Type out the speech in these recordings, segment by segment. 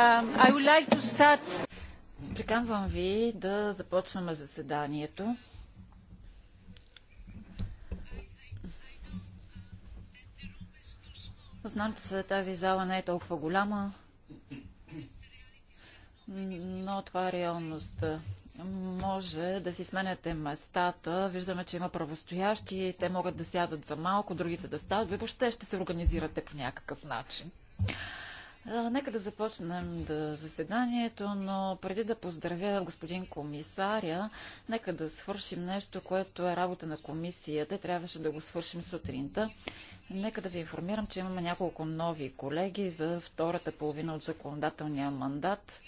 Um, Приканвам ви да започваме заседанието. Знам, че тази зала не е толкова голяма, но това е реалността. Може да си сменяте местата. Виждаме, че има правостоящи. Те могат да сядат за малко, другите да стават. Вие въобще ще се организирате по някакъв начин. Нека да започнем да заседанието, но преди да поздравя господин комисаря, нека да свършим нещо, което е работа на комисията. Трябваше да го свършим сутринта. Нека да ви информирам, че имаме няколко нови колеги за втората половина от законодателния мандат.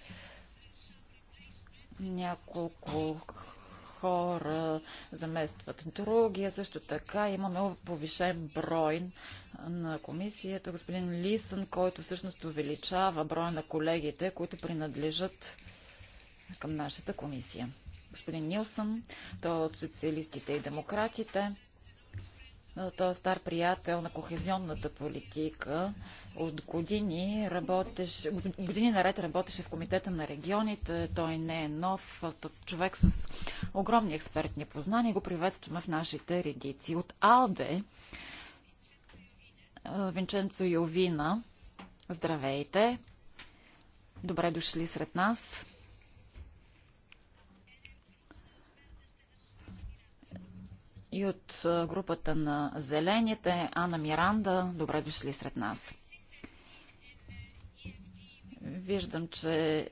Няколко хора заместват други. Също така имаме повишен брой на комисията. Господин Лисън, който всъщност увеличава брой на колегите, които принадлежат към нашата комисия. Господин Нилсън, той е от социалистите и демократите. Той е стар приятел на кохезионната политика от години, работеше, години наред работеше в Комитета на регионите. Той не е нов. Човек с огромни експертни познания. Го приветстваме в нашите редици. От АЛДЕ, Винченцо Йовина. Здравейте! Добре дошли сред нас. И от групата на Зелените, Ана Миранда, добре дошли сред нас. Виждам, че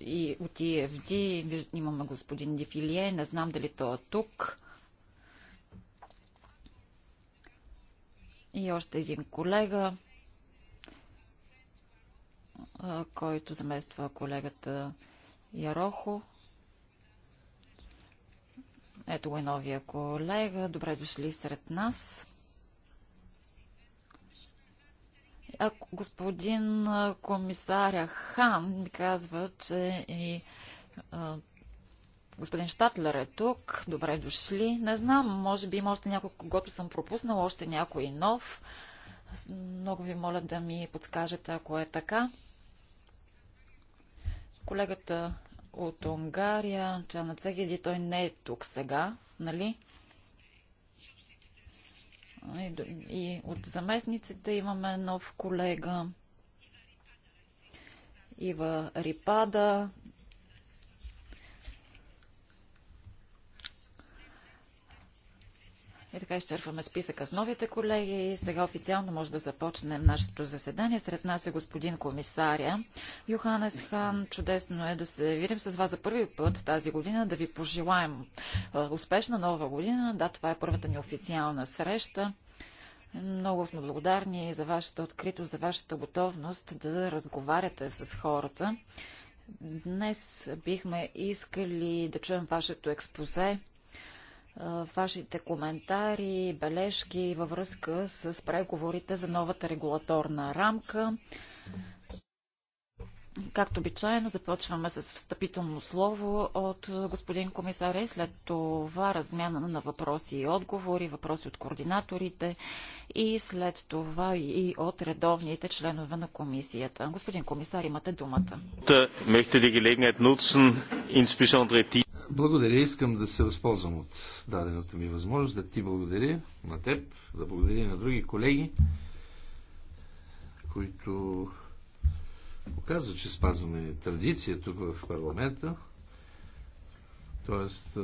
и от EFD е имаме господин Дефилие. Не знам дали той е тук. И още един колега, който замества колегата Ярохо. Ето го е новия колега. Добре дошли сред нас. А господин комисаря Хан ми казва, че и а, господин Штатлер е тук. Добре дошли. Не знам, може би има още някой, когато съм пропуснал още някой нов. Много ви моля да ми подскажете, ако е така. Колегата от Унгария, Чана Цегеди, той не е тук сега, нали? и от заместниците имаме нов колега. Ива Рипада, И е, така изчерпваме списъка с новите колеги и сега официално може да започнем нашето заседание. Сред нас е господин комисаря Йоханес Хан. Чудесно е да се видим с вас за първи път тази година, да ви пожелаем успешна нова година. Да, това е първата ни официална среща. Много сме благодарни за вашата откритост, за вашата готовност да разговаряте с хората. Днес бихме искали да чуем вашето експозе вашите коментари, бележки във връзка с преговорите за новата регулаторна рамка. Както обичайно, започваме с встъпително слово от господин комисар и след това размяна на въпроси и отговори, въпроси от координаторите и след това и от редовните членове на комисията. Господин комисар, имате думата. Благодаря. Искам да се възползвам от дадената ми възможност, да ти благодаря на теб, да благодаря на други колеги, които показва, че спазваме традиция тук в парламента. Тоест,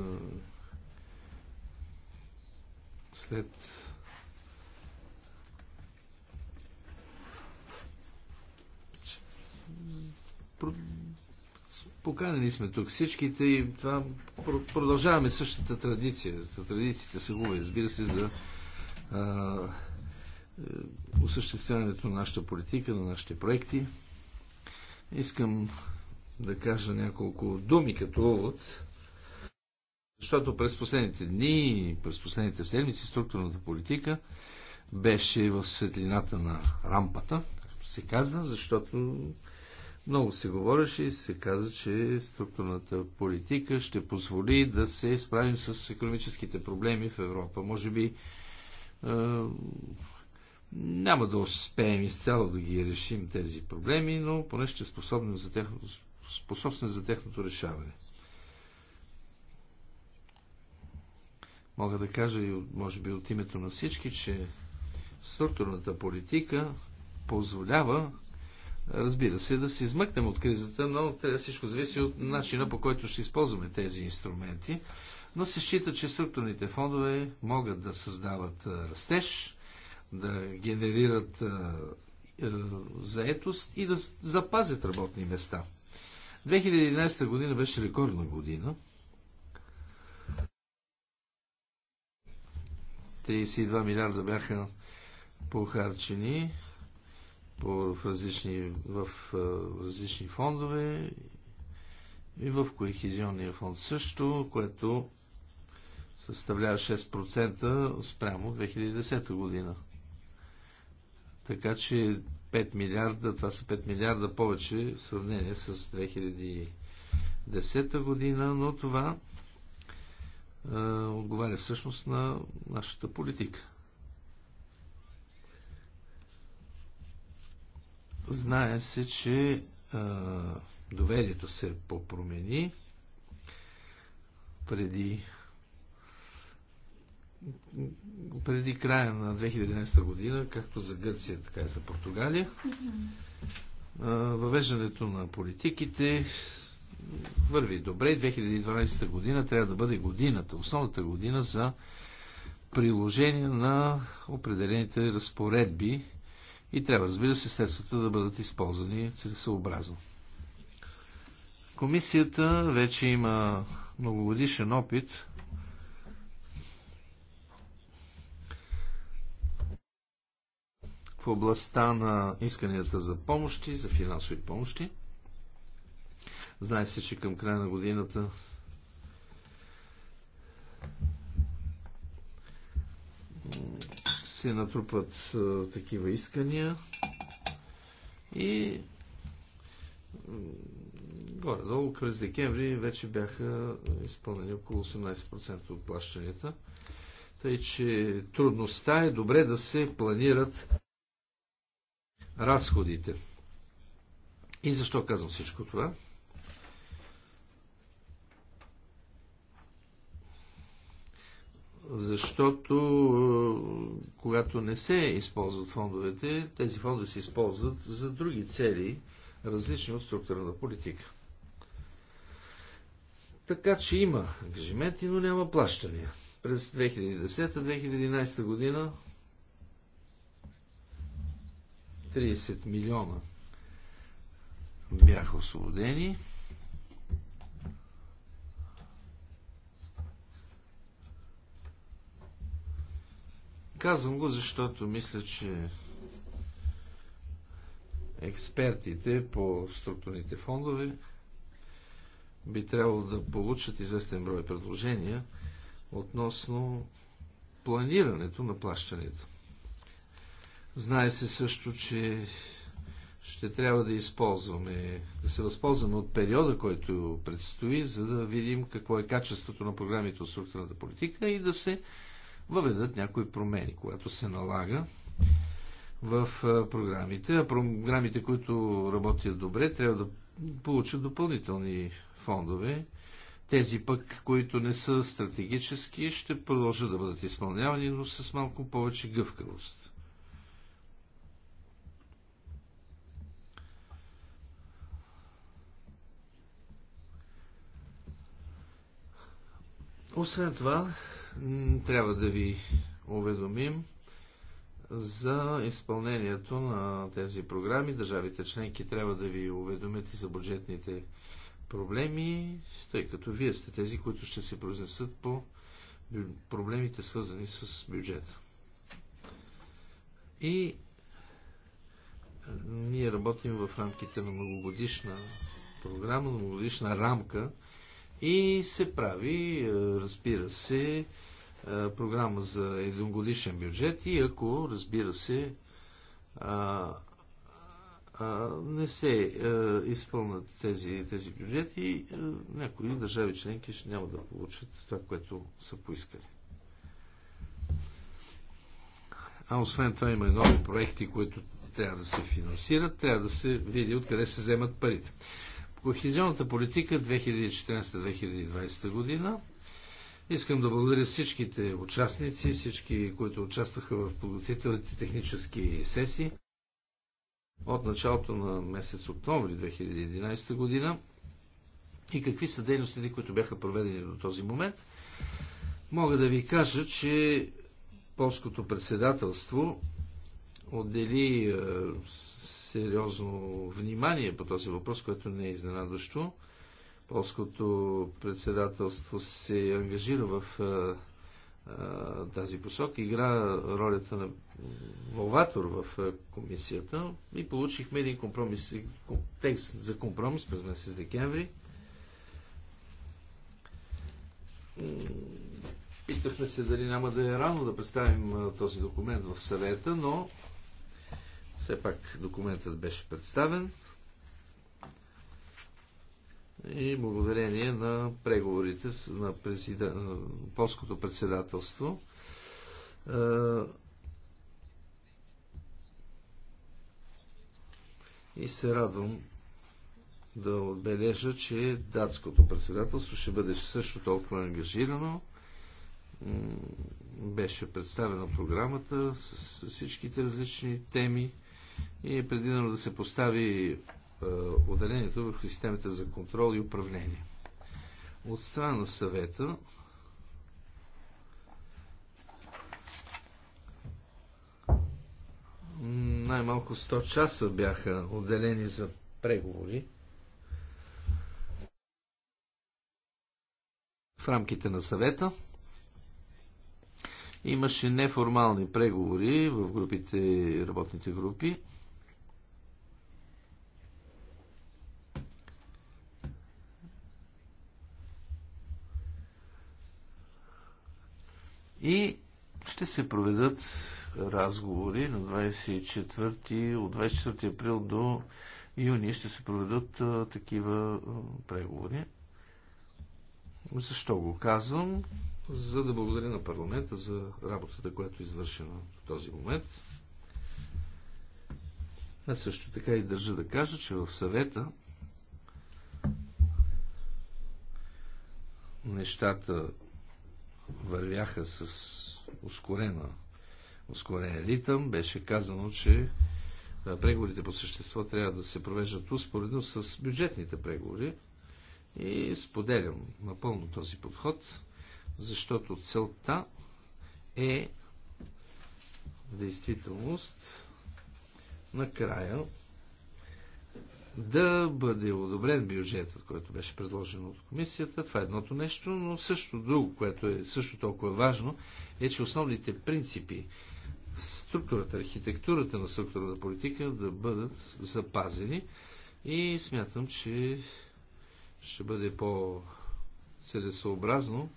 след поканени сме тук всичките и това продължаваме същата традиция. Традициите са губи, разбира се, за а, е, осъществяването на нашата политика, на нашите проекти. Искам да кажа няколко думи като увод, защото през последните дни, през последните седмици структурната политика беше в светлината на рампата, както се казва, защото много се говореше и се каза, че структурната политика ще позволи да се справим с економическите проблеми в Европа. Може би е, няма да успеем изцяло да ги решим тези проблеми, но поне ще способнем за, тех... способстваме за техното решаване. Мога да кажа и може би от името на всички, че структурната политика позволява, разбира се, да се измъкнем от кризата, но всичко зависи от начина по който ще използваме тези инструменти. Но се счита, че структурните фондове могат да създават растеж, да генерират заетост и да запазят работни места. 2011 година беше рекордна година. 32 милиарда бяха похарчени по в различни, в, различни фондове и в Коехизионния фонд също, което съставлява 6% спрямо 2010 година. Така че 5 милиарда, това са 5 милиарда повече в сравнение с 2010 година, но това е, отговаря всъщност на нашата политика. Знае се, че е, доверието се попромени преди преди края на 2011 година, както за Гърция, така и за Португалия, въвеждането на политиките върви добре. 2012 година трябва да бъде годината, основната година за приложение на определените разпоредби и трябва, разбира се, средствата да бъдат използвани целесообразно. Комисията вече има многогодишен опит – областта на исканията за помощи, за финансови помощи. Знае се, че към края на годината се натрупват а, такива искания и горе-долу през декември вече бяха изпълнени около 18% от плащанията. Тъй, че трудността е добре да се планират разходите. И защо казвам всичко това? Защото е, когато не се използват фондовете, тези фондове се използват за други цели, различни от структурната политика. Така че има ангажименти, но няма плащания. През 2010-2011 година 30 милиона бяха освободени. Казвам го, защото мисля, че експертите по структурните фондове би трябвало да получат известен брой предложения относно планирането на плащането. Знае се също, че ще трябва да използваме, да се възползваме от периода, който предстои, за да видим какво е качеството на програмите от структурната политика и да се въведат някои промени, когато се налага в програмите. А програмите, които работят добре, трябва да получат допълнителни фондове. Тези пък, които не са стратегически, ще продължат да бъдат изпълнявани, но с малко повече гъвкавост. Освен това, трябва да ви уведомим за изпълнението на тези програми. Държавите членки трябва да ви уведомят и за бюджетните проблеми, тъй като вие сте тези, които ще се произнесат по проблемите свързани с бюджета. И е, ние работим в рамките на многогодишна програма, на многогодишна рамка, и се прави, е, разбира се, е, програма за един годишен бюджет и ако, разбира се, е, не се изпълнат тези, тези бюджети, някои държави членки ще няма да получат това, което са поискали. А освен това има и нови проекти, които трябва да се финансират, трябва да се види откъде се вземат парите. Кохезионната политика 2014-2020 година. Искам да благодаря всичките участници, всички, които участваха в подготвителните технически сесии. От началото на месец октомври 2011 година и какви са дейностите, които бяха проведени до този момент, мога да ви кажа, че полското председателство отдели е, сериозно внимание по този въпрос, което не е изненадващо. Полското председателство се ангажира в а, а, тази посока, игра ролята на новатор в а, комисията и получихме един компромис, текст за компромис през месец декември. Питахме се дали няма да е рано да представим този документ в съвета, но все пак документът беше представен и благодарение на преговорите на, презида... полското председателство и се радвам да отбележа, че датското председателство ще бъде също толкова ангажирано. Беше представена програмата с всичките различни теми и е предвидено да се постави е, отделението върху системата за контрол и управление. От страна на съвета най-малко 100 часа бяха отделени за преговори в рамките на съвета – Имаше неформални преговори в групите, работните групи. И ще се проведат разговори на 24, от 24 април до юни ще се проведат а, такива а, преговори. Защо го казвам? за да благодаря на парламента за работата, която е извършена в този момент. А също така и държа да кажа, че в съвета нещата вървяха с ускорена, ускорен ритъм. Беше казано, че преговорите по същество трябва да се провеждат успоредно с бюджетните преговори и споделям напълно този подход защото целта е действителност накрая да бъде одобрен бюджетът, който беше предложен от комисията. Това е едното нещо, но също друго, което е също толкова важно, е, че основните принципи, структурата, архитектурата на структурната политика да бъдат запазени и смятам, че ще бъде по-целесообразно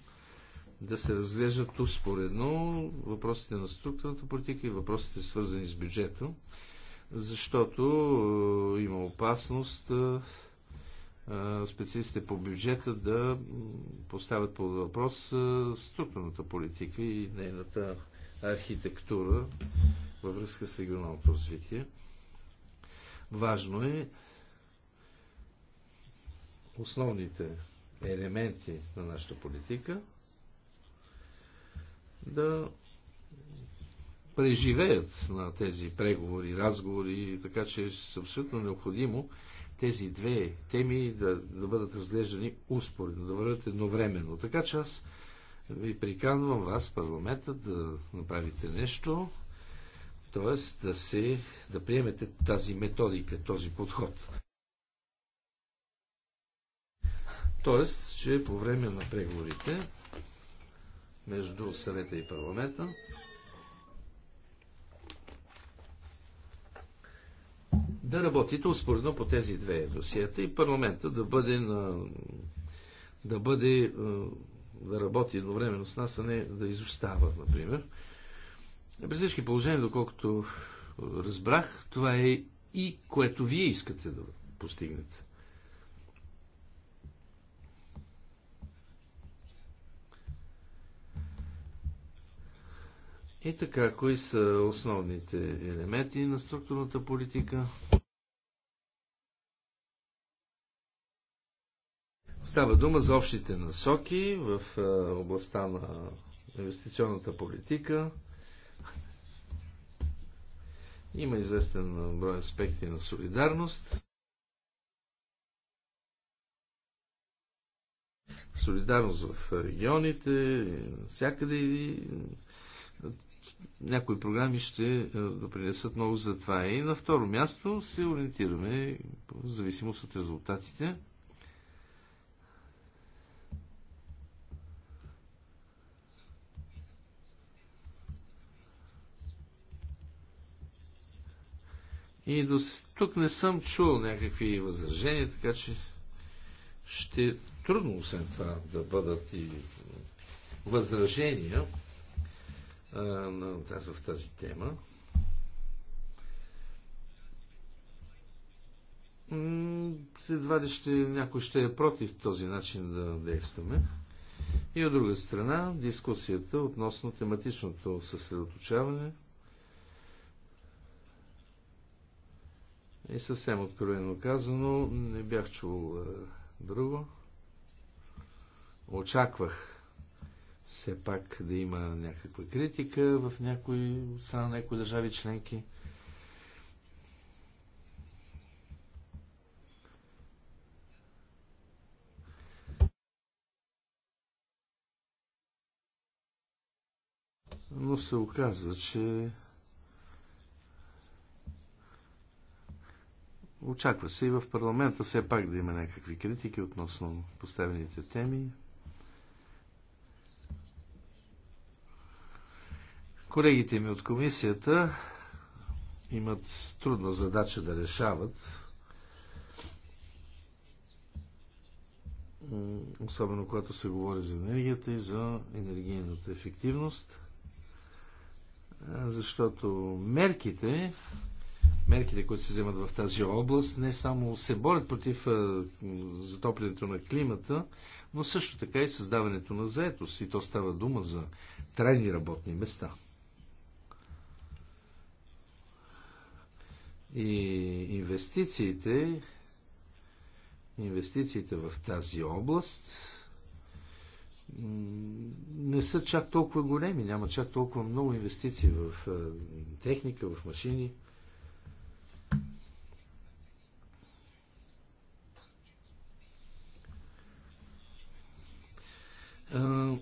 да се разглеждат успоредно въпросите на структурната политика и въпросите свързани с бюджета, защото е, има опасност е, е, специалистите по бюджета да поставят под въпрос структурната политика и нейната архитектура във връзка с регионалното развитие. Важно е основните елементи на нашата политика да преживеят на тези преговори, разговори, така че е абсолютно необходимо тези две теми да, да бъдат разглеждани успоредно, да бъдат едновременно. Така че аз ви приканвам вас, парламента, да направите нещо, т.е. да се, да приемете тази методика, този подход. Т.е. че по време на преговорите между съвета и парламента. Да работите успоредно по тези две досиета и парламента да бъде на да бъде е, да работи едновременно с нас, а не да изостава, например. При всички положения, доколкото разбрах, това е и което вие искате да постигнете. И така, кои са основните елементи на структурната политика? Става дума за общите насоки в областта на инвестиционната политика. Има известен брой аспекти на солидарност. Солидарност в регионите, всякъде и някои програми ще е, допринесат много за това. И на второ място се ориентираме в зависимост от резултатите. И до тук не съм чул някакви възражения, така че ще е трудно, освен това, да бъдат и възражения в тази тема. едва ли ще, някой ще е против този начин да действаме. И от друга страна, дискусията относно тематичното съсредоточаване и съвсем откровено казано, не бях чул е, друго. Очаквах все пак да има някаква критика в някои страна, някои държави членки. Но се оказва, че очаква се и в парламента все пак да има някакви критики относно поставените теми. Колегите ми от комисията имат трудна задача да решават, особено когато се говори за енергията и за енергийната ефективност, защото мерките, мерките, които се вземат в тази област, не само се борят против затоплянето на климата, но също така и създаването на заетост. И то става дума за трайни работни места – И инвестициите, инвестициите в тази област не са чак толкова големи, няма чак толкова много инвестиции в техника, в машини. Uh,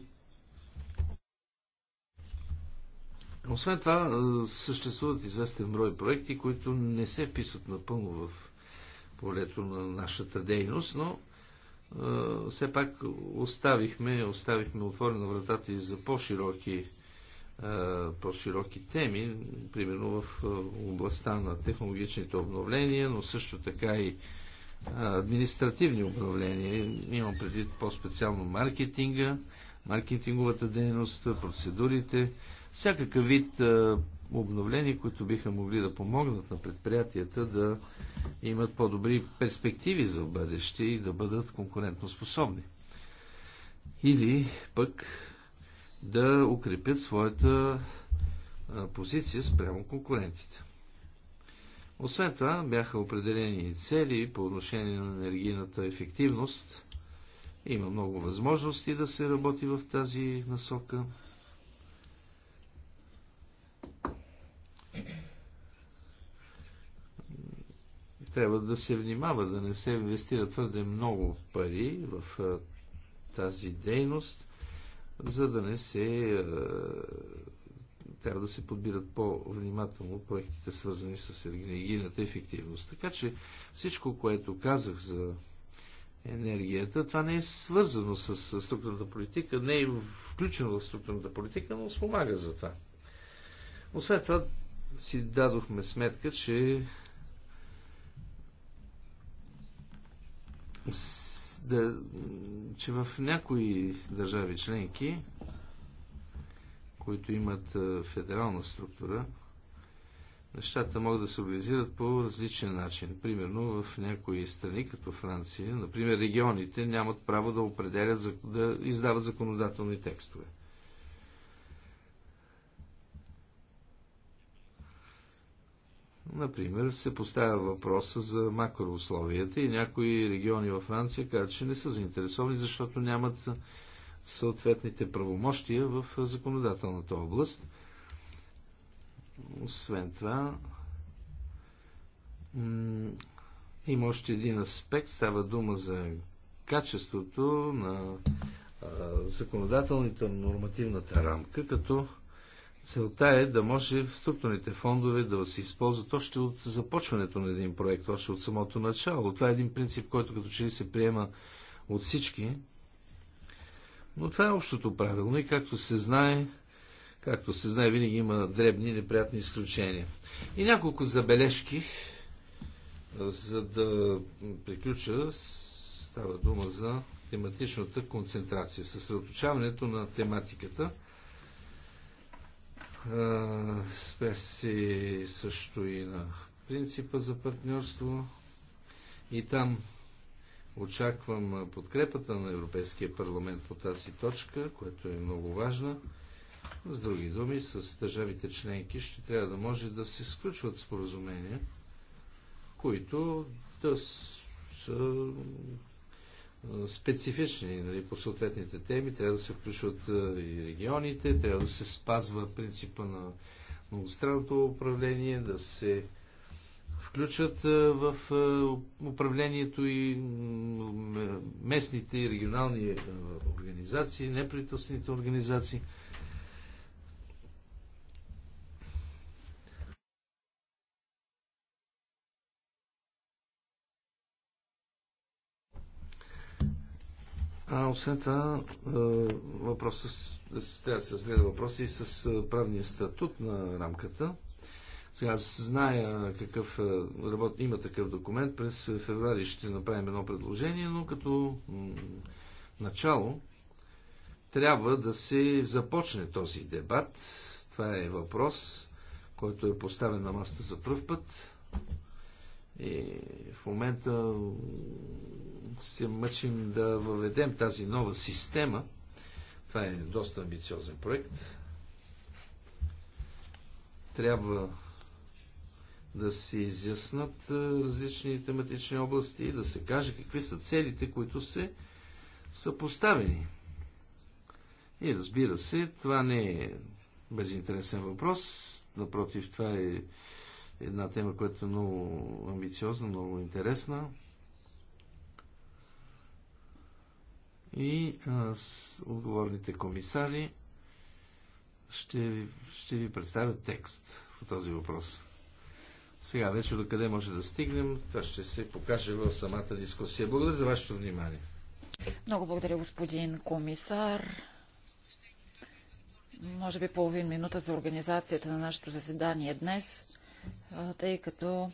Освен това, съществуват известен брой проекти, които не се вписват напълно в полето на нашата дейност, но е, все пак оставихме, оставихме отворена вратата и за по-широки по-широки теми, примерно в областта на технологичните обновления, но също така и административни обновления. Имам предвид по-специално маркетинга, маркетинговата дейност, процедурите, всякакъв вид обновления, които биха могли да помогнат на предприятията да имат по-добри перспективи за бъдеще и да бъдат способни. Или пък да укрепят своята позиция спрямо конкурентите. Освен това, бяха определени цели по отношение на енергийната ефективност. Има много възможности да се работи в тази насока. трябва да се внимава, да не се инвестира твърде много пари в тази дейност, за да не се трябва да се подбират по-внимателно проектите, свързани с енергийната ефективност. Така че всичко, което казах за енергията, това не е свързано с структурната политика, не е включено в структурната политика, но спомага за това. Освен това, си дадохме сметка, че да, че в някои държави членки, които имат федерална структура, нещата могат да се организират по различен начин. Примерно в някои страни, като Франция, например, регионите нямат право да определят, да издават законодателни текстове. Например, се поставя въпроса за макроусловията и някои региони във Франция казват, че не са заинтересовани, защото нямат съответните правомощия в законодателната област. Освен това, има още един аспект. Става дума за качеството на законодателната нормативната рамка, като Целта е да може структурните фондове да се използват още от започването на един проект, още от самото начало. Това е един принцип, който като че ли се приема от всички. Но това е общото правило и както се знае, както се знае, винаги има дребни неприятни изключения. И няколко забележки, за да приключа, става дума за тематичната концентрация, съсредоточаването на тематиката – е, спеси също и на принципа за партньорство. И там очаквам подкрепата на Европейския парламент по тази точка, която е много важна. С други думи, с държавите членки ще трябва да може да се сключват споразумения, които да са специфични нали, по съответните теми. Трябва да се включват и регионите, трябва да се спазва принципа на многостранното управление, да се включат в управлението и местните и регионални организации, неправителствените организации – А освен това, въпросът, трябва да се разгледа въпроса и с правния статут на рамката. Сега аз зная какъв работ... има такъв документ. През феврари ще направим едно предложение, но като начало трябва да се започне този дебат. Това е въпрос, който е поставен на маста за пръв път. И в момента се мъчим да въведем тази нова система. Това е доста амбициозен проект. Трябва да се изяснат различни тематични области и да се каже какви са целите, които се са поставени. И разбира се, това не е безинтересен въпрос. Напротив, това е Една тема, която е много амбициозна, много интересна. И а, с отговорните комисари ще, ще ви представя текст по този въпрос. Сега вече до къде може да стигнем, това ще се покаже в самата дискусия. Благодаря за вашето внимание. Много благодаря, господин комисар. Може би половин минута за организацията на нашето заседание днес тъй като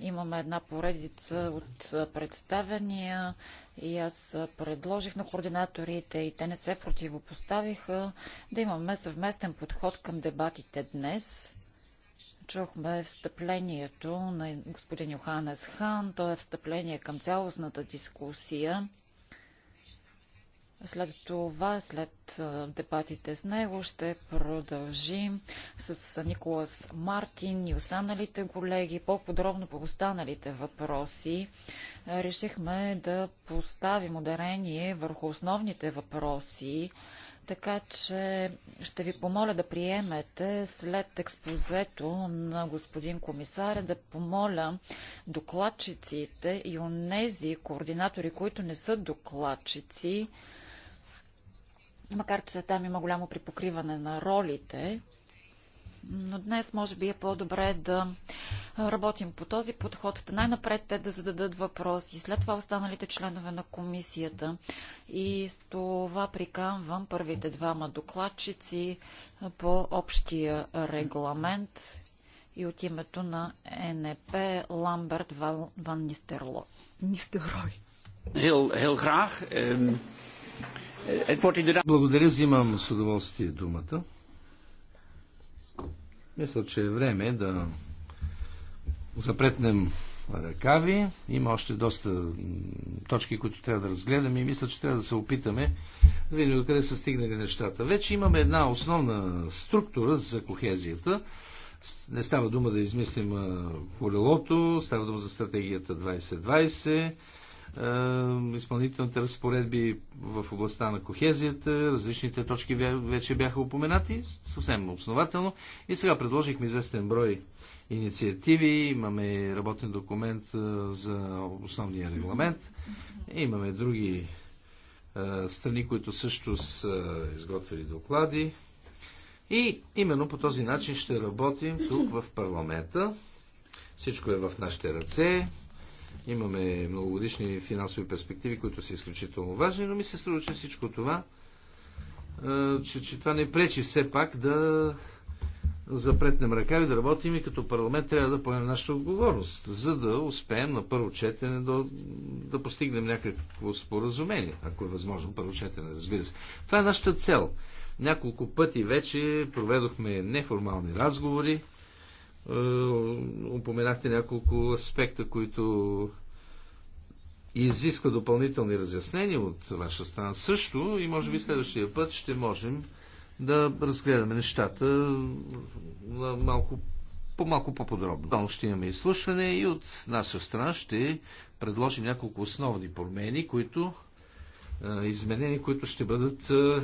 имаме една поредица от представения и аз предложих на координаторите и те не се противопоставиха да имаме съвместен подход към дебатите днес. Чухме встъплението на господин Йоханес Хан. То е встъпление към цялостната дискусия след това, след дебатите с него, ще продължим с Николас Мартин и останалите колеги по-подробно по останалите въпроси. Решихме да поставим ударение върху основните въпроси, така че ще ви помоля да приемете след експозето на господин комисаря, да помоля докладчиците и онези координатори, които не са докладчици, Макар, че там има голямо припокриване на ролите, но днес може би е по-добре да работим по този подход. Най-напред те да зададат въпроси, след това останалите членове на комисията. И с това приканвам първите двама докладчици по общия регламент и от името на НП Ламберт Ван, Нистерлой. Heel, heel graag. Um, благодаря, взимам с удоволствие думата. Мисля, че е време да запретнем ръкави. Има още доста точки, които трябва да разгледаме и мисля, че трябва да се опитаме да видим до къде са стигнали нещата. Вече имаме една основна структура за кохезията. Не става дума да измислим колелото, става дума за стратегията 2020, е, изпълнителните разпоредби в областта на кохезията. Различните точки вече бяха упоменати съвсем основателно. И сега предложихме известен брой инициативи. Имаме работен документ е, за основния регламент. Имаме други е, страни, които също са изготвили доклади. И именно по този начин ще работим тук в парламента. Всичко е в нашите ръце. Имаме многогодишни финансови перспективи, които са изключително важни, но ми се струва, че всичко това, че, че това не пречи все пак да запретнем ръка и да работим и като парламент трябва да поемем нашата отговорност, за да успеем на първо четене да, да постигнем някакво споразумение, ако е възможно първо четене, разбира се. Това е нашата цел. Няколко пъти вече проведохме неформални разговори, е, упоменахте няколко аспекта, които изисква допълнителни разяснения от ваша страна също и може би следващия път ще можем да разгледаме нещата на малко, по-малко по-подробно. Там ще имаме изслушване и от наша страна ще предложим няколко основни промени, които е, изменения, които ще бъдат е,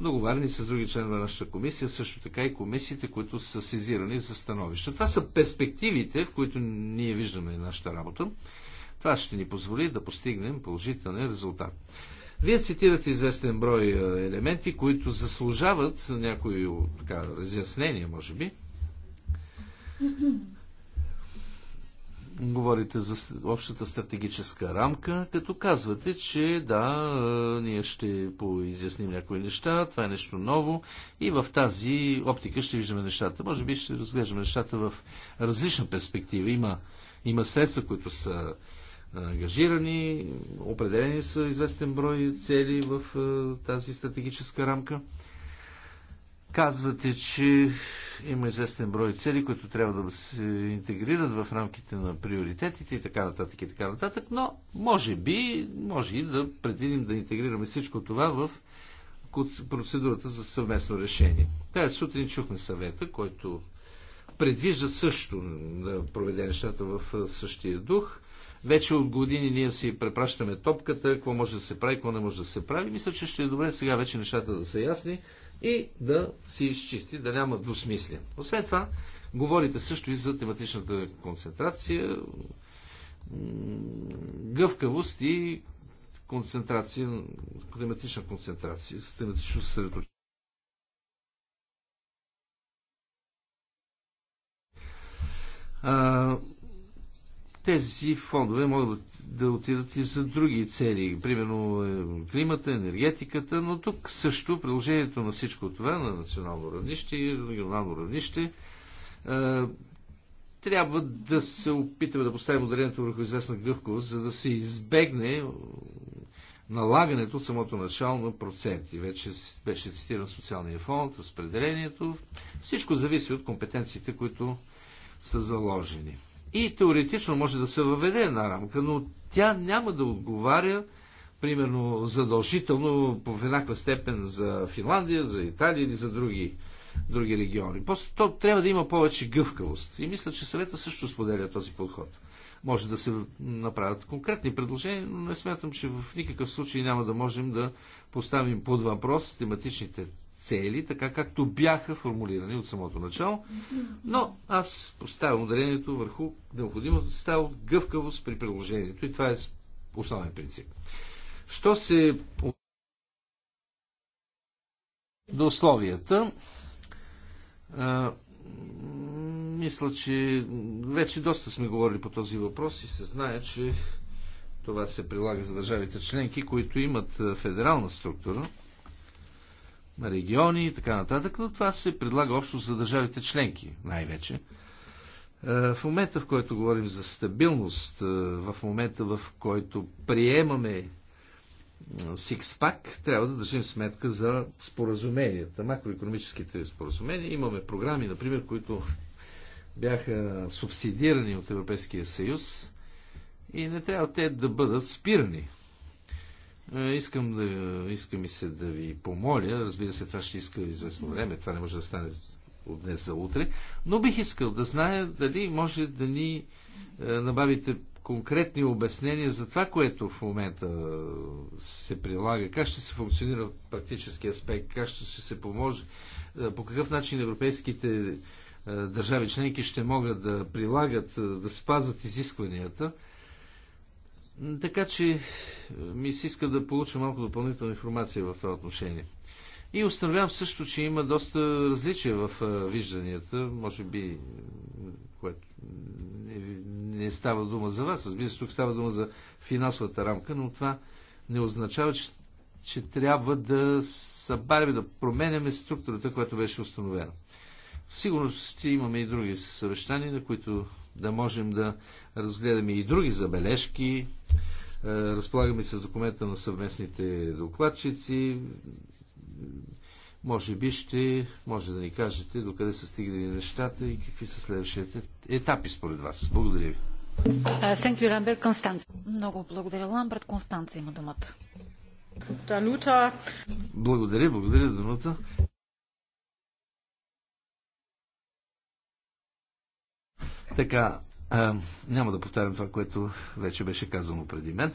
договарени с други членове на нашата комисия, също така и комисиите, които са сезирани за становища. Това са перспективите, в които ние виждаме нашата работа. Това ще ни позволи да постигнем положителен резултат. Вие цитирате известен брой е, елементи, които заслужават някои така, разяснения, може би говорите за общата стратегическа рамка, като казвате, че да, е, ние ще поизясним някои неща, това е нещо ново и в тази оптика ще виждаме нещата. Може би ще разглеждаме нещата в различна перспектива. Има, има средства, които са е, ангажирани, определени са известен брой цели в е, тази стратегическа рамка. Казвате, че има известен брой цели, които трябва да се интегрират в рамките на приоритетите и така нататък и така нататък, но може би, може и да предвидим да интегрираме всичко това в процедурата за съвместно решение. Тая сутрин чухме съвета, който предвижда също да проведе нещата в същия дух. Вече от години ние си препращаме топката, какво може да се прави, какво не може да се прави. Мисля, че ще е добре сега вече нещата да са ясни и да се изчисти, да няма двусмислие. Освен това, говорите също и за тематичната концентрация, гъвкавост и концентрация, тематична концентрация, тематично съсредоточение тези фондове могат да отидат и за други цели, примерно е, климата, енергетиката, но тук също приложението на всичко това на национално равнище и регионално равнище е, трябва да се опитаме да поставим ударението върху известна гъвкост, за да се избегне налагането от самото начало на проценти. Вече беше цитиран социалния фонд, разпределението. Всичко зависи от компетенциите, които са заложени и теоретично може да се въведе една рамка, но тя няма да отговаря примерно задължително в еднаква степен за Финландия, за Италия или за други, други региони. После то трябва да има повече гъвкавост. И мисля, че съвета също споделя този подход. Може да се направят конкретни предложения, но не смятам, че в никакъв случай няма да можем да поставим под въпрос тематичните цели, така както бяха формулирани от самото начало, но аз поставям ударението върху необходимото става от гъвкавост при приложението и това е основен принцип. Що се до условията, а, мисля, че вече доста сме говорили по този въпрос и се знае, че това се прилага за държавите членки, които имат федерална структура на региони и така нататък, но това се предлага общо за държавите членки, най-вече. Е, в момента, в който говорим за стабилност, е, в момента, в който приемаме Сикспак, е, трябва да държим сметка за споразуменията, макроекономическите споразумения. Имаме програми, например, които бяха субсидирани от Европейския съюз и не трябва те да бъдат спирани. Е, искам, да, иска и се да ви помоля, разбира се, това ще иска известно време, това не може да стане от днес за утре, но бих искал да зная дали може да ни е, набавите конкретни обяснения за това, което в момента е, се прилага, как ще се функционира в практически аспект, как ще се поможе, по какъв начин европейските държави членки ще могат да прилагат, да спазват изискванията – така че е, ми се иска да получа малко допълнителна информация в това отношение. И установявам също, че има доста различия в е, вижданията, може би, е, което не, не става дума за вас. Разбира се, тук става дума за финансовата рамка, но това не означава, че, че трябва да събаряме, да променяме структурата, която беше установена. Сигурно ще имаме и други съвещания, на които да можем да разгледаме и други забележки, е, разполагаме с документа на съвместните докладчици. Може би ще може да ни кажете докъде са стигнали нещата и какви са следващите етапи според вас. Благодаря ви. Е, you, Много благодаря, Ламберт. Констанца има думата. Данута. Благодаря, благодаря, Данута. Така, а, няма да повтарям това, което вече беше казано преди мен.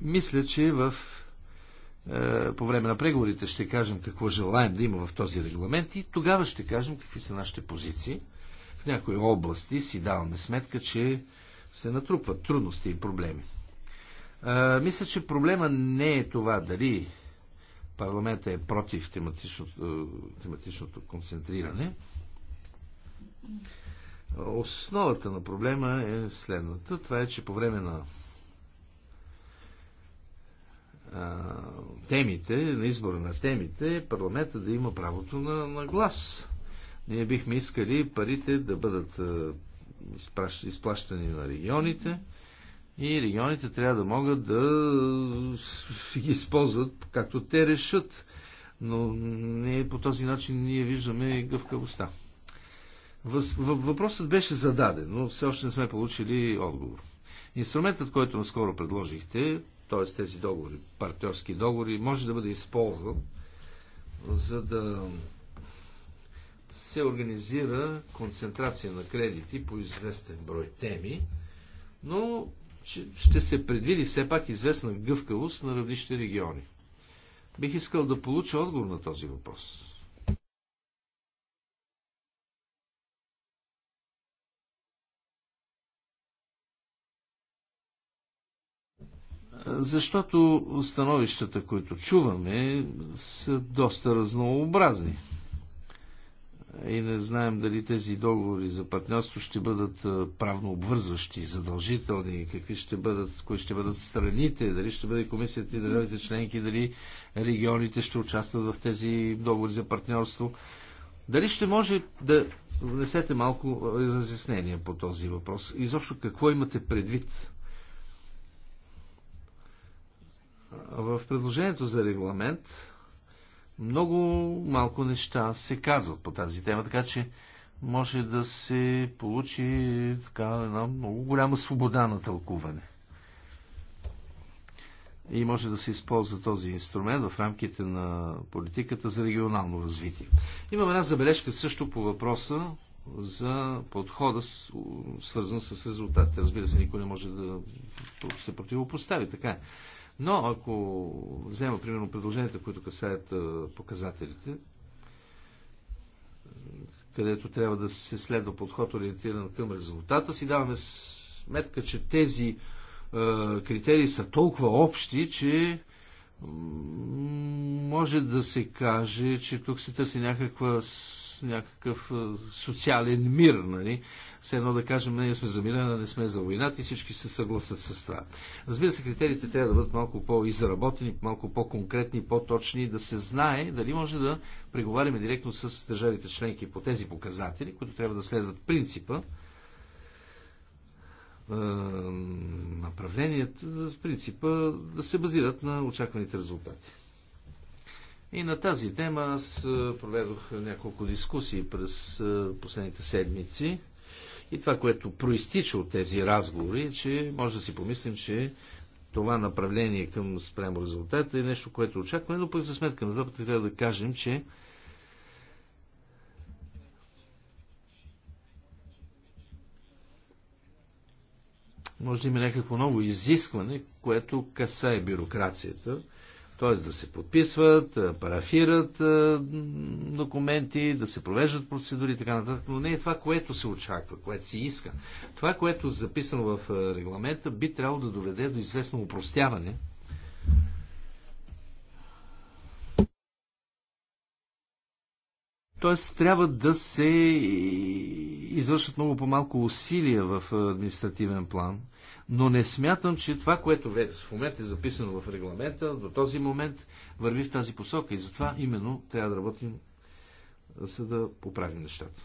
Мисля, че в, е, по време на преговорите ще кажем какво желаем да има в този регламент и тогава ще кажем какви са нашите позиции. В някои области си даваме сметка, че се натрупват трудности и проблеми. А, мисля, че проблема не е това дали парламента е против тематичното, е, тематичното концентриране. Основата на проблема е следната. Това е, че по време на а, темите, на избора на темите, парламента да има правото на, на глас. Ние бихме искали парите да бъдат а, изплащани на регионите и регионите трябва да могат да ги използват както те решат. Но не по този начин ние виждаме гъвкавостта. Въпросът беше зададен, но все още не сме получили отговор. Инструментът, който наскоро предложихте, т.е. тези договори, партньорски договори, може да бъде използван, за да се организира концентрация на кредити по известен брой теми, но ще се предвиди все пак известна гъвкавост на различни региони. Бих искал да получа отговор на този въпрос. Защото становищата, които чуваме, са доста разнообразни. И не знаем дали тези договори за партньорство ще бъдат правно обвързващи, задължителни, какви ще бъдат, кои ще бъдат страните, дали ще бъде комисията и държавите членки, дали регионите ще участват в тези договори за партньорство. Дали ще може да внесете малко разяснение по този въпрос? Изобщо какво имате предвид? В предложението за регламент много малко неща се казват по тази тема, така че може да се получи така, една много голяма свобода на тълкуване. И може да се използва този инструмент в рамките на политиката за регионално развитие. Имам една забележка също по въпроса за подхода, свързан с резултатите. Разбира се, никой не може да се противопостави. Така е. Но ако взема, примерно, предложенията, които касаят показателите, където трябва да се следва подход ориентиран към резултата, си даваме сметка, че тези критерии са толкова общи, че може да се каже, че тук се търси някаква някакъв социален мир, нали? Все едно да кажем, ние сме за мира, не сме за война и всички се съгласят с това. Разбира се, критериите трябва да бъдат малко по-изработени, малко по-конкретни, по-точни, да се знае дали може да преговаряме директно с държавите членки по тези показатели, които трябва да следват принципа, направленията, принципа да се базират на очакваните резултати. И на тази тема аз е, проведох няколко дискусии през е, последните седмици. И това, което проистича от тези разговори, е, че може да си помислим, че това направление към спрямо резултата е нещо, което очакваме, но пък за сметка на това трябва да кажем, че може да има някакво ново изискване, което касае бюрокрацията т.е. да се подписват, парафират е, документи, да се провеждат процедури и така нататък, но не е това, което се очаква, което се иска. Това, което е записано в е, регламента, би трябвало да доведе до известно упростяване Т.е. трябва да се извършат много по-малко усилия в административен план, но не смятам, че това, което в момента е записано в регламента, до този момент върви в тази посока и затова именно трябва да работим, за да поправим нещата.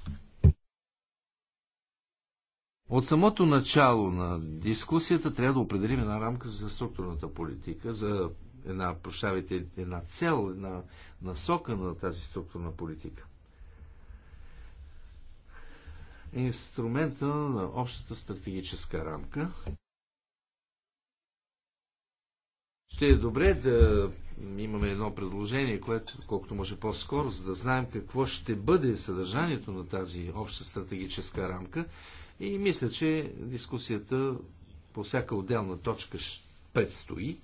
От самото начало на дискусията трябва да определим една рамка за структурната политика, за една, прощавайте, една цел, една насока на тази структурна политика инструмента на общата стратегическа рамка. Ще е добре да имаме едно предложение, което колкото може по-скоро, за да знаем какво ще бъде съдържанието на тази обща стратегическа рамка. И мисля, че дискусията по всяка отделна точка предстои.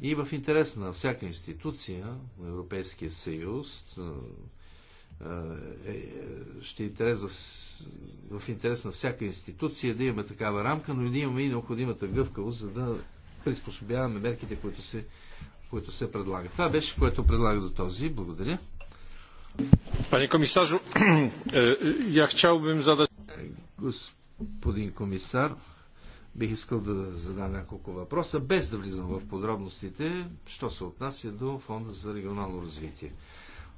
И в интерес на всяка институция на Европейския съюз, е, е, ще е интерес в, в интерес на всяка институция да имаме такава рамка, но и да имаме и необходимата гъвкавост, за да приспособяваме мерките, които се, които се предлагат. Това беше, което предлага до този. Благодаря. Пане Panie е, я ja chciałbym zadać... Господин комисар, бих искал да задам няколко въпроса, без да влизам в подробностите, що се отнася до Фонда за регионално развитие.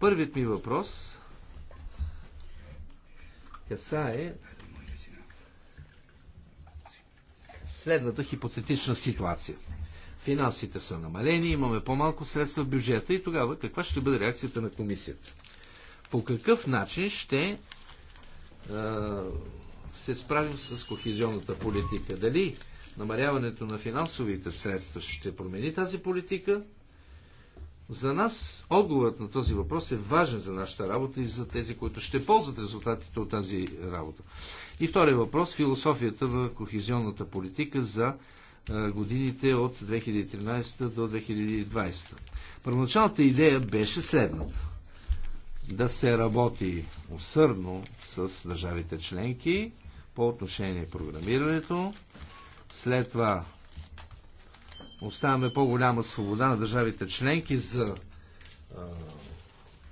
Първият ми въпрос касае следната хипотетична ситуация. Финансите са намалени, имаме по-малко средства в бюджета и тогава каква ще бъде реакцията на комисията? По какъв начин ще а, се справим с кохезионната политика? Дали намаряването на финансовите средства ще промени тази политика за нас отговорът на този въпрос е важен за нашата работа и за тези, които ще ползват резултатите от тази работа. И втория въпрос философията на кохезионната политика за годините от 2013 до 2020. Първоначалната идея беше следната. Да се работи усърдно с държавите членки по отношение на програмирането, след това оставяме по-голяма свобода на държавите членки за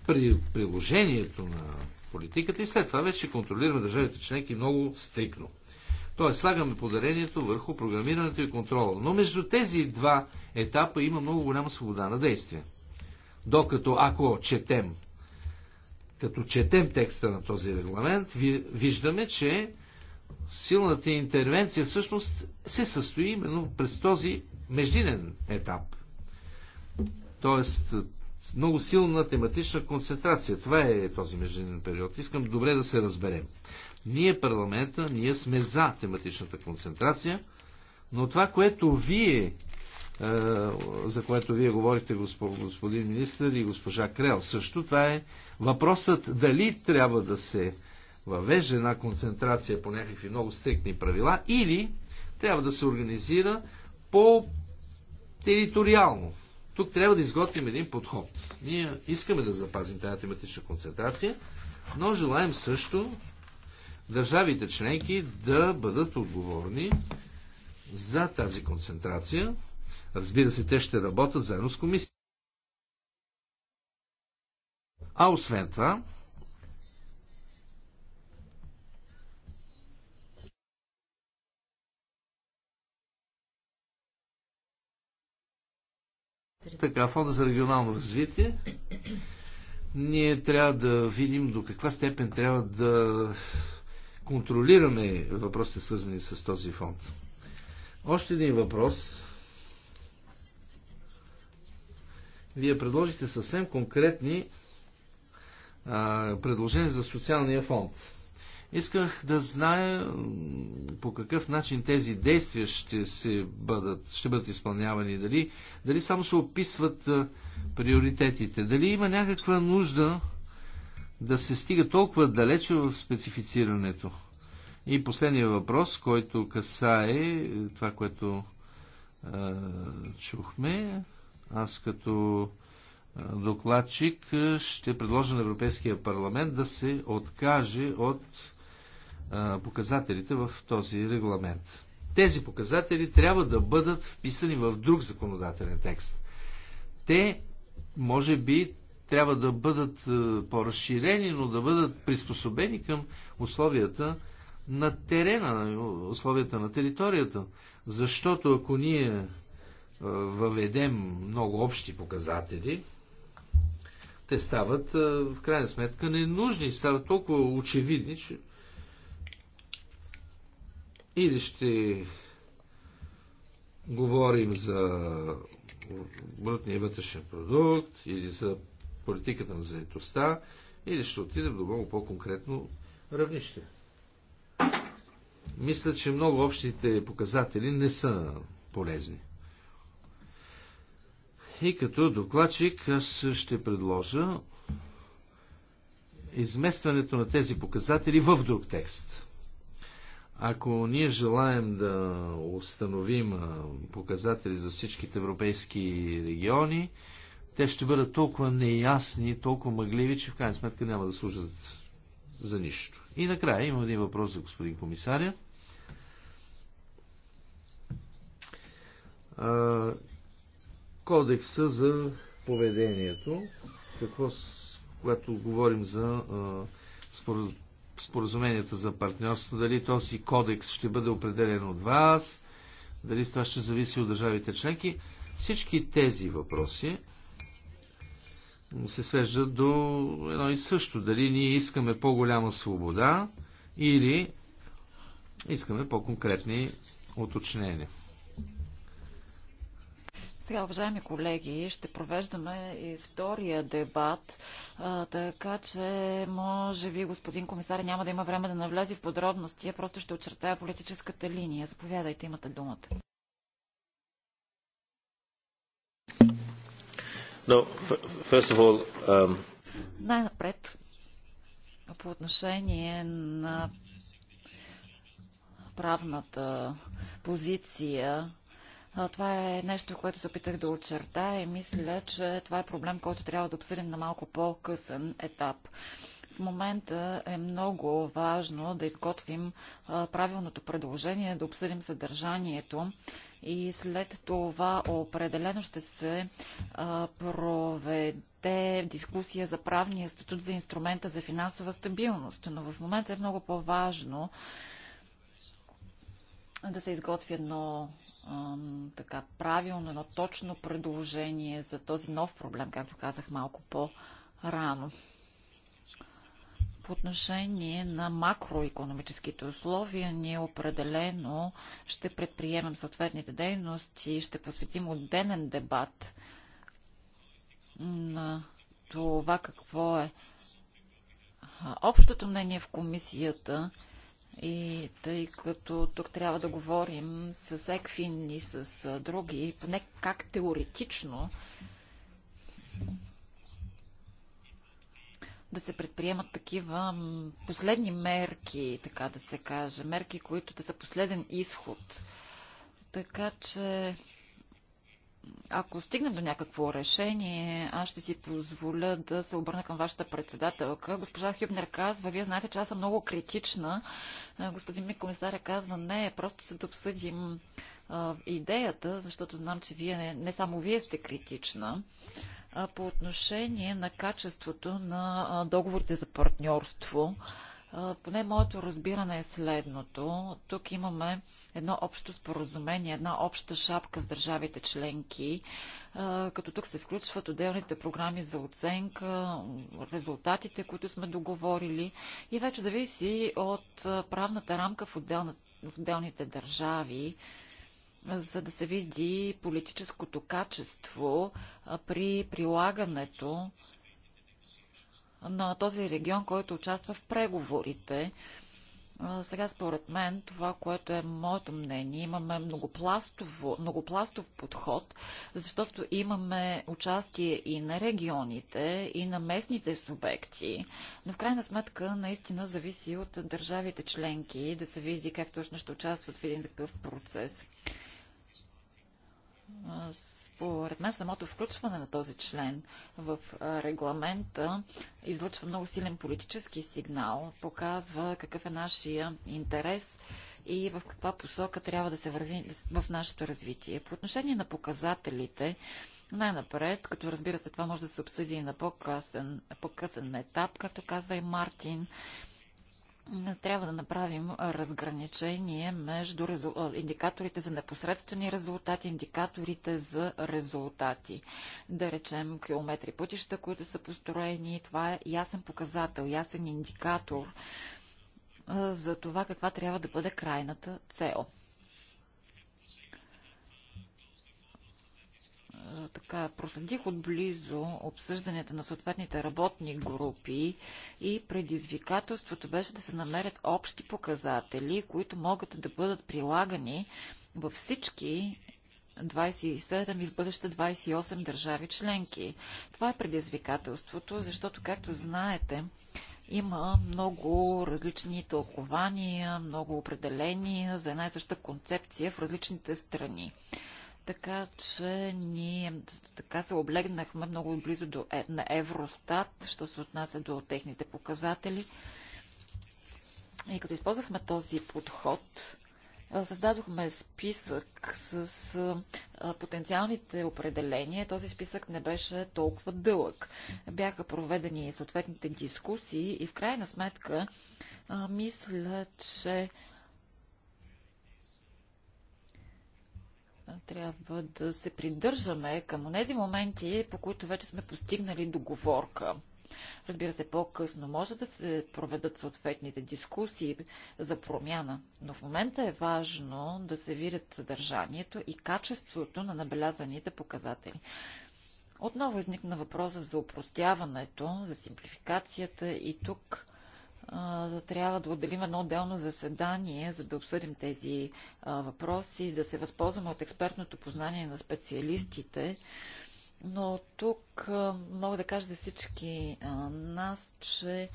при приложението на политиката и след това вече контролираме държавите членки много стрикно. Тоест слагаме подарението върху програмирането и контрола. Но между тези два етапа има много голяма свобода на действие. Докато ако четем, като четем текста на този регламент, виждаме, че силната интервенция всъщност се състои именно през този междинен етап. Тоест, много силна тематична концентрация. Това е този междинен период. Искам добре да се разберем. Ние, парламента, ние сме за тематичната концентрация, но това, което вие, е, за което вие говорите, господин министр и госпожа Крел, също, това е въпросът дали трябва да се въвежда една концентрация по някакви много стрикни правила или трябва да се организира по-териториално. Тук трябва да изготвим един подход. Ние искаме да запазим тази тематична концентрация, но желаем също държавите членки да бъдат отговорни за тази концентрация. Разбира се, те ще работят заедно с комисията. А освен това, Така, Фонда за регионално развитие. Ние трябва да видим до каква степен трябва да контролираме въпросите, свързани с този фонд. Още един въпрос. Вие предложите съвсем конкретни а, предложения за социалния фонд. Исках да зная по какъв начин тези действия ще, се бъдат, ще бъдат изпълнявани. Дали, дали само се описват а, приоритетите. Дали има някаква нужда да се стига толкова далече в специфицирането. И последният въпрос, който касае е, това, което а, чухме. Аз като докладчик ще предложа на Европейския парламент да се откаже от показателите в този регламент. Тези показатели трябва да бъдат вписани в друг законодателен текст. Те, може би, трябва да бъдат по-разширени, но да бъдат приспособени към условията на терена, условията на територията. Защото ако ние въведем много общи показатели, те стават в крайна сметка ненужни, стават толкова очевидни, че или ще говорим за брутния вътрешен продукт или за политиката на заедостта, или ще отидем до много по-конкретно равнище. Мисля, че много общите показатели не са полезни. И като докладчик аз ще предложа изместването на тези показатели в друг текст. Ако ние желаем да установим показатели за всичките европейски региони, те ще бъдат толкова неясни, толкова мъгливи, че в крайна сметка няма да служат за нищо. И накрая има един въпрос за господин комисаря. Кодекса за поведението, какво, когато говорим за според, споразуменията за партньорство, дали този кодекс ще бъде определен от вас, дали това ще зависи от държавите членки. Всички тези въпроси се свеждат до едно и също. Дали ние искаме по-голяма свобода или искаме по-конкретни уточнения. Сега, уважаеми колеги, ще провеждаме и втория дебат, а, така че може би господин комисар няма да има време да навлезе в подробности, а просто ще очертая политическата линия. Заповядайте, имате думата. No, all, um... Най-напред, по отношение на правната позиция това е нещо, което се опитах да очерта и мисля, че това е проблем, който трябва да обсъдим на малко по-късен етап. В момента е много важно да изготвим правилното предложение, да обсъдим съдържанието и след това определено ще се проведе дискусия за правния статут за инструмента за финансова стабилност. Но в момента е много по-важно да се изготви едно ам, така правилно, едно точно предложение за този нов проблем, както казах малко по-рано. По отношение на макроекономическите условия, ние определено ще предприемем съответните дейности, и ще посветим отделен дебат на това какво е общото мнение в комисията и тъй като тук трябва да говорим с Екфин и с други, поне как теоретично да се предприемат такива последни мерки, така да се каже, мерки, които да са последен изход. Така че ако стигнем до някакво решение, аз ще си позволя да се обърна към вашата председателка. Госпожа Хюбнер казва, вие знаете, че аз съм много критична. Господин ми комисаря казва, не, просто се да обсъдим а, идеята, защото знам, че вие не, не само вие сте критична. А, по отношение на качеството на договорите за партньорство, поне моето разбиране е следното. Тук имаме едно общо споразумение, една обща шапка с държавите членки, като тук се включват отделните програми за оценка, резултатите, които сме договорили и вече зависи от правната рамка в, отделните държави за да се види политическото качество при прилагането на този регион, който участва в преговорите. Сега, според мен, това, което е моето мнение, имаме многопластов подход, защото имаме участие и на регионите, и на местните субекти, но в крайна сметка наистина зависи от държавите членки да се види как точно ще участват в един такъв процес. Според мен самото включване на този член в регламента излъчва много силен политически сигнал, показва какъв е нашия интерес и в каква посока трябва да се върви в нашето развитие. По отношение на показателите, най-напред, като разбира се, това може да се обсъди и на по-късен, по-късен етап, както казва и Мартин, трябва да направим разграничение между индикаторите за непосредствени резултати, индикаторите за резултати. Да речем километри пътища, които са построени. Това е ясен показател, ясен индикатор за това каква трябва да бъде крайната цел. така проследих отблизо обсъжданията на съответните работни групи и предизвикателството беше да се намерят общи показатели, които могат да бъдат прилагани във всички 27 и в бъдеще 28 държави членки. Това е предизвикателството, защото, както знаете, има много различни тълкования, много определения за една и съща концепция в различните страни. Така че ние така се облегнахме много близо до, е, на Евростат, що се отнася до техните показатели. И като използвахме този подход, създадохме списък с потенциалните определения. Този списък не беше толкова дълъг. Бяха проведени съответните дискусии и в крайна сметка мисля, че трябва да се придържаме към тези моменти, по които вече сме постигнали договорка. Разбира се, по-късно може да се проведат съответните дискусии за промяна, но в момента е важно да се видят съдържанието и качеството на набелязаните показатели. Отново изникна въпроса за упростяването, за симплификацията и тук трябва да отделим едно отделно заседание, за да обсъдим тези а, въпроси, да се възползваме от експертното познание на специалистите. Но тук а, мога да кажа за всички а, нас, че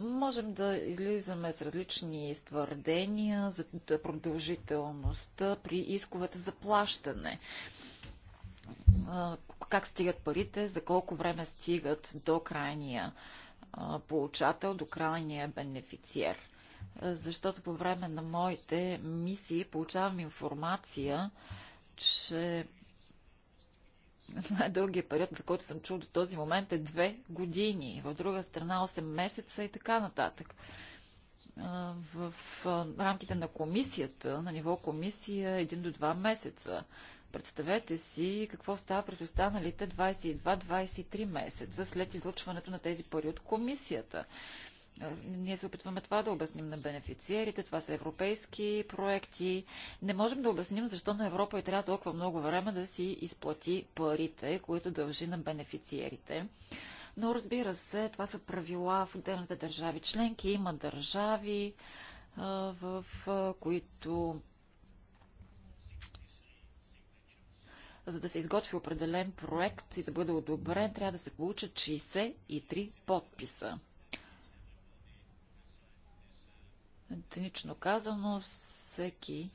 можем да излизаме с различни твърдения за продължителността при исковете за плащане как стигат парите, за колко време стигат до крайния получател, до крайния бенефициер. Защото по време на моите мисии получавам информация, че най-дългия период, за който съм чул до този момент е две години, в друга страна 8 месеца и така нататък. В рамките на комисията, на ниво комисия, един до 2 месеца. Представете си какво става през останалите 22-23 месеца след излъчването на тези пари от комисията. Ние се опитваме това да обясним на бенефициерите, това са европейски проекти. Не можем да обясним защо на Европа и трябва толкова много време да си изплати парите, които дължи на бенефициерите. Но разбира се, това са правила в отделните държави членки. Има държави, в които за да се изготви определен проект и да бъде одобрен, трябва да се получат 63 подписа. Цинично казано, всеки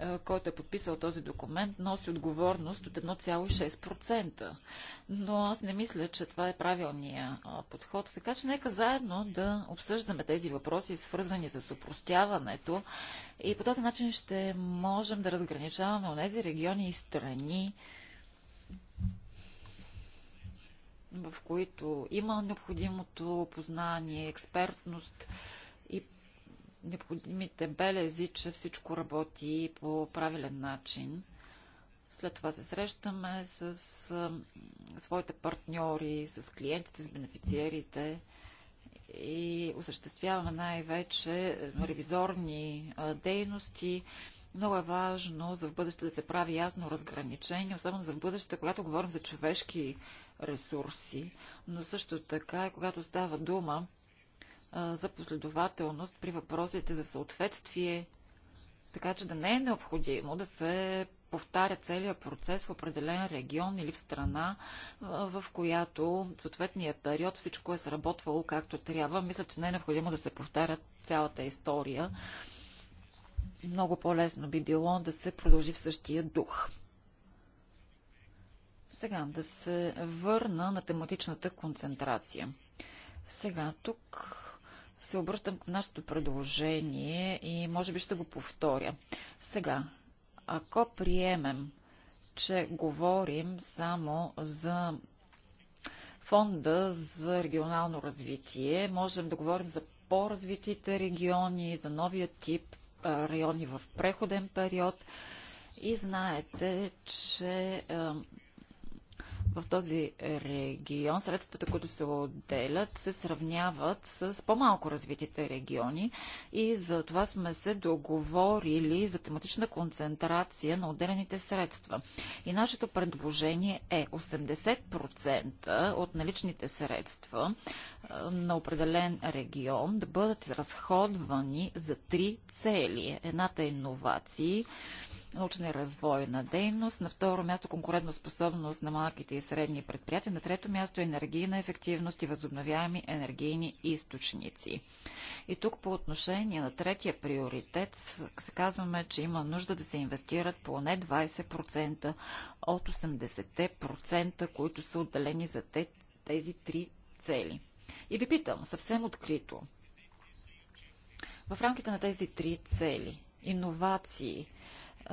е, който е подписал този документ, носи отговорност от 1,6%. Но аз не мисля, че това е правилния подход. Така че нека заедно да обсъждаме тези въпроси, свързани с упростяването. И по този начин ще можем да разграничаваме от тези региони и страни, в които има необходимото познание, експертност, необходимите белези, че всичко работи по правилен начин. След това се срещаме с своите партньори, с клиентите, с бенефициерите и осъществяваме най-вече ревизорни дейности. Много е важно за в бъдеще да се прави ясно разграничение, особено за в бъдеще, когато говорим за човешки ресурси, но също така, когато става дума за последователност при въпросите за съответствие, така че да не е необходимо да се повтаря целият процес в определен регион или в страна, в която в съответния период всичко е сработвало както трябва. Мисля, че не е необходимо да се повтаря цялата история. Много по-лесно би било да се продължи в същия дух. Сега да се върна на тематичната концентрация. Сега тук се обръщам към нашето предложение и може би ще го повторя. Сега, ако приемем, че говорим само за фонда за регионално развитие, можем да говорим за по-развитите региони, за новия тип райони в преходен период. И знаете, че в този регион средствата, които се отделят, се сравняват с по-малко развитите региони и за това сме се договорили за тематична концентрация на отделените средства. И нашето предложение е 80% от наличните средства на определен регион да бъдат разходвани за три цели. Едната е иновации, научна и развойна дейност, на второ място конкурентоспособност на малките и средни предприятия, на трето място енергийна ефективност и възобновяеми енергийни източници. И тук по отношение на третия приоритет се казваме, че има нужда да се инвестират поне 20% от 80%, които са отделени за тези три цели. И ви питам съвсем открито. В рамките на тези три цели, иновации,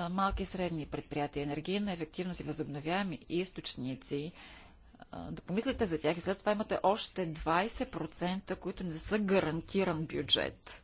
малки и средни предприятия, енергийна ефективност и възобновяеми източници, да помислите за тях и след това имате още 20%, които не са гарантиран бюджет.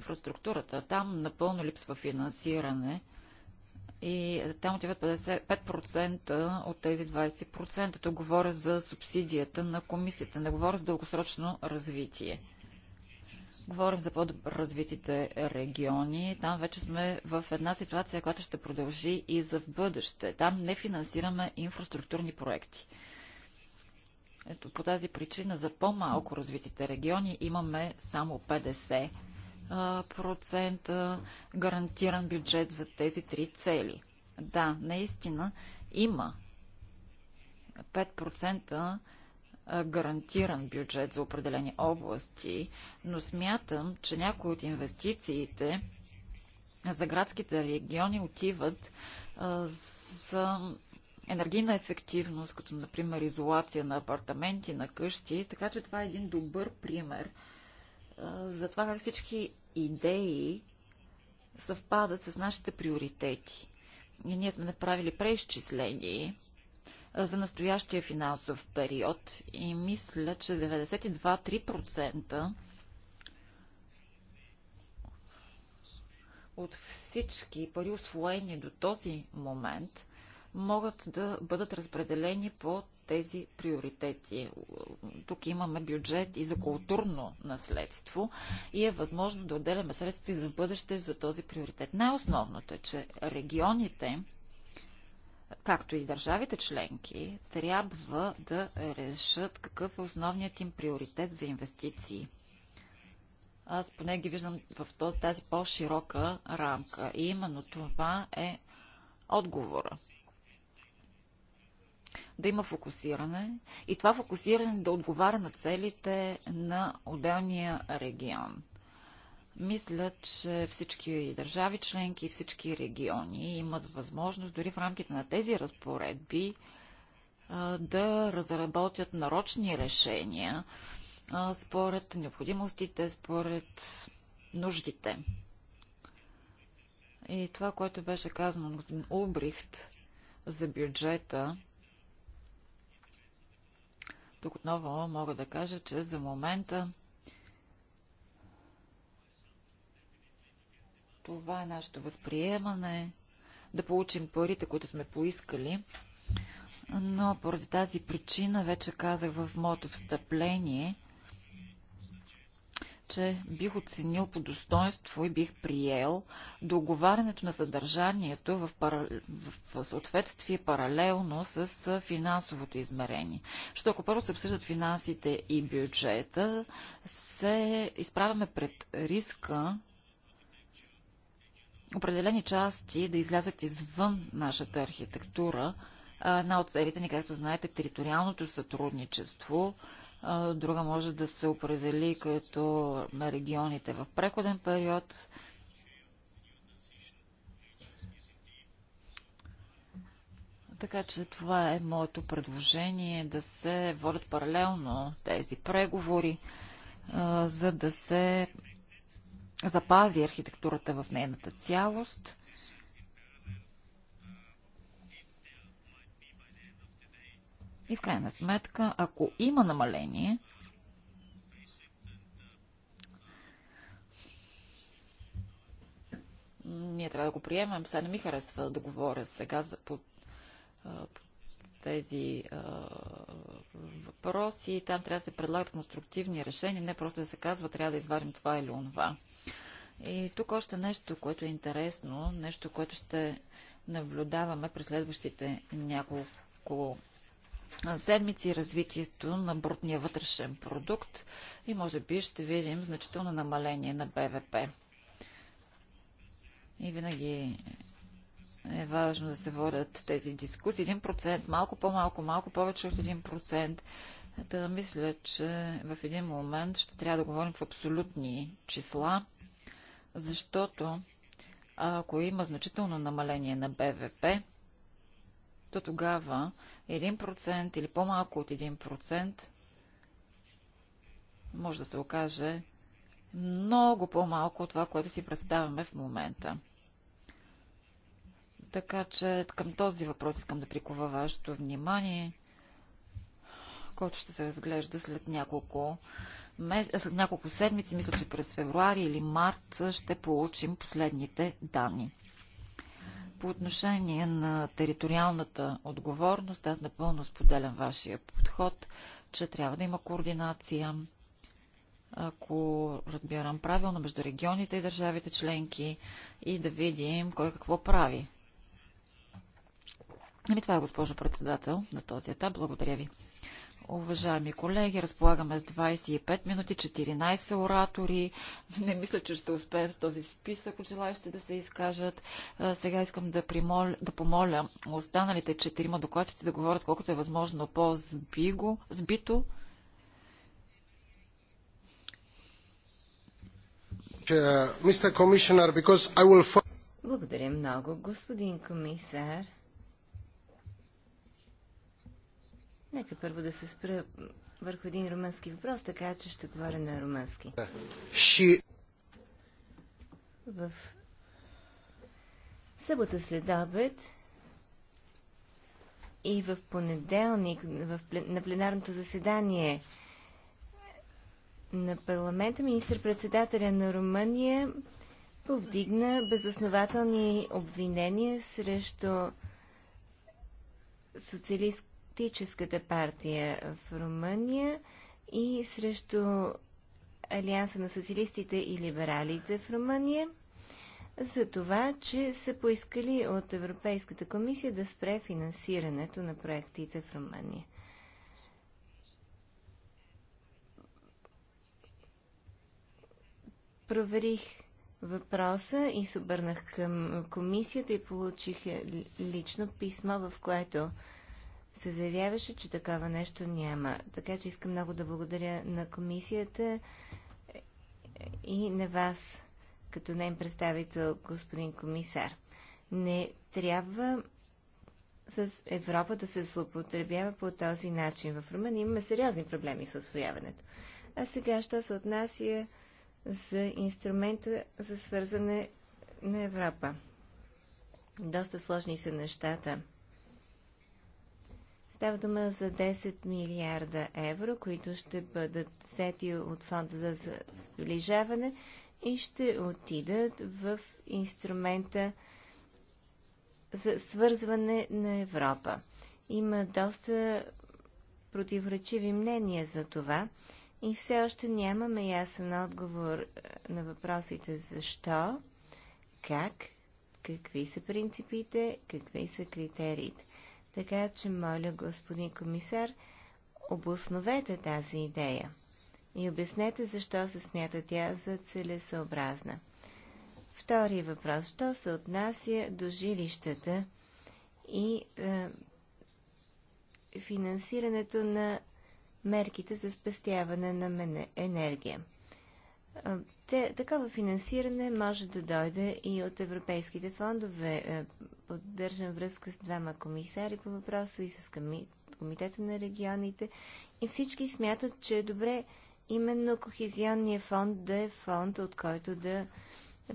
инфраструктурата. Там напълно липсва финансиране и там отиват 5% от тези 20%. То говоря за субсидията на комисията, не говоря за дългосрочно развитие. Говорим за по-развитите региони. Там вече сме в една ситуация, която ще продължи и за в бъдеще. Там не финансираме инфраструктурни проекти. Ето по тази причина за по-малко развитите региони имаме само 50 процента гарантиран бюджет за тези три цели. Да, наистина има 5% гарантиран бюджет за определени области, но смятам, че някои от инвестициите за градските региони отиват за енергийна ефективност, като например изолация на апартаменти, на къщи. Така че това е един добър пример за това как всички идеи съвпадат с нашите приоритети. И ние сме направили преизчисление за настоящия финансов период и мисля, че 92-3% от всички пари освоени до този момент могат да бъдат разпределени по тези приоритети. Тук имаме бюджет и за културно наследство и е възможно да отделяме средства и за бъдеще за този приоритет. Най-основното е, че регионите както и държавите членки, трябва да решат какъв е основният им приоритет за инвестиции. Аз поне ги виждам в този, тази по-широка рамка. И именно това е отговора да има фокусиране и това фокусиране да отговаря на целите на отделния регион. Мисля, че всички държави членки и всички региони имат възможност дори в рамките на тези разпоредби да разработят нарочни решения според необходимостите, според нуждите. И това, което беше казано от господин Улбрихт за бюджета, тук отново мога да кажа, че за момента това е нашето възприемане, да получим парите, които сме поискали. Но поради тази причина, вече казах в моето встъпление – че бих оценил по достоинство и бих приел договарянето на съдържанието в, пара... в съответствие паралелно с финансовото измерение. Що ако първо се обсъждат финансите и бюджета, се изправяме пред риска определени части да излязат извън нашата архитектура. Една от целите ни, както знаете, е териториалното сътрудничество – друга може да се определи като на регионите в преходен период. Така че това е моето предложение да се водят паралелно тези преговори, за да се запази архитектурата в нейната цялост И в крайна сметка, ако има намаление, ние трябва да го приемем. Сега не ми харесва да говоря сега за, по, по тези а, въпроси. Там трябва да се предлагат конструктивни решения, не просто да се казва трябва да извадим това или онова. И тук още нещо, което е интересно, нещо, което ще наблюдаваме през следващите няколко седмици развитието на брутния вътрешен продукт и може би ще видим значително намаление на БВП. И винаги е важно да се водят тези дискусии. 1%, малко по-малко, малко повече от 1%. Да мисля, че в един момент ще трябва да говорим в абсолютни числа, защото ако има значително намаление на БВП, то тогава 1% или по-малко от 1% може да се окаже много по-малко от това, което си представяме в момента. Така че към този въпрос искам да прикова вашето внимание, който ще се разглежда след няколко, е, след няколко седмици, мисля, че през февруари или март ще получим последните данни. По отношение на териториалната отговорност, аз напълно споделям вашия подход, че трябва да има координация, ако разбирам правилно, между регионите и държавите членки и да видим кой какво прави. Ами това е, госпожо председател, на този етап. Благодаря ви. Уважаеми колеги, разполагаме с 25 минути, 14 оратори. Не мисля, че ще успеем с този списък от желаящи да се изкажат. Сега искам да, примоля, да помоля останалите четирима докладчици да говорят колкото е възможно по-збито. Благодаря много, господин комисар. Нека първо да се спра върху един румънски въпрос, така че ще говоря на румънски. Ши... В събота след обед и в понеделник в плен... на пленарното заседание на парламента министр-председателя на Румъния повдигна безоснователни обвинения срещу социалист Демократическата партия в Румъния и срещу Алианса на социалистите и либералите в Румъния за това, че са поискали от Европейската комисия да спре финансирането на проектите в Румъния. Проверих въпроса и се обърнах към комисията и получих лично писмо, в което се заявяваше, че такова нещо няма. Така че искам много да благодаря на комисията и на вас, като нейн представител, господин комисар. Не трябва с Европа да се злоупотребява по този начин. В Румъния имаме сериозни проблеми с освояването. А сега, що се отнася за инструмента за свързане на Европа? Доста сложни са нещата. Става дума за 10 милиарда евро, които ще бъдат взети от фонда за сближаване и ще отидат в инструмента за свързване на Европа. Има доста противоречиви мнения за това и все още нямаме ясен отговор е, на въпросите защо, как, какви са принципите, какви са критериите. Така че, моля, господин комисар, обосновете тази идея и обяснете защо се смята тя за целесъобразна. Втори въпрос. Що се отнася до жилищата и е, финансирането на мерките за спестяване на енергия? Е, такова финансиране може да дойде и от европейските фондове. Е, поддържам връзка с двама комисари по въпроса и с Комитета на регионите. И всички смятат, че е добре именно Кохезионния фонд да е фонд, от който да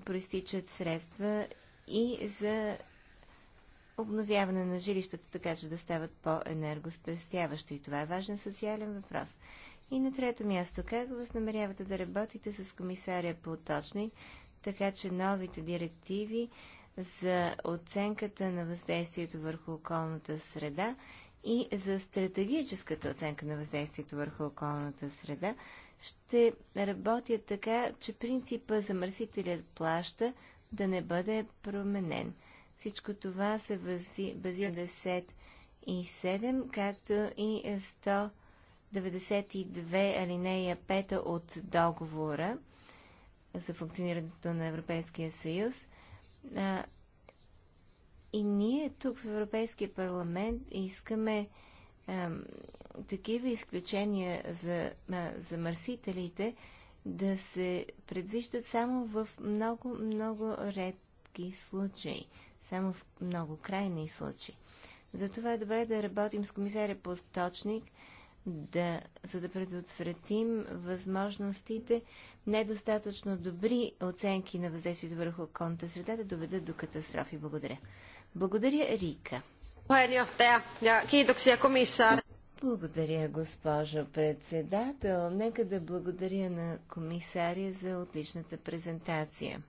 проистичат средства и за обновяване на жилищата, така че да стават по-енергоспестяващи. И това е важен социален въпрос. И на трето място, как възнамерявате да работите с комисаря по точни, така че новите директиви за оценката на въздействието върху околната среда и за стратегическата оценка на въздействието върху околната среда ще работят така, че принципа замърсителят плаща да не бъде променен. Всичко това се базира 10 и 7, както и 100 92 алинея 5 от договора за функционирането на Европейския съюз. и ние тук в Европейския парламент искаме такива изключения за замърсителите да се предвиждат само в много, много редки случаи, само в много крайни случаи. Затова е добре да работим с комисаря Посточник, да, за да предотвратим възможностите недостатъчно добри оценки на въздействието върху околната среда да доведат до катастрофи. Благодаря. Благодаря, Рика. Благодаря, госпожо председател. Нека да благодаря на комисария за отличната презентация.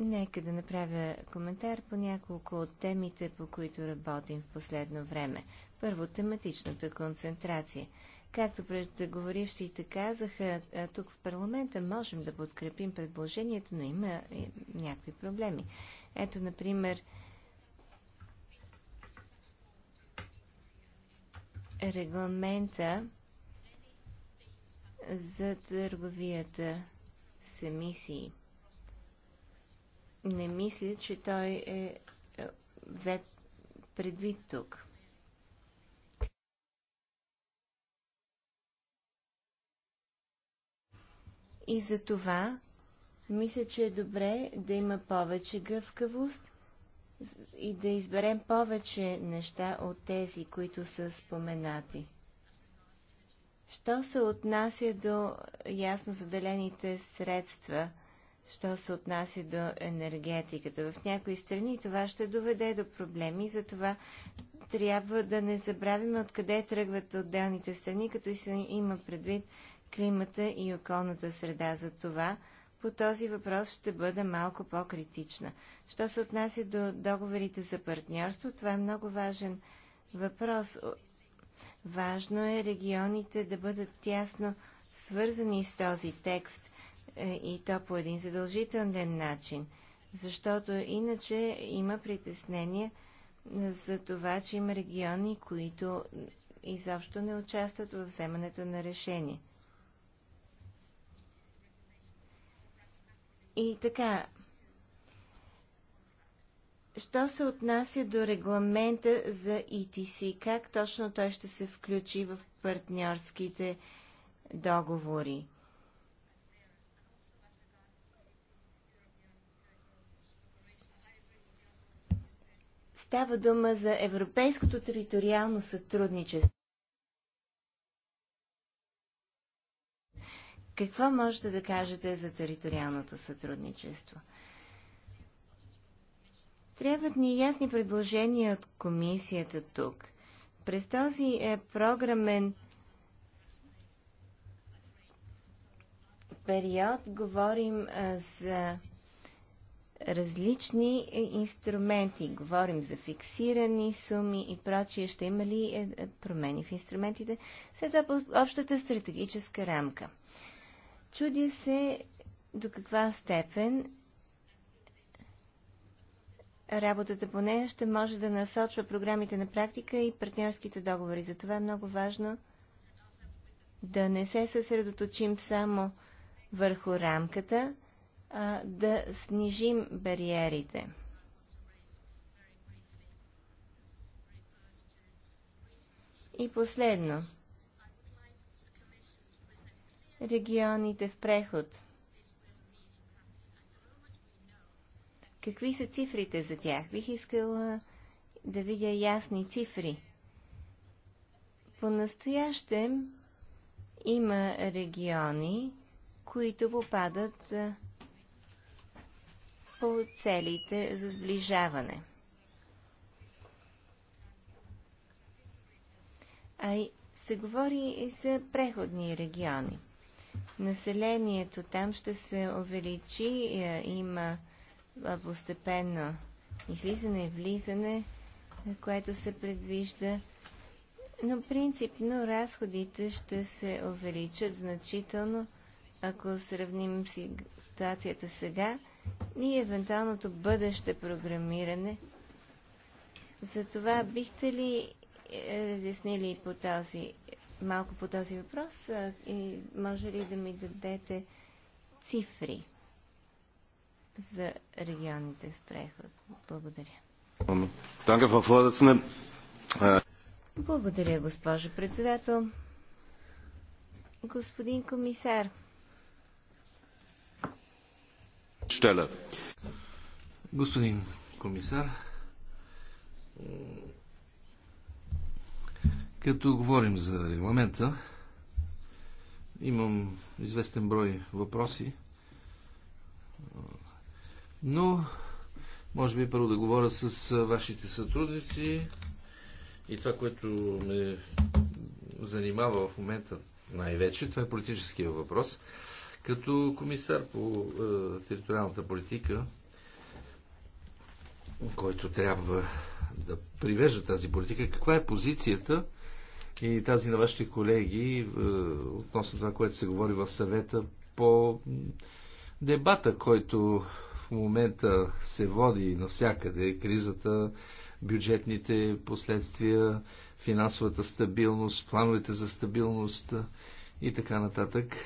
Нека да направя коментар по няколко от темите, по които работим в последно време. Първо, тематичната концентрация. Както преждеговорившите казаха, тук в парламента можем да подкрепим предложението, но има някакви проблеми. Ето, например, регламента за търговията с емисии – не мисля, че той е, е взет предвид тук. И за това мисля, че е добре да има повече гъвкавост и да изберем повече неща от тези, които са споменати. Що се отнася до ясно заделените средства – що се отнася до енергетиката. В някои страни това ще доведе до проблеми, затова трябва да не забравяме откъде тръгват отделните страни, като се има предвид климата и околната среда. За това по този въпрос ще бъда малко по-критична. Що се отнася до договорите за партньорство, това е много важен въпрос. Важно е регионите да бъдат тясно свързани с този текст – е, и то по един задължителен начин, защото иначе има притеснение е, за това, че има региони, които изобщо не участват в вземането на решение. И така, що се отнася до регламента за ETC? Как точно той ще се включи в партньорските договори? става дума за европейското териториално сътрудничество. Какво можете да кажете за териториалното сътрудничество? Трябват ни ясни предложения от комисията тук. През този е програмен период говорим за различни е, инструменти. Говорим за фиксирани суми и прочие. Ще има ли е, е, промени в инструментите? След това по общата стратегическа рамка. Чудя се до каква степен работата по нея ще може да насочва програмите на практика и партньорските договори. Затова е много важно да не се съсредоточим само върху рамката, да снижим бариерите. И последно. Регионите в преход. Какви са цифрите за тях? Бих искала да видя ясни цифри. По-настоящем има региони, които попадат по целите за сближаване. А и се говори и за преходни региони. Населението там ще се увеличи, е, има постепенно излизане и влизане, е, което се предвижда, но принципно разходите ще се увеличат значително, ако сравним ситуацията сега и евентуалното бъдеще програмиране. За това бихте ли е, разяснили по този, малко по този въпрос и може ли да ми дадете цифри за регионите в преход? Благодаря. Äh, Благодаря, госпожо председател. Господин комисар, Штеле. Господин комисар, като говорим за регламента, имам известен брой въпроси, но може би първо да говоря с вашите сътрудници и това, което ме занимава в момента най-вече, това е политическия въпрос. Като комисар по е, териториалната политика, който трябва да привежда тази политика, каква е позицията и тази на вашите колеги е, относно това, което се говори в съвета по дебата, който в момента се води навсякъде, кризата, бюджетните последствия, финансовата стабилност, плановете за стабилност и така нататък.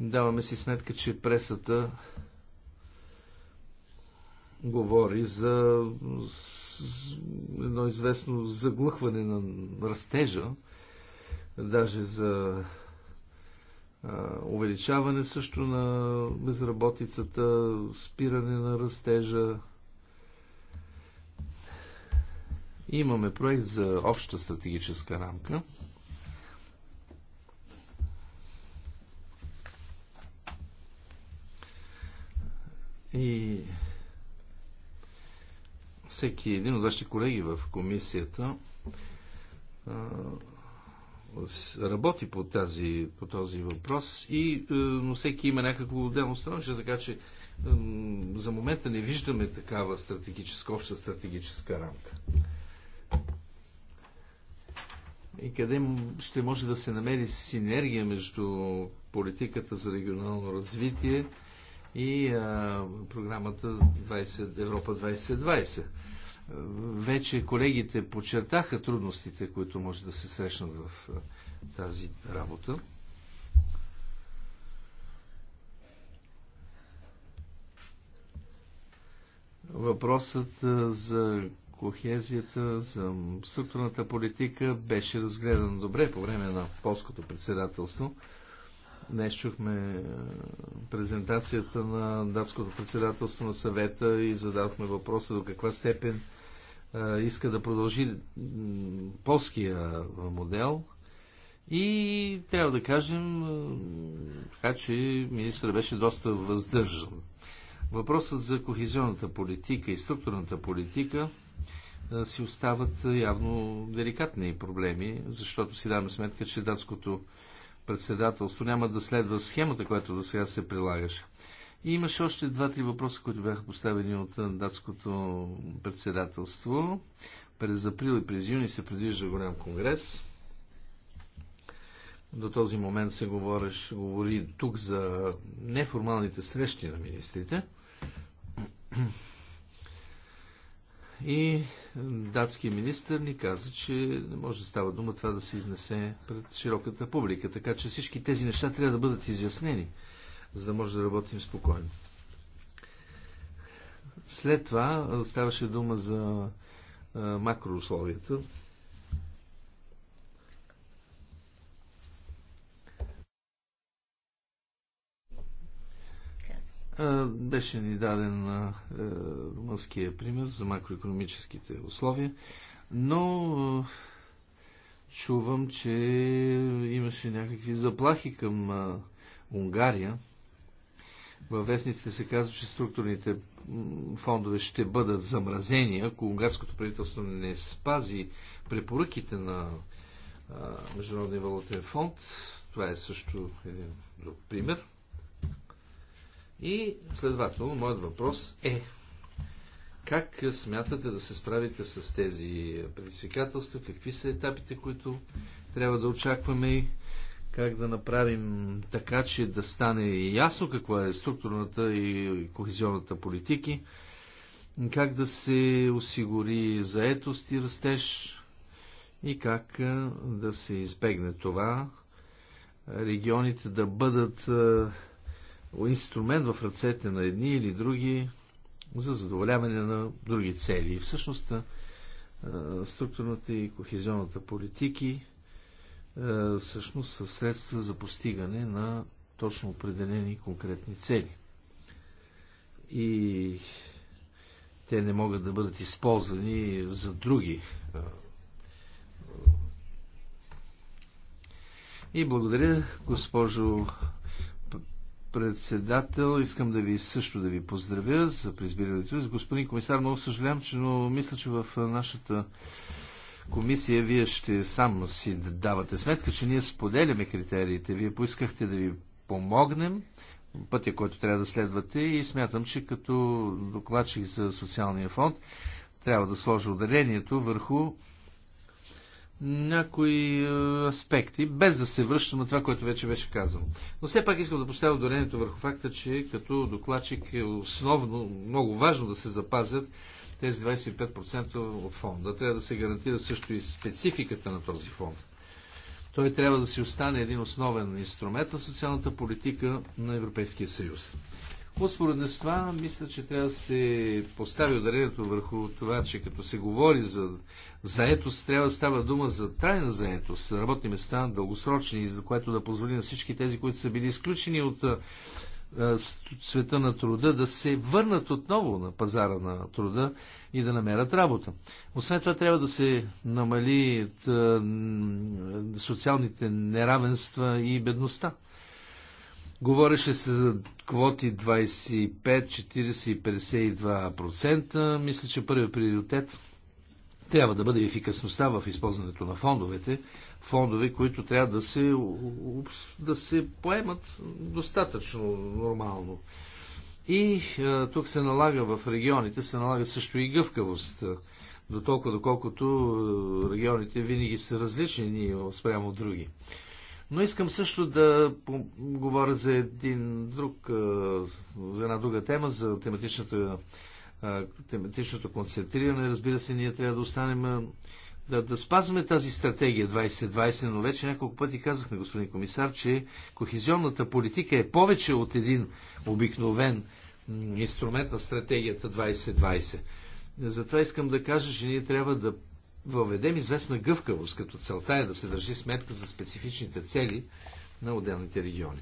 Даваме си сметка, че пресата говори за едно известно заглъхване на растежа, даже за увеличаване също на безработицата, спиране на растежа. Имаме проект за обща стратегическа рамка – И всеки един от вашите колеги в комисията работи по, тази, по този въпрос, и, но всеки има някакво отделно становище, така че за момента не виждаме такава стратегическа, обща стратегическа рамка. И къде ще може да се намери синергия между политиката за регионално развитие и а, програмата 20, Европа 2020. Вече колегите подчертаха трудностите, които може да се срещнат в тази работа. Въпросът за кохезията, за структурната политика беше разгледан добре по време на полското председателство. Днес чухме е, презентацията на датското председателство на съвета и зададохме въпроса до каква степен е, иска да продължи полския модел. И трябва да кажем, е, така че министър беше доста въздържан. Въпросът за кохезионната политика и структурната политика си остават явно деликатни проблеми, защото си даваме сметка, че датското председателство няма да следва схемата, която до сега се прилагаше. И имаше още два-три въпроса, които бяха поставени от датското председателство. През април и през юни се предвижда голям конгрес. До този момент се говориш, говори тук за неформалните срещи на министрите. И датския министр ни каза, че не може да става дума това да се изнесе пред широката публика. Така че всички тези неща трябва да бъдат изяснени, за да може да работим спокойно. След това ставаше дума за макроусловията. Е, беше ни даден е, е, румънския пример за макроекономическите условия, но чувам, че имаше някакви заплахи към Унгария. Във вестниците се казва, че структурните фондове ще бъдат замразени, ако унгарското правителство не спази препоръките на Международния валутен фонд. Това е също един друг пример. И следователно, моят въпрос е как смятате да се справите с тези предизвикателства? Какви са етапите, които трябва да очакваме? Как да направим така, че да стане ясно каква е структурната и кохезионната политики? Как да се осигури заетост и растеж? И как да се избегне това регионите да бъдат инструмент в ръцете на едни или други за задоволяване на други цели. И всъщност структурната и кохезионната политики всъщност са средства за постигане на точно определени конкретни цели. И те не могат да бъдат използвани за други. И благодаря, госпожо председател, искам да ви също да ви поздравя за призбирането. Господин комисар, много съжалявам, че, но мисля, че в нашата комисия вие ще сам си давате сметка, че ние споделяме критериите. Вие поискахте да ви помогнем пътя, който трябва да следвате и смятам, че като докладчик за социалния фонд трябва да сложа ударението върху някои е, аспекти, без да се връщам на това, което вече беше казано. Но все пак искам да поставя ударението върху факта, че като докладчик е основно, много важно да се запазят тези 25% от фонда. Трябва да се гарантира също и спецификата на този фонд. Той трябва да си остане един основен инструмент на социалната политика на Европейския съюз. Успоредно с това, мисля, че трябва да се постави ударението върху това, че като се говори за заетост, трябва да става дума за трайна заетост, работни места, дългосрочни, за което да позволи на всички тези, които са били изключени от света на труда, да се върнат отново на пазара на труда и да намерят работа. Освен това трябва да се намали социалните неравенства и бедността. Говореше се за квоти 25, 40 и 52%. Мисля, че първият приоритет трябва да бъде ефикасността в използването на фондовете. Фондове, които трябва да се, да се поемат достатъчно нормално. И а, тук се налага в регионите, се налага също и гъвкавост. До толкова, доколкото регионите винаги са различни ние спрямо от други. Но искам също да говоря за един друг, за една друга тема, за тематичната, тематичното концентриране. Разбира се, ние трябва да останем да, да спазваме тази стратегия 2020, но вече няколко пъти казахме, господин комисар, че кохезионната политика е повече от един обикновен инструмент на стратегията 2020. Затова искам да кажа, че ние трябва да въведем известна гъвкавост, като целта е да се държи сметка за специфичните цели на отделните региони.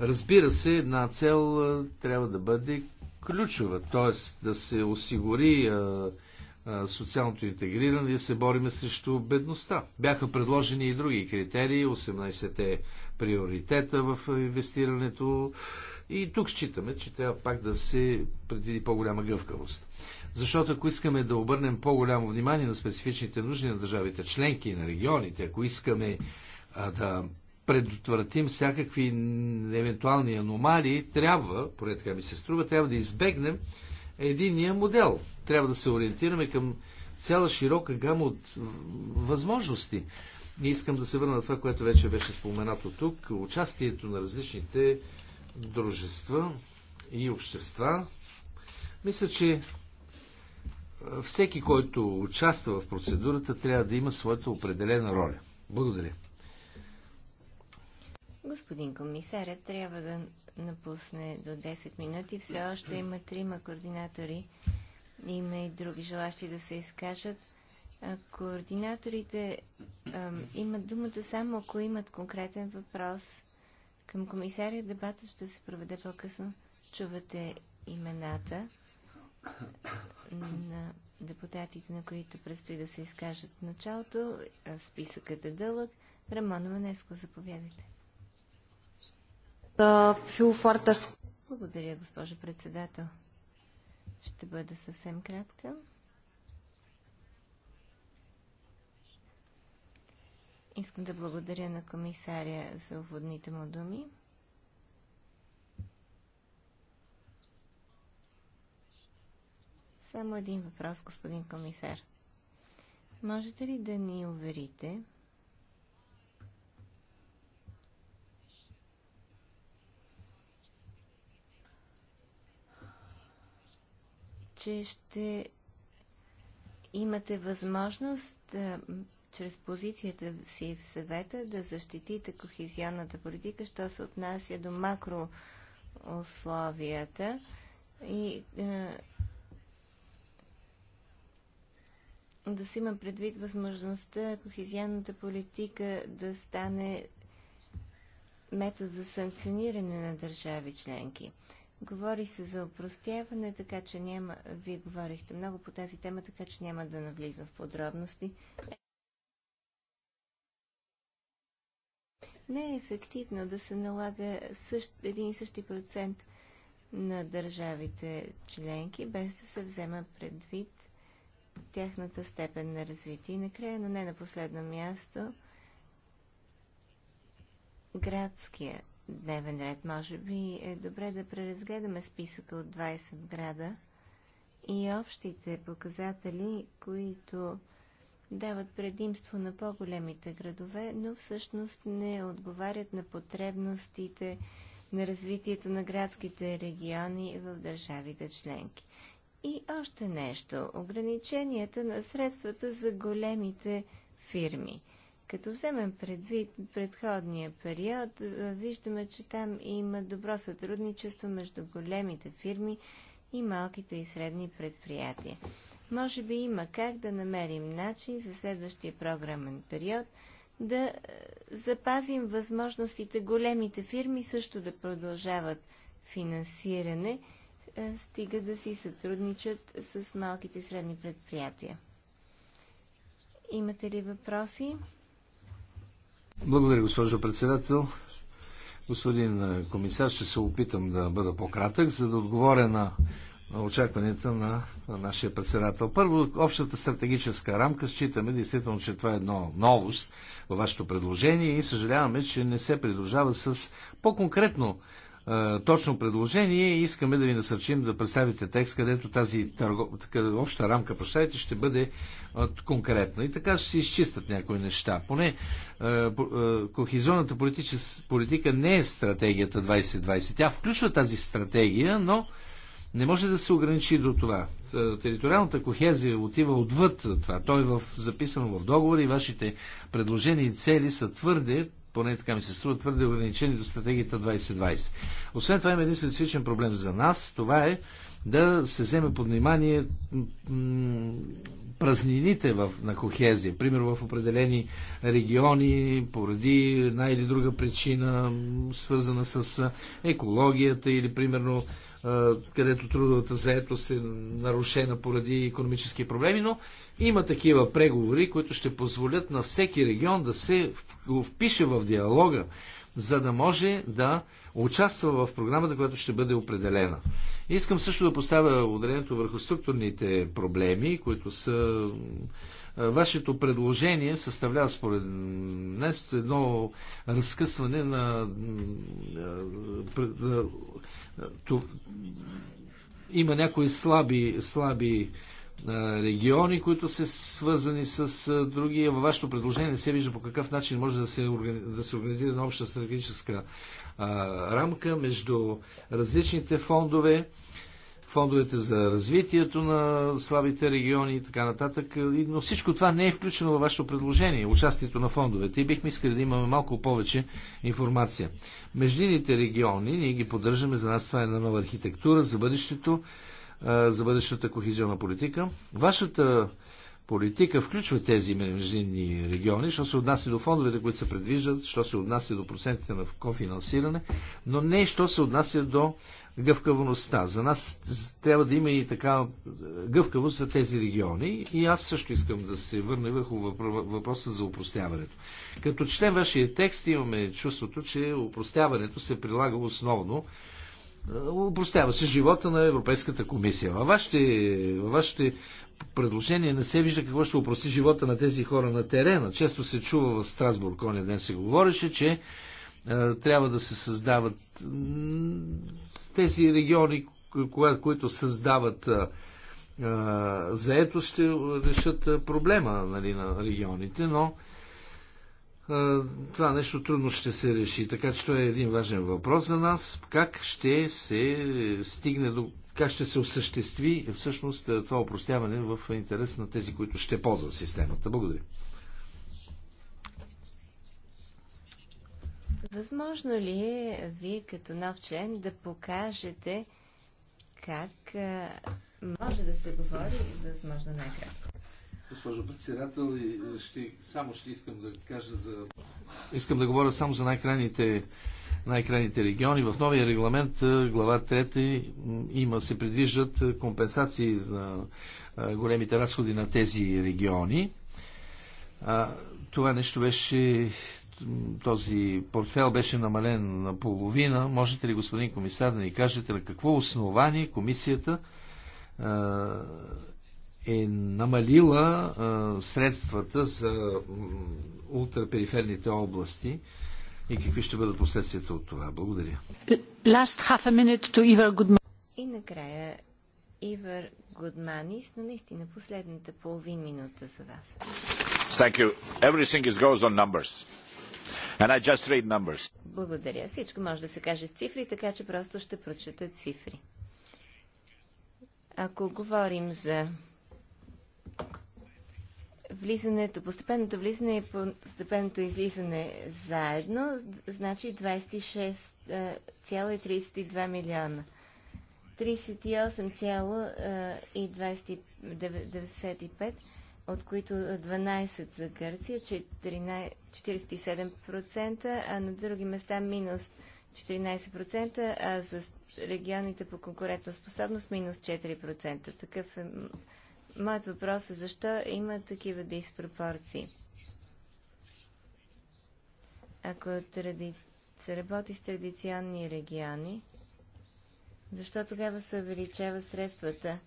Разбира се, една цел трябва да бъде ключова, т.е. да се осигури социалното интегриране и да се бориме срещу бедността. Бяха предложени и други критерии, 18-те е приоритета в инвестирането и тук считаме, че трябва пак да се предвиди по-голяма гъвкавост. Защото ако искаме да обърнем по-голямо внимание на специфичните нужди на държавите членки и на регионите, ако искаме а, да предотвратим всякакви евентуални аномалии, трябва, поред така ми се струва, трябва да избегнем единия модел. Трябва да се ориентираме към цяла широка гама от възможности. И искам да се върна на това, което вече беше споменато тук. Участието на различните дружества и общества. Мисля, че всеки, който участва в процедурата, трябва да има своята определена роля. Благодаря. Господин комисарят трябва да напусне до 10 минути. Все още има трима координатори. Има и други желащи да се изкажат. Координаторите имат думата само ако имат конкретен въпрос към комисаря. Дебатът ще се проведе по-късно. Чувате имената на депутатите, на които предстои да се изкажат в началото. Списъкът е дълъг. Рамон Манеско, заповядайте. Благодаря, госпожо председател. Ще бъда съвсем кратка. Искам да благодаря на комисаря за уводните му думи. Само един въпрос, господин комисар. Можете ли да ни уверите, че ще имате възможност чрез позицията си в съвета да защитите кохезионната политика, що се отнася до макроусловията и е, да се има предвид възможността кохезионната политика да стане метод за санкциониране на държави членки. Говори се за опростяване, така че няма... Вие говорихте много по тази тема, така че няма да навлизам в подробности. Не е ефективно да се налага същ, един и същи процент на държавите членки, без да се взема предвид тяхната степен на развитие. И накрая, но не на последно място, градския дневен ред. Може би е добре да преразгледаме списъка от 20 града и общите показатели, които дават предимство на по-големите градове, но всъщност не отговарят на потребностите на развитието на градските региони в държавите членки. И още нещо. Ограниченията на средствата за големите фирми. Като вземем предвид предходния период, е, виждаме, че там има добро сътрудничество между големите фирми и малките и средни предприятия. Може би има как да намерим начин за следващия програмен период да е, запазим възможностите големите фирми също да продължават финансиране – е, стига да си сътрудничат с малките и средни предприятия. Имате ли въпроси? Благодаря, госпожо председател. Господин е, комисар, ще се опитам да бъда по-кратък, за да отговоря на очакванията на нашия председател. Първо, общата стратегическа рамка считаме действително, че това е едно новост във вашето предложение и съжаляваме, че не се придружава с по-конкретно е, точно предложение и искаме да ви насърчим да представите текст, където тази търго, така, обща рамка, прощайте, ще бъде конкретна. И така ще се изчистят някои неща. Поне е, е, кохизионната политика не е стратегията 2020. Тя включва тази стратегия, но не може да се ограничи до това. Териториалната кохезия отива отвъд това. Той е записано в договор и вашите предложения и цели са твърде поне така ми се струва, твърде ограничени до стратегията 2020. Освен това има един специфичен проблем за нас. Това е да се вземе под внимание празнините в, на кохезия. Примерно в определени региони, поради една или друга причина, свързана с екологията или примерно където трудовата заетост е нарушена поради економически проблеми, но има такива преговори, които ще позволят на всеки регион да се впише в диалога, за да може да участва в програмата, която ще бъде определена. Искам също да поставя ударението върху структурните проблеми, които са Вашето предложение съставлява според днес едно разкъсване на има някои слаби, слаби региони, които са свързани с други. Във вашето предложение не се вижда по какъв начин може да се, органи... да се организира една обща стратегическа а, рамка между различните фондове фондовете за развитието на слабите региони и така нататък. Но всичко това не е включено във вашето предложение, участието на фондовете. И бихме искали да имаме малко повече информация. Междините региони, ние ги поддържаме, за нас това е една нова архитектура за бъдещето, за бъдещата кохизионна политика. Вашата политика включва тези междинни региони, що се отнася до фондовете, които се предвиждат, що се отнася до процентите на кофинансиране, но не и що се отнася до гъвкавостта. За нас трябва да има и така гъвкавост за тези региони и аз също искам да се върна върху въпроса за упростяването. Като четем вашия текст имаме чувството, че упростяването се прилага основно е, Упростява се живота на Европейската комисия. Във вашите, във вашите предложение не се вижда какво ще упрости живота на тези хора на терена. Често се чува в Страсбург, коня ден се говореше, че е, трябва да се създават тези региони, които създават е, е, заето, ще решат проблема нали, на регионите, но това нещо трудно ще се реши. Така че това е един важен въпрос за нас. Как ще се стигне до как ще се осъществи е, всъщност е, това опростяване в интерес на тези, които ще ползват системата. Благодаря. Възможно ли е вие като нов член да покажете как е, може да се говори възможно най-кратко? Госпожо председател, ще, само ще искам да кажа за... Искам да говоря само за най-крайните най-крайните региони. В новия регламент, глава 3, има, се предвиждат компенсации за големите разходи на тези региони. Това нещо беше този портфел беше намален на половина. Можете ли, господин комисар, да ни кажете на какво основание комисията е намалила средствата за ултрапериферните области? и какви ще бъдат последствията от това. Благодаря. Last half a minute to Ivor И накрая Ивар Гудманис, но наистина последната половин минута за вас. Thank you. Everything is goes on numbers. And I just read numbers. Благодаря. Всичко може да се каже с цифри, така че просто ще прочета цифри. Ако говорим за влизането, постепенното влизане и постепенното излизане заедно, значи 26,32 е, милиона. 38,95, е, от които 12 за Гърция, 47%, а на други места минус 14%, а за регионите по конкурентоспособност минус 4%. Такъв е Моят въпрос е защо има такива диспропорции? Ако тради... се работи с традиционни региони, защо тогава се увеличава средствата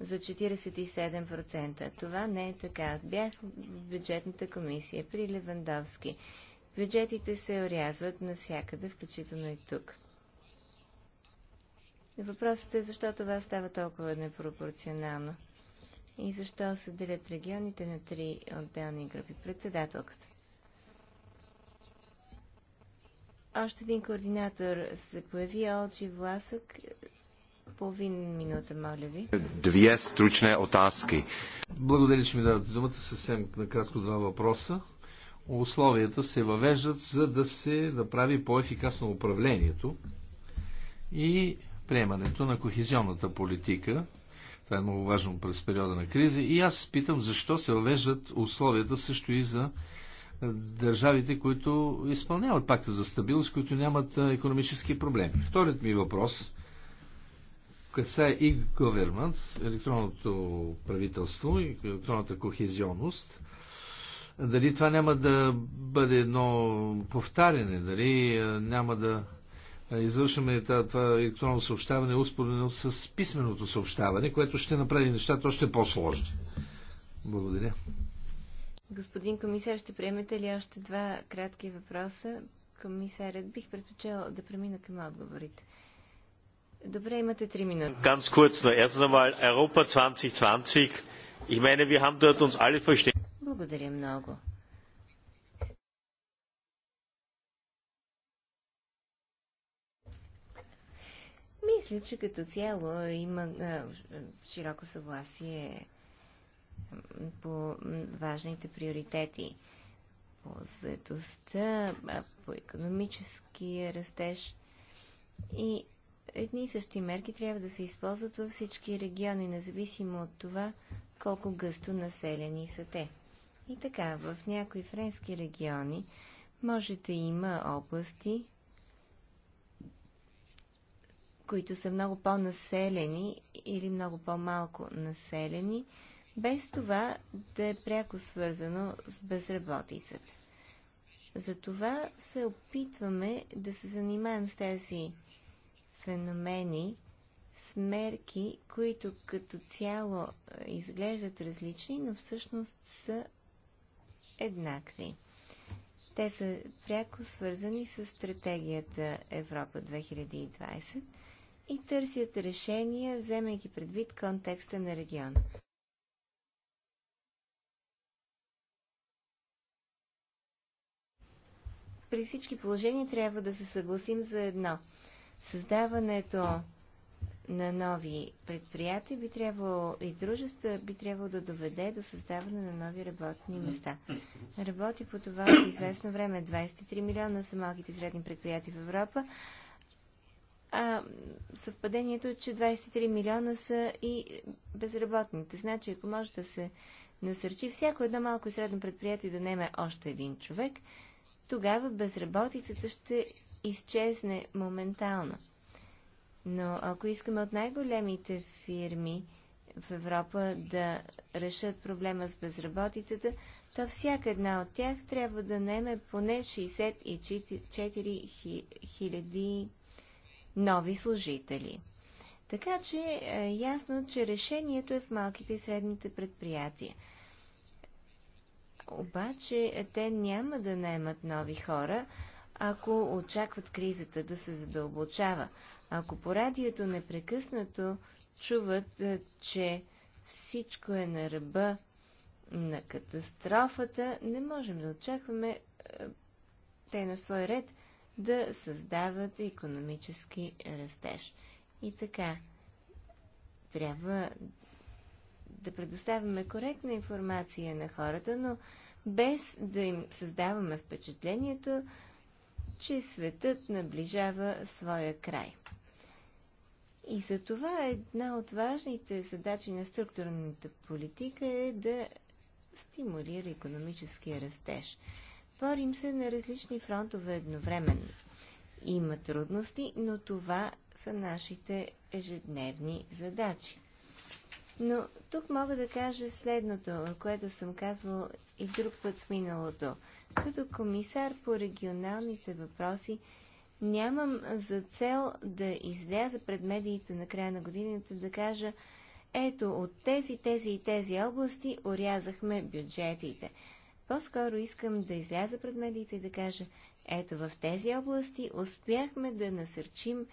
за 47%? Това не е така. Бях в бюджетната комисия при Левандовски. Бюджетите се орязват навсякъде, включително и тук. Въпросът е защо това става толкова непропорционално и защо се делят регионите на три отделни групи. Председателката. Още един координатор се появи, Олчи Власък. Половин минута, моля ви. Две стручне отаски. Благодаря, че ми давате думата. Съвсем накратко два въпроса. Условията се въвеждат, за да се направи по-ефикасно управлението и приемането на кохезионната политика това е много важно през периода на кризи. И аз питам защо се въвеждат условията също и за е, държавите, които изпълняват пакта за стабилност, които нямат е, економически проблеми. Вторият ми въпрос касае и government, електронното правителство и електронната кохезионност. Дали това няма да бъде едно повтаряне, дали е, няма да извършваме това електронно съобщаване успорено с писменото съобщаване, което ще направи нещата още по-сложни. Благодаря. Господин комисар, ще приемете ли още два кратки въпроса? Комисарят бих предпочел да премина към отговорите. Добре, имате три минути. Ganz kurz, nur erst einmal Europa 2020. Ich meine, wir haben dort uns alle verstehen. Благодаря много. Мисля, че като цяло има а, широко съгласие по важните приоритети. По заедостта, по економическия растеж. И едни и същи мерки трябва да се използват във всички региони, независимо от това колко гъсто населени са те. И така, в някои френски региони може да има области, които са много по-населени или много по-малко населени, без това да е пряко свързано с безработицата. Затова се опитваме да се занимаем с тези феномени, с мерки, които като цяло е, изглеждат различни, но всъщност са еднакви. Те са пряко свързани с стратегията Европа 2020 и търсят решения, вземайки предвид контекста на региона. При всички положения трябва да се съгласим за едно. Създаването на нови предприятия би трябвало и дружества би трябвало да доведе до създаване на нови работни места. Работи по това известно време. 23 милиона са малките и средни предприятия в Европа а, съвпадението е, че 23 милиона са и безработните. Значи, ако може да се насърчи всяко едно малко и средно предприятие да неме още един човек, тогава безработицата ще изчезне моментално. Но ако искаме от най-големите фирми в Европа да решат проблема с безработицата, то всяка една от тях трябва да неме поне 64 хиляди нови служители. Така че е ясно, че решението е в малките и средните предприятия. Обаче е, те няма да наймат нови хора, ако очакват кризата да се задълбочава. Ако по радиото непрекъснато чуват, е, че всичко е на ръба на катастрофата, не можем да очакваме е, те на свой ред да създават економически растеж. И така, трябва да предоставяме коректна информация на хората, но без да им създаваме впечатлението, че светът наближава своя край. И за това една от важните задачи на структурната политика е да стимулира економическия растеж. Борим се на различни фронтове едновременно. Има трудности, но това са нашите ежедневни задачи. Но тук мога да кажа следното, което съм казвал и друг път в миналото. Като комисар по регионалните въпроси нямам за цел да изляза пред медиите на края на годината да кажа ето от тези, тези и тези области орязахме бюджетите. По-скоро искам да изляза пред медиите и да кажа, ето в тези области успяхме да насърчим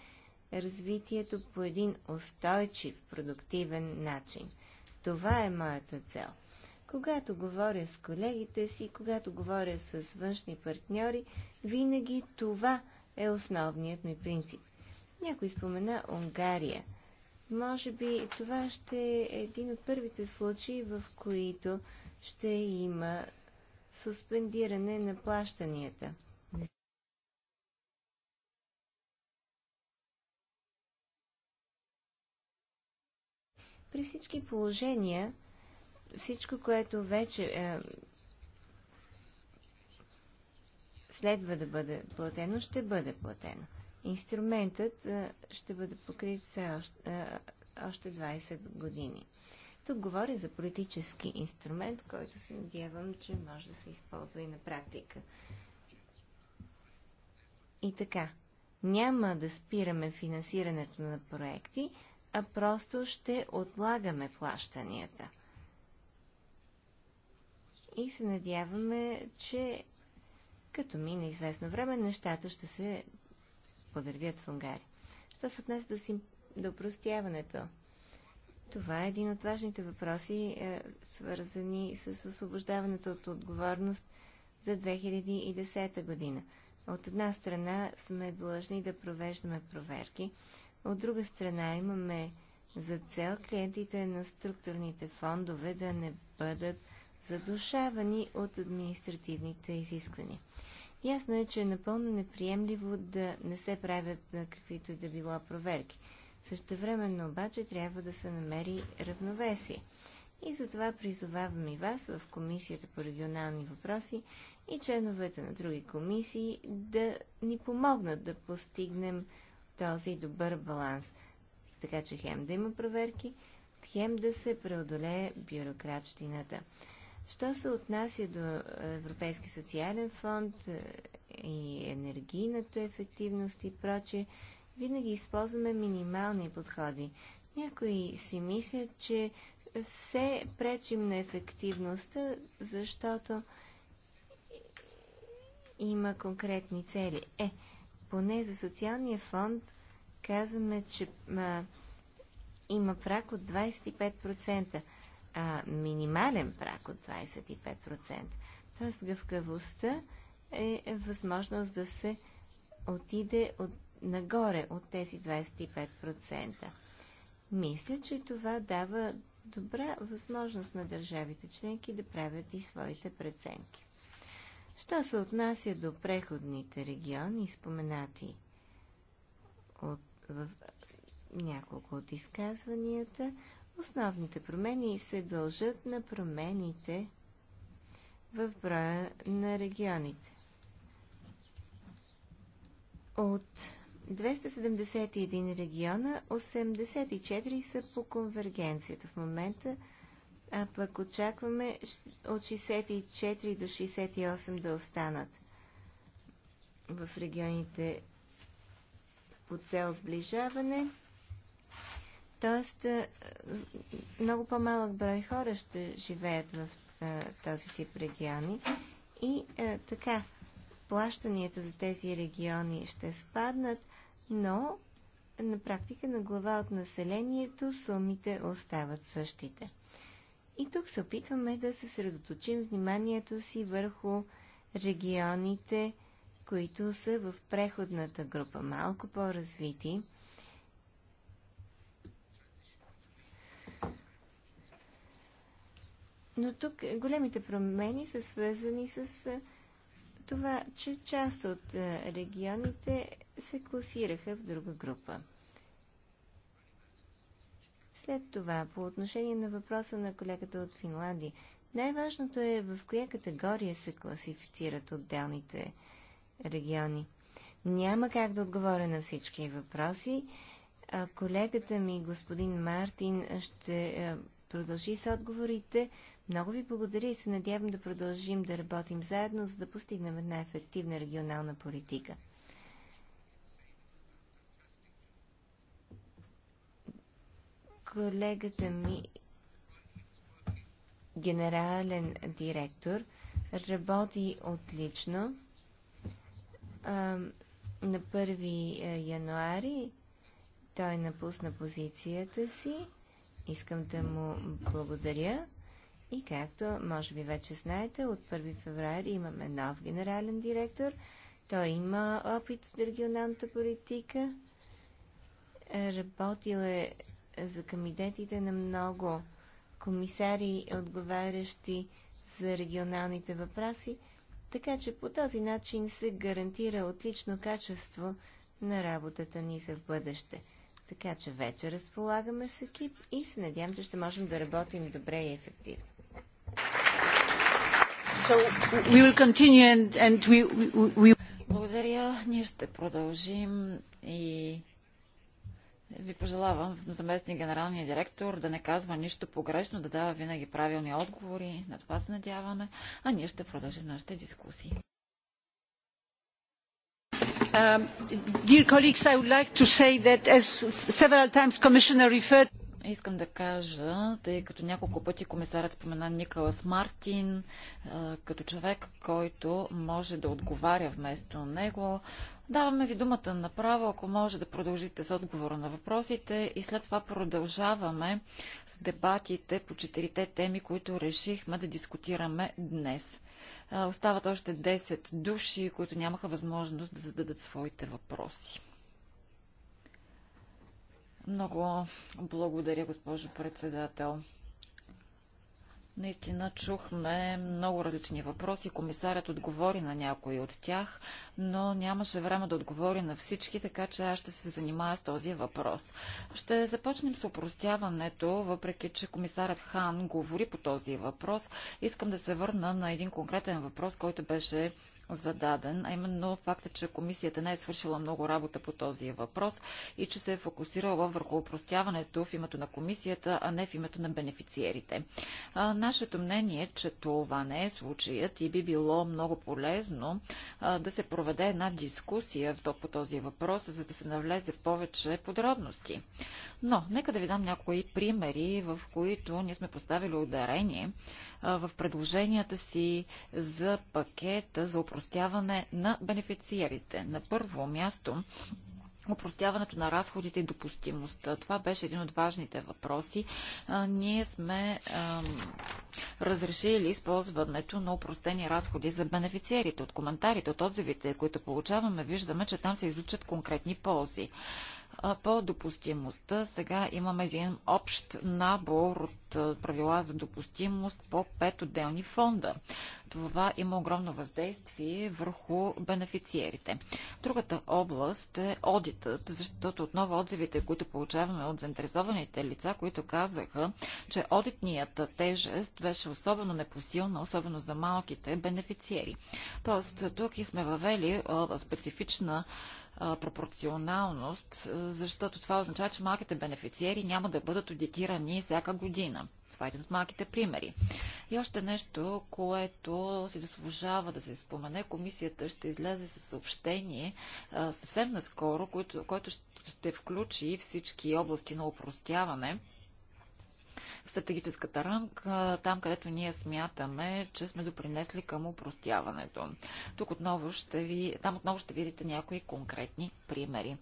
развитието по един устойчив, продуктивен начин. Това е моята цел. Когато говоря с колегите си, когато говоря с външни партньори, винаги това е основният ми принцип. Някой спомена Унгария. Може би това ще е един от първите случаи, в които ще има суспендиране на плащанията. При всички положения, всичко, което вече е, следва да бъде платено, ще бъде платено. Инструментът е, ще бъде покрит все още, е, още 20 години. Тук говоря за политически инструмент, който се надявам, че може да се използва и на практика. И така, няма да спираме финансирането на проекти, а просто ще отлагаме плащанията. И се надяваме, че като мине известно време, нещата ще се подървят в Унгария. Що се отнесе до, сим... до простяването? Това е един от важните въпроси, е, свързани с освобождаването от отговорност за 2010 година. От една страна сме длъжни да провеждаме проверки, от друга страна имаме за цел клиентите на структурните фондове да не бъдат задушавани от административните изисквания. Ясно е, че е напълно неприемливо да не се правят каквито и да било проверки. Същевременно обаче трябва да се намери равновесие. И затова призовавам и вас в Комисията по регионални въпроси и членовете на други комисии да ни помогнат да постигнем този добър баланс. Така че хем да има проверки, хем да се преодолее бюрократщината. Що се отнася до Европейски социален фонд е, и енергийната ефективност и прочее, винаги използваме минимални подходи. Някои си мислят, че все пречим на ефективността, защото има конкретни цели. Е, поне за социалния фонд казваме, че а, има прак от 25%, а минимален прак от 25%. Тоест гъвкавостта е възможност да се отиде от нагоре от тези 25%. Мисля, че това дава добра възможност на държавите членки да правят и своите преценки. Що се отнася до преходните региони, споменати от, в, в няколко от изказванията, основните промени се дължат на промените в броя на регионите. От 271 региона, 84 са по конвергенцията в момента, а пък очакваме от 64 до 68 да останат в регионите по цел сближаване. Тоест, много по-малък брой хора ще живеят в този тип региони. И така, плащанията за тези региони ще спаднат, но на практика на глава от населението сумите остават същите. И тук се опитваме да съсредоточим вниманието си върху регионите, които са в преходната група, малко по-развити. Но тук големите промени са свързани с това, че част от регионите се класираха в друга група. След това, по отношение на въпроса на колегата от Финландия, най-важното е в коя категория се класифицират отделните региони. Няма как да отговоря на всички въпроси. колегата ми, господин Мартин, ще продължи с отговорите. Много ви благодаря и се надявам да продължим да работим заедно, за да постигнем една ефективна регионална политика. колегата ми, генерален директор, работи отлично. А, на 1 е, януари той напусна позицията си. Искам да му благодаря. И както може би вече знаете, от 1 феврари имаме нов генерален директор. Той има опит от регионалната политика. Работил е за кандидатите на много комисари, отговарящи за регионалните въпроси, така че по този начин се гарантира отлично качество на работата ни за в бъдеще. Така че вече разполагаме с екип и се надявам, че ще можем да работим добре и ефективно. So, we will continue and, and we, we, we... Благодаря. Ние ще продължим и ви пожелавам заместник генералния директор да не казва нищо погрешно, да дава винаги правилни отговори. На това се надяваме, а ние ще продължим нашите дискусии. Um, dear colleagues, I would like to say that as several times Commissioner referred Искам да кажа, тъй като няколко пъти комисарът спомена Николас Мартин, като човек, който може да отговаря вместо него, Даваме ви думата направо, ако може да продължите с отговора на въпросите и след това продължаваме с дебатите по четирите теми, които решихме да дискутираме днес. Остават още 10 души, които нямаха възможност да зададат своите въпроси. Много благодаря, госпожо председател. Наистина чухме много различни въпроси. Комисарят отговори на някои от тях, но нямаше време да отговори на всички, така че аз ще се занимая с този въпрос. Ще започнем с упростяването, въпреки че комисарят Хан говори по този въпрос. Искам да се върна на един конкретен въпрос, който беше зададен, а именно факта, че комисията не е свършила много работа по този въпрос и че се е фокусирала върху упростяването в името на комисията, а не в името на бенефициерите. А, нашето мнение е, че това не е случаят и би било много полезно а, да се проведе една дискусия по този въпрос, за да се навлезе в повече подробности. Но, нека да ви дам някои примери, в които ние сме поставили ударение а, в предложенията си за пакета за упростяването опростяване на бенефициерите. На първо място Опростяването на разходите и допустимостта. Това беше един от важните въпроси. А, ние сме а, разрешили използването на опростени разходи за бенефициерите. От коментарите, от отзивите, които получаваме, виждаме, че там се излучат конкретни ползи. По допустимостта сега имаме един общ набор от правила за допустимост по пет отделни фонда. Това има огромно въздействие върху бенефициерите. Другата област е одитът, защото отново отзивите, които получаваме от заинтересованите лица, които казаха, че одитният тежест беше особено непосилна, особено за малките бенефициери. Тоест, тук и сме въвели специфична пропорционалност, защото това означава, че малките бенефициери няма да бъдат аудитирани всяка година. Това е един от малките примери. И още нещо, което си заслужава да се спомене. Комисията ще излезе със съобщение съвсем наскоро, което, което ще включи всички области на упростяване – в стратегическата рамка, там където ние смятаме, че сме допринесли към упростяването. Тук отново ще ви, там отново ще видите някои конкретни примери.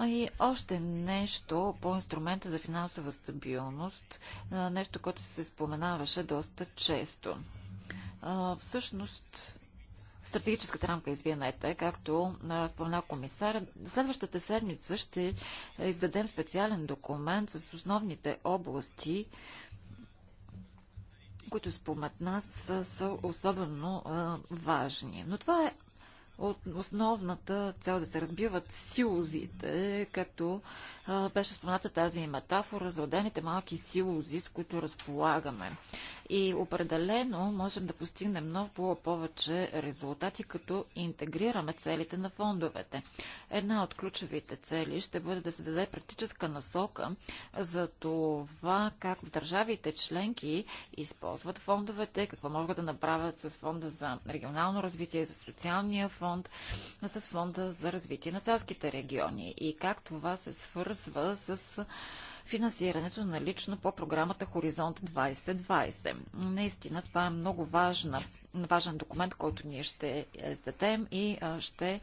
И още нещо по инструмента за финансова стабилност, нещо, което се споменаваше доста често. Всъщност, стратегическата рамка, извинете, както спомена комисар. Следващата седмица ще издадем специален документ с основните области, които спомет нас са, са особено а, важни. Но това е от основната цел да се разбиват силозите, като а, беше спомната тази метафора за отделните малки силози, с които разполагаме. И определено можем да постигнем много повече резултати, като интегрираме целите на фондовете. Една от ключовите цели ще бъде да се даде практическа насока за това как в държавите членки използват фондовете, какво могат да направят с фонда за регионално развитие, за социалния фонд, с фонда за развитие на селските региони и как това се свързва с финансирането на лично по програмата Хоризонт 2020. Наистина това е много важна, важен документ, който ние ще е, издадем и е, ще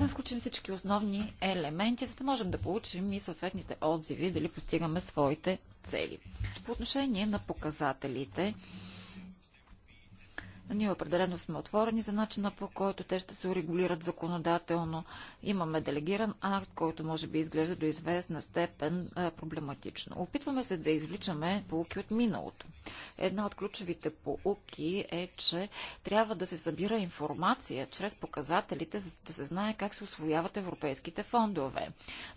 е, включим всички основни елементи, за да можем да получим и съответните отзиви, дали постигаме своите цели. По отношение на показателите, ние определено сме отворени за начина по който те ще се урегулират законодателно. Имаме делегиран акт, който може би изглежда до известна степен проблематично. Опитваме се да извличаме поуки от миналото. Една от ключовите полуки е, че трябва да се събира информация чрез показателите, за да се знае как се освояват европейските фондове.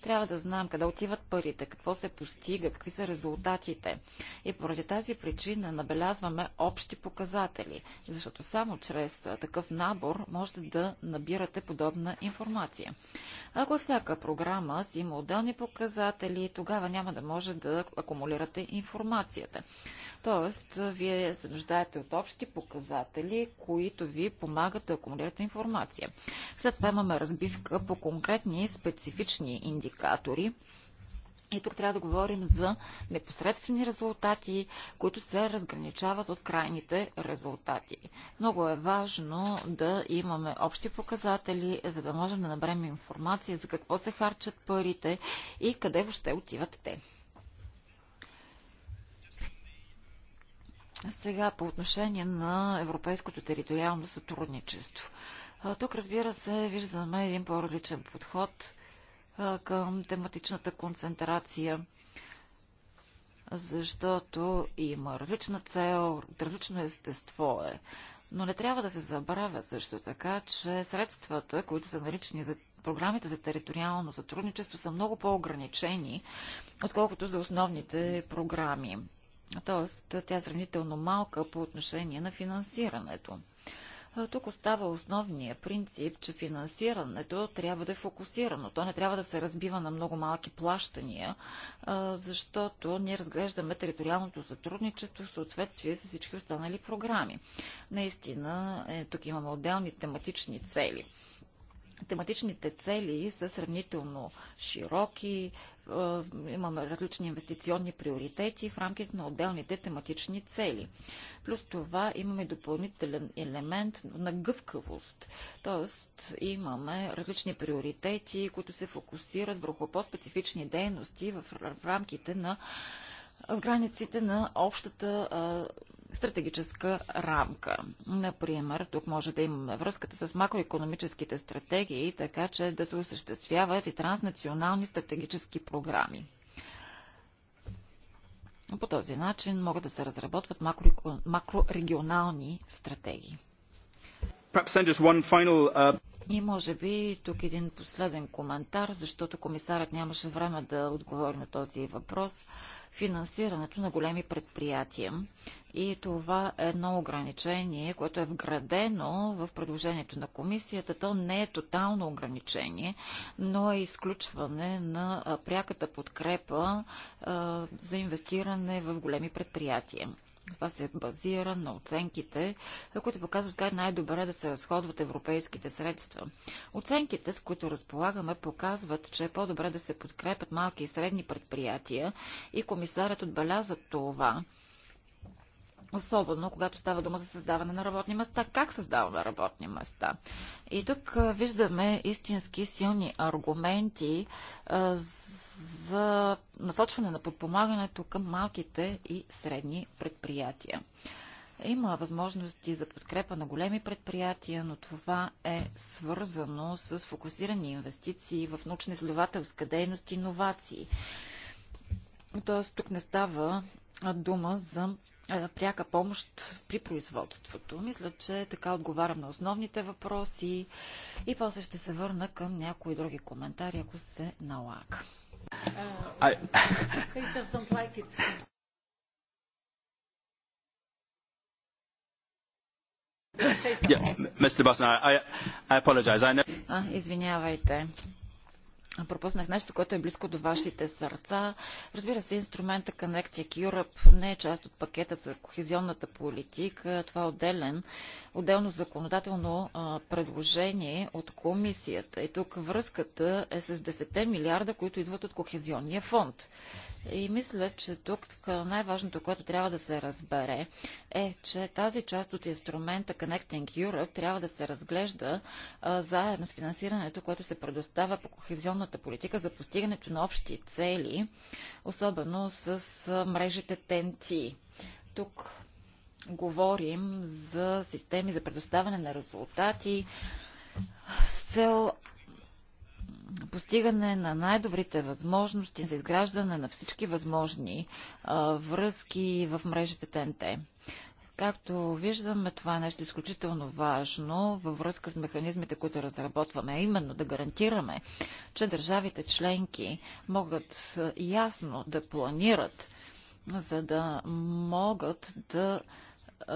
Трябва да знаем къде отиват парите, какво се постига, какви са резултатите. И поради тази причина набелязваме общи показатели, защото само чрез такъв набор можете да набирате подобна информация. Ако е всяка програма си има отделни показатели, тогава няма да може да акумулирате информацията. Тоест, вие се нуждаете от общи показатели, които ви помагат да акумулирате информация. След това имаме разбивка по конкретни специфични индикатори, и тук трябва да говорим за непосредствени резултати, които се разграничават от крайните резултати. Много е важно да имаме общи показатели, за да можем да наберем информация за какво се харчат парите и къде въобще отиват те. Сега по отношение на европейското териториално сътрудничество. Тук, разбира се, виждаме един по-различен подход – към тематичната концентрация, защото има различна цел, различно естество е. Но не трябва да се забравя също така, че средствата, които са налични за програмите за териториално сътрудничество, са много по-ограничени, отколкото за основните програми. Тоест, тя е сравнително малка по отношение на финансирането. Тук остава основния принцип, че финансирането трябва да е фокусирано. То не трябва да се разбива на много малки плащания, защото ние разглеждаме териториалното сътрудничество в съответствие с всички останали програми. Наистина, е, тук имаме отделни тематични цели тематичните цели са сравнително широки, е, имаме различни инвестиционни приоритети в рамките на отделните тематични цели. Плюс това имаме допълнителен елемент на гъвкавост, т.е. имаме различни приоритети, които се фокусират върху по-специфични дейности в рамките на в границите на общата стратегическа рамка. Например, тук може да имаме връзката с макроекономическите стратегии, така че да се осъществяват и транснационални стратегически програми. По този начин могат да се разработват макрорегионални стратегии. И може би тук един последен коментар, защото комисарът нямаше време да отговори на този въпрос. Финансирането на големи предприятия. И това е едно ограничение, което е вградено в предложението на комисията. То не е тотално ограничение, но е изключване на пряката подкрепа за инвестиране в големи предприятия. Това се базира на оценките, които показват как най-добре да се разходват европейските средства. Оценките, с които разполагаме, показват, че е по-добре да се подкрепят малки и средни предприятия и комисарят отбеляза това Особено, когато става дума за създаване на работни места. Как създаваме работни места? И тук виждаме истински силни аргументи за насочване на подпомагането към малките и средни предприятия. Има възможности за подкрепа на големи предприятия, но това е свързано с фокусирани инвестиции в научно-изследователска дейност и иновации. Тоест тук не става дума за е, пряка помощ при производството. Мисля, че така отговарям на основните въпроси и после ще се върна към някои други коментари, ако се налага. извинявайте пропуснах нещо, което е близко до вашите сърца. Разбира се, инструмента Connecting Europe не е част от пакета за кохезионната политика. Това е отделен, отделно законодателно предложение от комисията. И тук връзката е с 10 милиарда, които идват от кохезионния фонд. И мисля, че тук най-важното, което трябва да се разбере, е, че тази част от инструмента Connecting Europe трябва да се разглежда а, заедно с финансирането, което се предоставя по кохезионна социалната политика за постигането на общи цели, особено с мрежите ТНТ. Тук говорим за системи за предоставяне на резултати с цел постигане на най-добрите възможности за изграждане на всички възможни а, връзки в мрежите ТНТ. Както виждаме, това е нещо изключително важно във връзка с механизмите, които разработваме, а именно да гарантираме, че държавите членки могат е, ясно да планират, за да могат да е,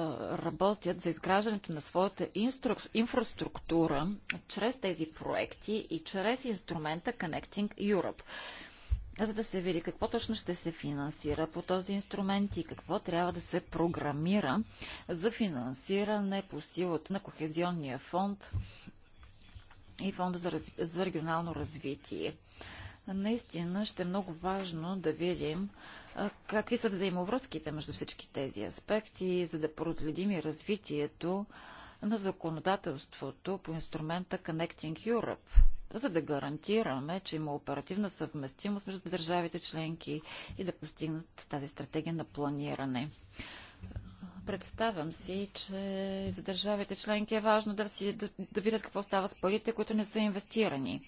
работят за изграждането на своята инфраструктура чрез тези проекти и чрез инструмента Connecting Europe за да се види какво точно ще се финансира по този инструмент и какво трябва да се програмира за финансиране по силата на Кохезионния фонд и Фонда за, раз... за регионално развитие. Наистина ще е много важно да видим какви са взаимовръзките между всички тези аспекти, за да поразледим и развитието на законодателството по инструмента Connecting Europe за да гарантираме, че има оперативна съвместимост между държавите членки и да постигнат тази стратегия на планиране. Представям си, че за държавите членки е важно да, си, да, да видят какво става с парите, които не са инвестирани.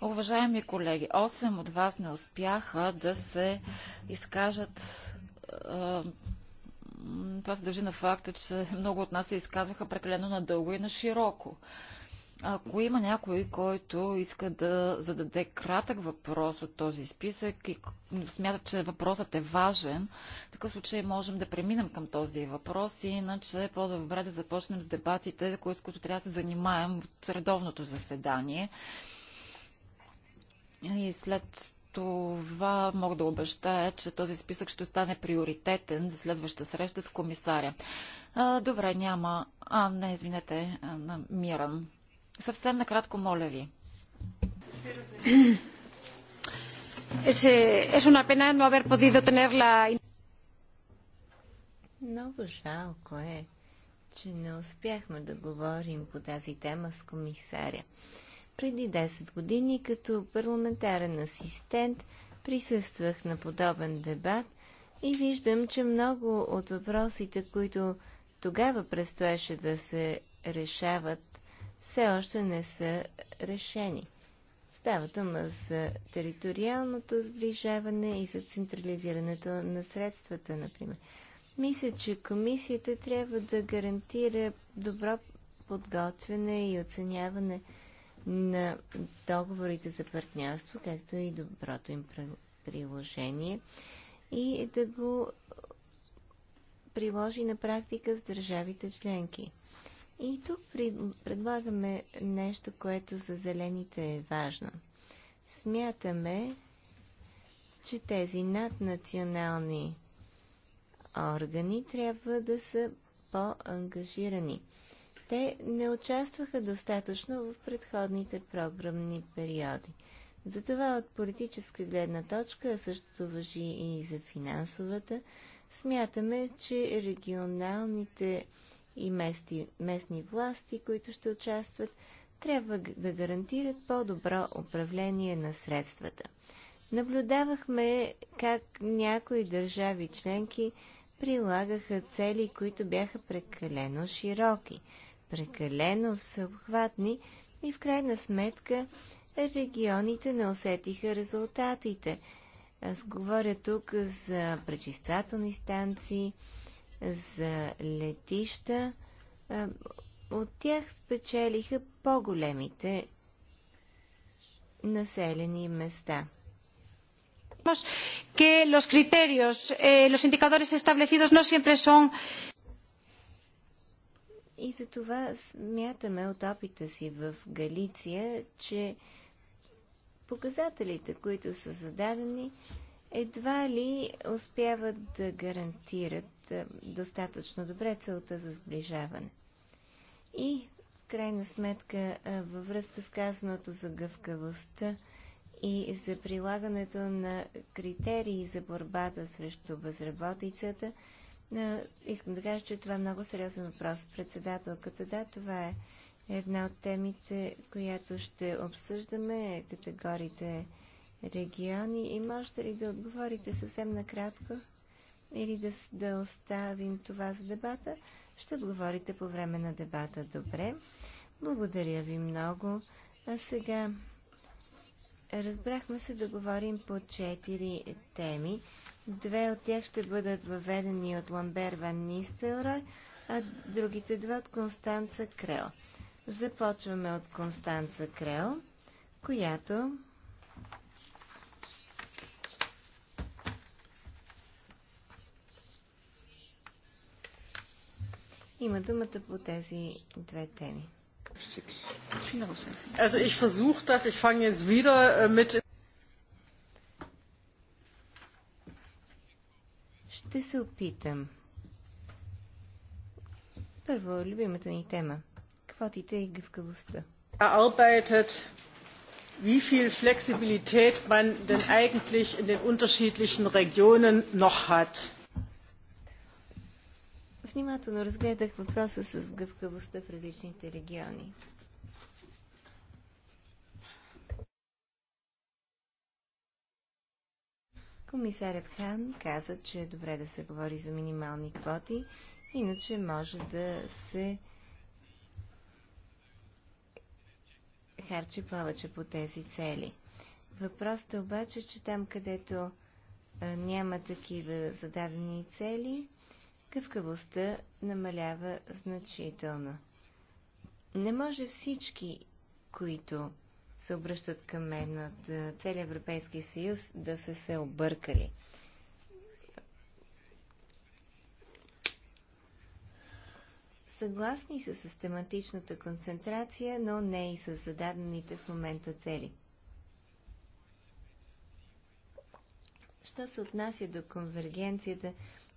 Уважаеми колеги, 8 от вас не успяха да се изкажат. това се дължи на факта, че много от нас се изказваха прекалено надълго и на широко. Ако има някой, който иска да зададе кратък въпрос от този списък и смята, че въпросът е важен, в такъв случай можем да преминем към този въпрос и иначе е по-добре да започнем с дебатите, с които трябва да се занимаем от редовното заседание. И след това мога да обещая, че този списък ще стане приоритетен за следваща среща с комисаря. А, добре, няма. А, не, извинете, на Миран. Съвсем накратко, моля ви. Много жалко е, че не успяхме да говорим по тази тема с комисаря. Преди 10 години като парламентарен асистент присъствах на подобен дебат и виждам, че много от въпросите, които тогава предстояше да се решават, все още не са решени. Става дума за териториалното сближаване и за централизирането на средствата, например. Мисля, че комисията трябва да гарантира добро подготвяне и оценяване на договорите за партньорство, както и доброто им приложение и да го приложи на практика с държавите членки. И тук предлагаме нещо, което за зелените е важно. Смятаме, че тези наднационални органи трябва да са по-ангажирани. Те не участваха достатъчно в предходните програмни периоди. Затова от политическа гледна точка, а същото въжи и за финансовата, смятаме, че регионалните и местни, местни власти, които ще участват, трябва да гарантират по-добро управление на средствата. Наблюдавахме как някои държави членки прилагаха цели, които бяха прекалено широки, прекалено всеобхватни и в крайна сметка регионите не усетиха резултатите. Аз говоря тук за пречиствателни станции, за летища, от тях спечелиха по-големите населени места. Que los criterios, eh, los indicadores establecidos no siempre son. И за това смятаме от опита си в Галиция, че показателите, които са зададени, едва ли успяват да гарантират достатъчно добре целта за сближаване. И в крайна сметка, във връзка с казаното за гъвкавостта и за прилагането на критерии за борбата срещу безработицата, искам да кажа, че това е много сериозен въпрос. Председателката, да, това е една от темите, която ще обсъждаме, е категориите региони. И можете ли да отговорите съвсем накратко? или да, да оставим това за дебата? Ще отговорите по време на дебата. Добре. Благодаря ви много. А сега разбрахме се да говорим по четири теми. Две от тях ще бъдат въведени от Ламбер Ван Нистелрой, а другите два от Констанца Крел. Започваме от Констанца Крел, която има думата по тези две теми. Also ich versuche das, ich fange jetzt wieder mit Ще се опитам. Първо, любимата ни тема – квотите и гъвкавостта. Arbeitet, wie viel Flexibilität man denn eigentlich in den unterschiedlichen Regionen noch hat. Внимателно разгледах въпроса с гъвкавостта в различните региони. Комисарят Хан каза, че е добре да се говори за минимални квоти, иначе може да се харчи повече по тези цели. Въпросът е обаче, че там, където няма такива зададени цели, гъвкавостта намалява значително. Не може всички, които се обръщат към мен от е, целия Европейски съюз, да са се объркали. Съгласни са с тематичната концентрация, но не и с зададените в момента цели. Що се отнася до конвергенцията,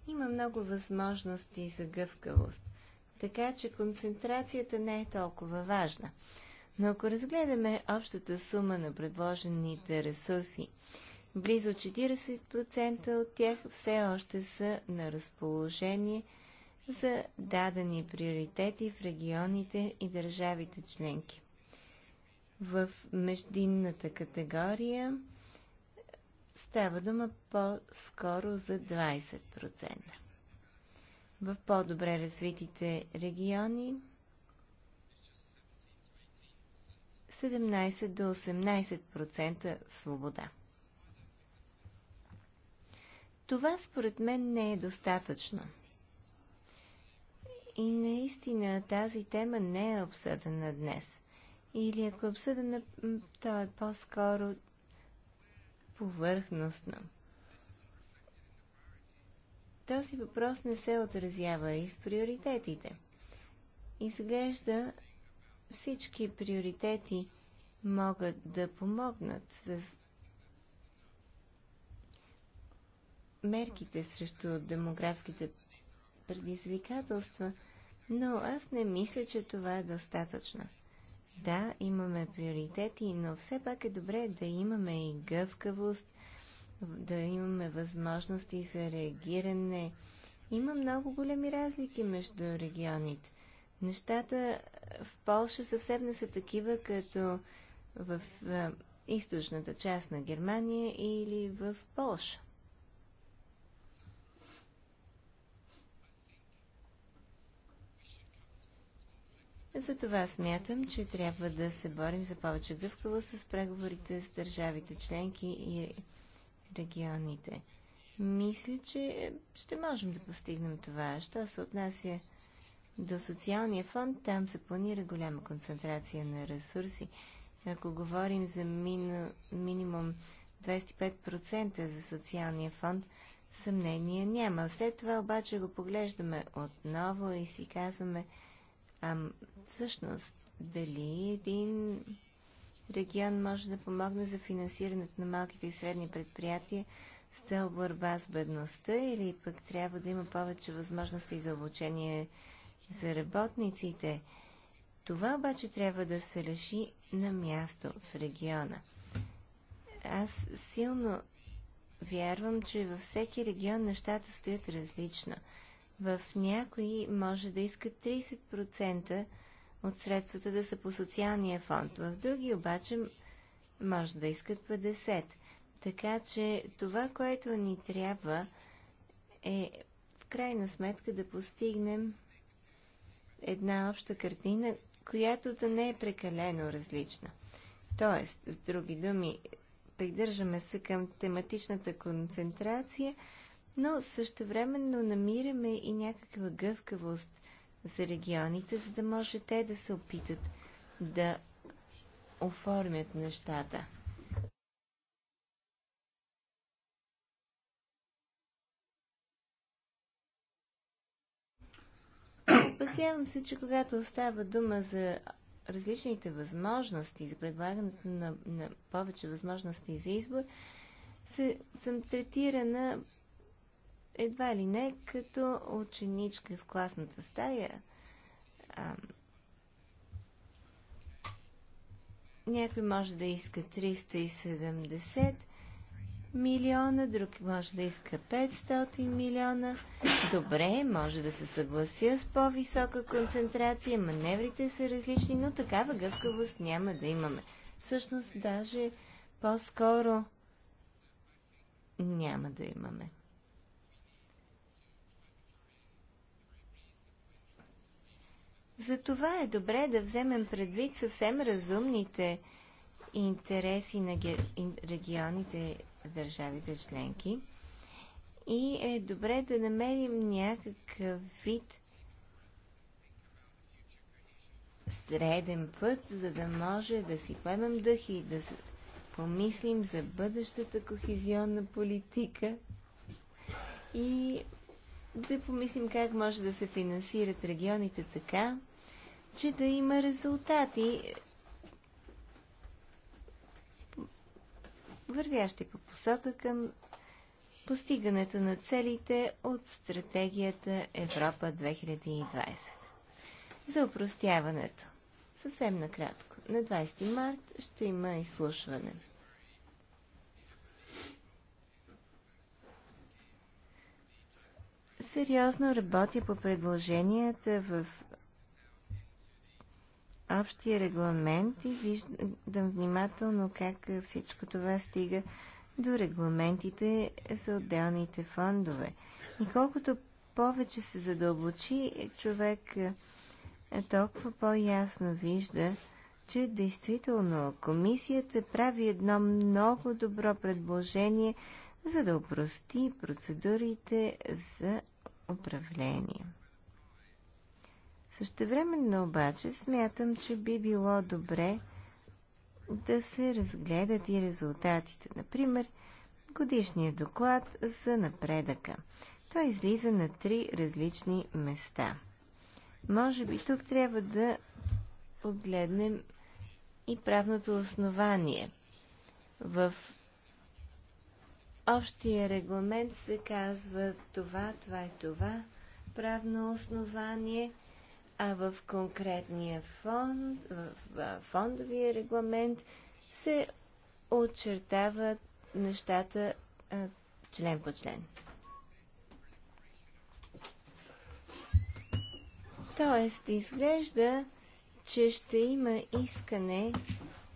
има много възможности за гъвкавост, така че концентрацията не е толкова важна. Но ако разгледаме общата сума на предложените ресурси, близо 40% от тях все още са на разположение за дадени приоритети в регионите и държавите членки. В междинната категория Става дума по-скоро за 20%. В по-добре развитите региони 17 до 18% свобода. Това според мен не е достатъчно. И наистина тази тема не е обсъдена днес. Или ако е обсъдена, то е по-скоро повърхностно. Този въпрос не се отразява и в приоритетите. Изглежда всички приоритети могат да помогнат с мерките срещу демографските предизвикателства, но аз не мисля, че това е достатъчно. Да, имаме приоритети, но все пак е добре да имаме и гъвкавост, да имаме възможности за реагиране. Има много големи разлики между регионите. Нещата в Польша съвсем не са такива, като в източната част на Германия или в Польша. Затова смятам, че трябва да се борим за повече гъвкавост с преговорите с държавите членки и регионите. Мисля, че ще можем да постигнем това. Що се отнася до социалния фонд, там се планира голяма концентрация на ресурси. Ако говорим за минимум 25% за социалния фонд, съмнение няма. След това обаче го поглеждаме отново и си казваме – а, всъщност, дали един регион може да помогне за финансирането на малките и средни предприятия с цел борба с бедността или пък трябва да има повече възможности за обучение за работниците? Това обаче трябва да се реши на място в региона. Аз силно вярвам, че във всеки регион нещата стоят различно – в някои може да искат 30% от средствата да са по социалния фонд, в други обаче може да искат 50%. Така че това, което ни трябва е в крайна сметка да постигнем една обща картина, която да не е прекалено различна. Тоест, с други думи, придържаме се към тематичната концентрация – но същевременно намираме и някаква гъвкавост за регионите, за да може те да се опитат да оформят нещата. Опасявам се, че когато остава дума за различните възможности, за предлагането на, на повече възможности за избор, се, съм третирана едва ли не като ученичка в класната стая. А, някой може да иска 370 милиона, друг може да иска 500 милиона. Добре, може да се съглася с по-висока концентрация, маневрите са различни, но такава гъвкавост няма да имаме. Всъщност, даже по-скоро няма да имаме. Затова е добре да вземем предвид съвсем разумните интереси на регионите, държавите членки. И е добре да намерим някакъв вид среден път, за да може да си поемем дъх и да помислим за бъдещата кохезионна политика и да помислим как може да се финансират регионите така, че да има резултати, вървящи по посока към постигането на целите от стратегията Европа 2020. За упростяването. Съвсем накратко. На 20 март ще има изслушване. сериозно работи по предложенията в общия регламент и виждам внимателно как всичко това стига до регламентите за отделните фондове. И колкото повече се задълбочи е, човек, е, е, толкова по-ясно вижда, че действително комисията прави едно много добро предложение, за да упрости процедурите за управление. Същевременно обаче смятам, че би било добре да се разгледат и резултатите. Например, годишния доклад за напредъка. Той излиза на три различни места. Може би тук трябва да погледнем и правното основание. В общия регламент се казва това, това и това правно основание, а в конкретния фонд, в фондовия регламент се очертават нещата а, член по член. Тоест, изглежда, че ще има искане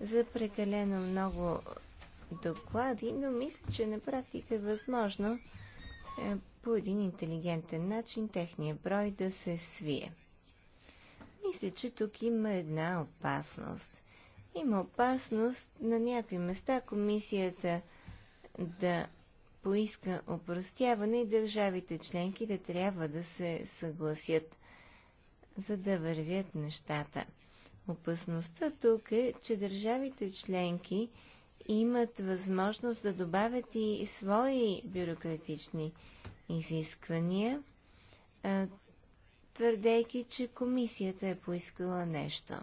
за прекалено много доклади, но мисля, че на практика е възможно е, по един интелигентен начин техния брой да се свие. Мисля, че тук има една опасност. Има опасност на някои места комисията да поиска опростяване и държавите членки да трябва да се съгласят, за да вървят нещата. Опасността тук е, че държавите членки имат възможност да добавят и свои бюрократични изисквания, твърдейки, че комисията е поискала нещо.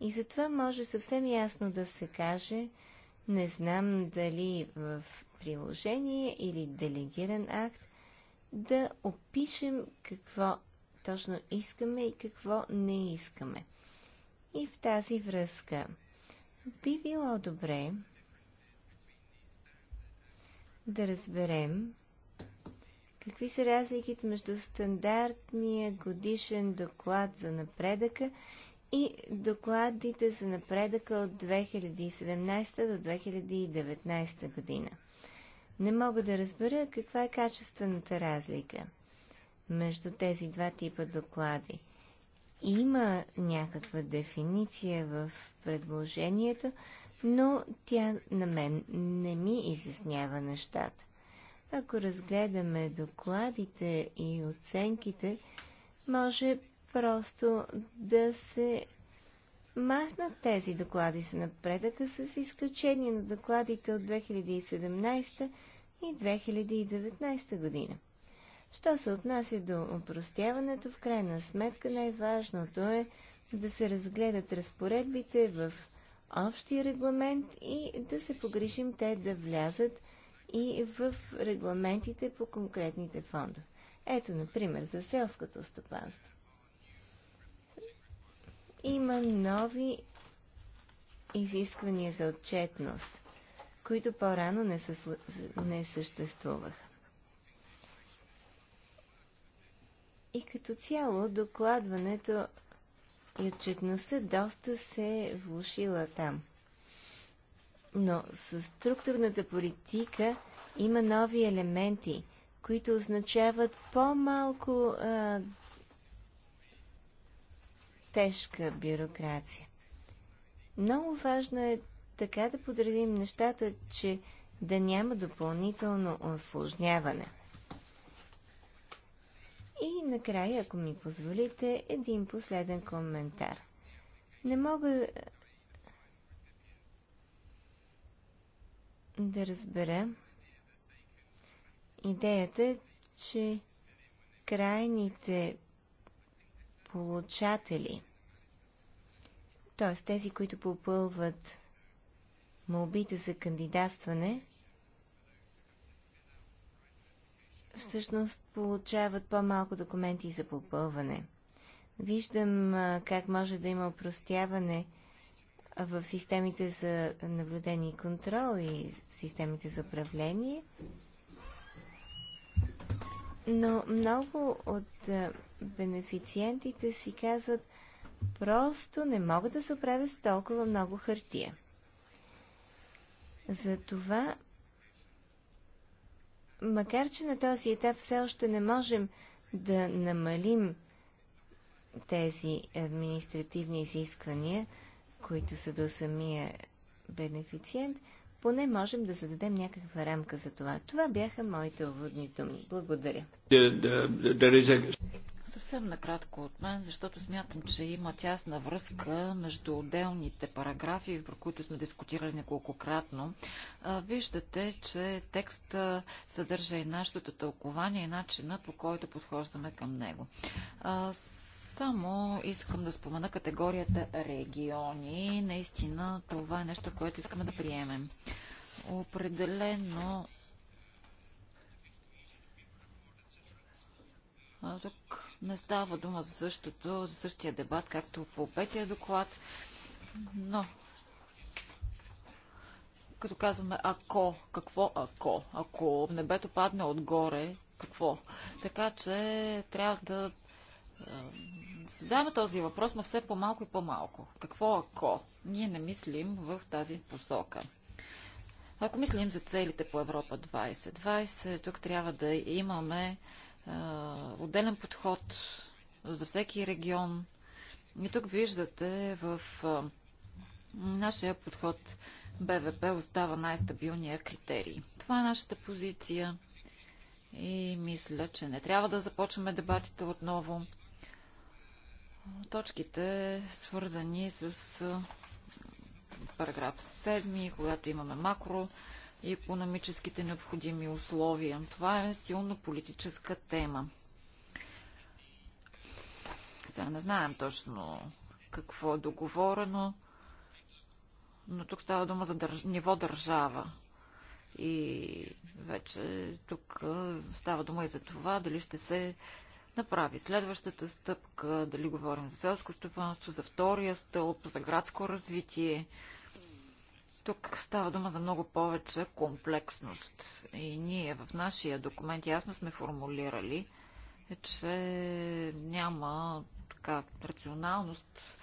И затова може съвсем ясно да се каже, не знам дали в приложение или делегиран акт, да опишем какво точно искаме и какво не искаме. И в тази връзка би било добре да разберем какви са разликите между стандартния годишен доклад за напредъка и докладите за напредъка от 2017 до 2019 година. Не мога да разбера каква е качествената разлика между тези два типа доклади. Има някаква дефиниция в предложението, но тя на мен не ми изяснява нещата. Ако разгледаме докладите и оценките, може просто да се махнат тези доклади за напредъка с изключение на докладите от 2017 и 2019 година. Що се отнася до упростяването, в крайна сметка най-важното е да се разгледат разпоредбите в общия регламент и да се погрижим те да влязат и в регламентите по конкретните фондове. Ето, например, за селското стопанство. Има нови изисквания за отчетност, които по-рано не, съ... не съществуваха. И като цяло докладването и отчетността доста се е влушила там. Но с структурната политика има нови елементи, които означават по-малко тежка бюрокрация. Много важно е така да подредим нещата, че да няма допълнително осложняване – и накрая, ако ми позволите, един последен коментар. Не мога е, да разбера идеята, че крайните получатели, т.е. тези, които попълват молбите за кандидатстване, всъщност получават по-малко документи за попълване. Виждам как може да има упростяване в системите за наблюдение и контрол и в системите за управление. Но много от бенефициентите си казват, просто не могат да се оправят с толкова много хартия. Затова макар че на този етап все още не можем да намалим тези административни изисквания, които са до самия бенефициент, поне можем да зададем някаква рамка за това. Това бяха моите уводни думи. Благодаря. Съвсем накратко от мен, защото смятам, че има тясна връзка между отделните параграфи, про които сме дискутирали неколкократно. Виждате, че текст съдържа и нашето тълкование и начина по който подхождаме към него. Само искам да спомена категорията региони. Наистина това е нещо, което искаме да приемем. Определено тук не става дума за същото, за същия дебат, както по петия доклад, но като казваме ако, какво ако, ако небето падне отгоре, какво. Така че трябва да задаваме този въпрос, но все по-малко и по-малко. Какво ако? Ние не мислим в тази посока. Ако мислим за целите по Европа 2020, тук трябва да имаме отделен подход за всеки регион. И тук виждате в нашия подход БВП остава най-стабилния критерий. Това е нашата позиция и мисля, че не трябва да започваме дебатите отново. Точките свързани с параграф 7, когато имаме макро и економическите необходими условия. Това е силно политическа тема. Сега не знаем точно какво е договорено, но тук става дума за държ... ниво държава. И вече тук става дума и за това дали ще се направи следващата стъпка, дали говорим за селско стопанство, за втория стълб, за градско развитие. Тук става дума за много повече комплексност. И ние в нашия документ ясно сме формулирали, че няма така рационалност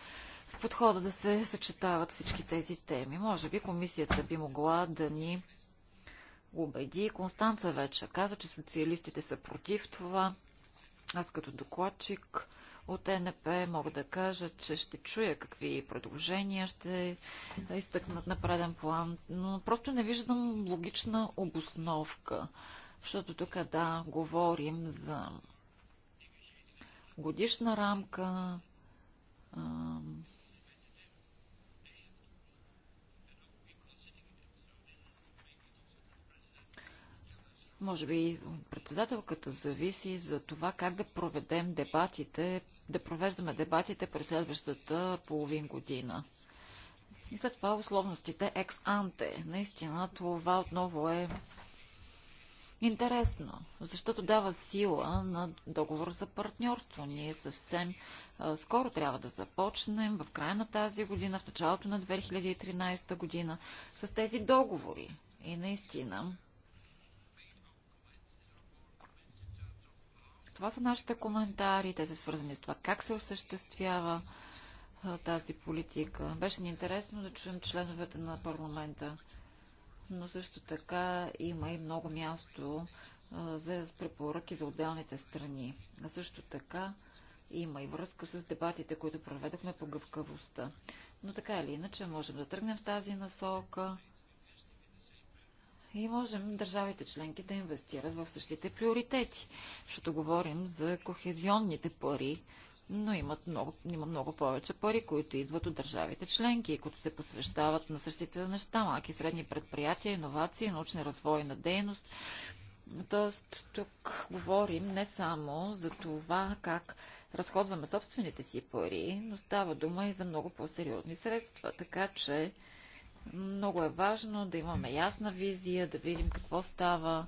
в подхода да се съчетават всички тези теми. Може би комисията би могла да ни убеди. Констанца вече каза, че социалистите са против това. Аз като докладчик от ЕНП мога да кажа, че ще чуя какви предложения ще изтъкнат на преден план, но просто не виждам логична обосновка, защото тук да говорим за годишна рамка, може би председателката зависи за това как да проведем дебатите да провеждаме дебатите през следващата половин година. И след това условностите екс-анте. Наистина това отново е Интересно, защото дава сила на договор за партньорство. Ние съвсем а, скоро трябва да започнем в края на тази година, в началото на 2013 година с тези договори. И наистина Това са нашите коментари, те са свързани с това как се осъществява тази политика. Беше ни интересно да чуем членовете на парламента, но също така има и много място за препоръки за отделните страни. А също така има и връзка с дебатите, които проведохме по гъвкавостта. Но така или иначе можем да тръгнем в тази насока и можем държавите членки да инвестират в същите приоритети, защото говорим за кохезионните пари, но имат много, има много повече пари, които идват от държавите членки, които се посвещават на същите неща, малки средни предприятия, иновации, научна развойна дейност. Тоест, тук говорим не само за това как разходваме собствените си пари, но става дума и за много по-сериозни средства. Така че много е важно да имаме ясна визия, да видим какво става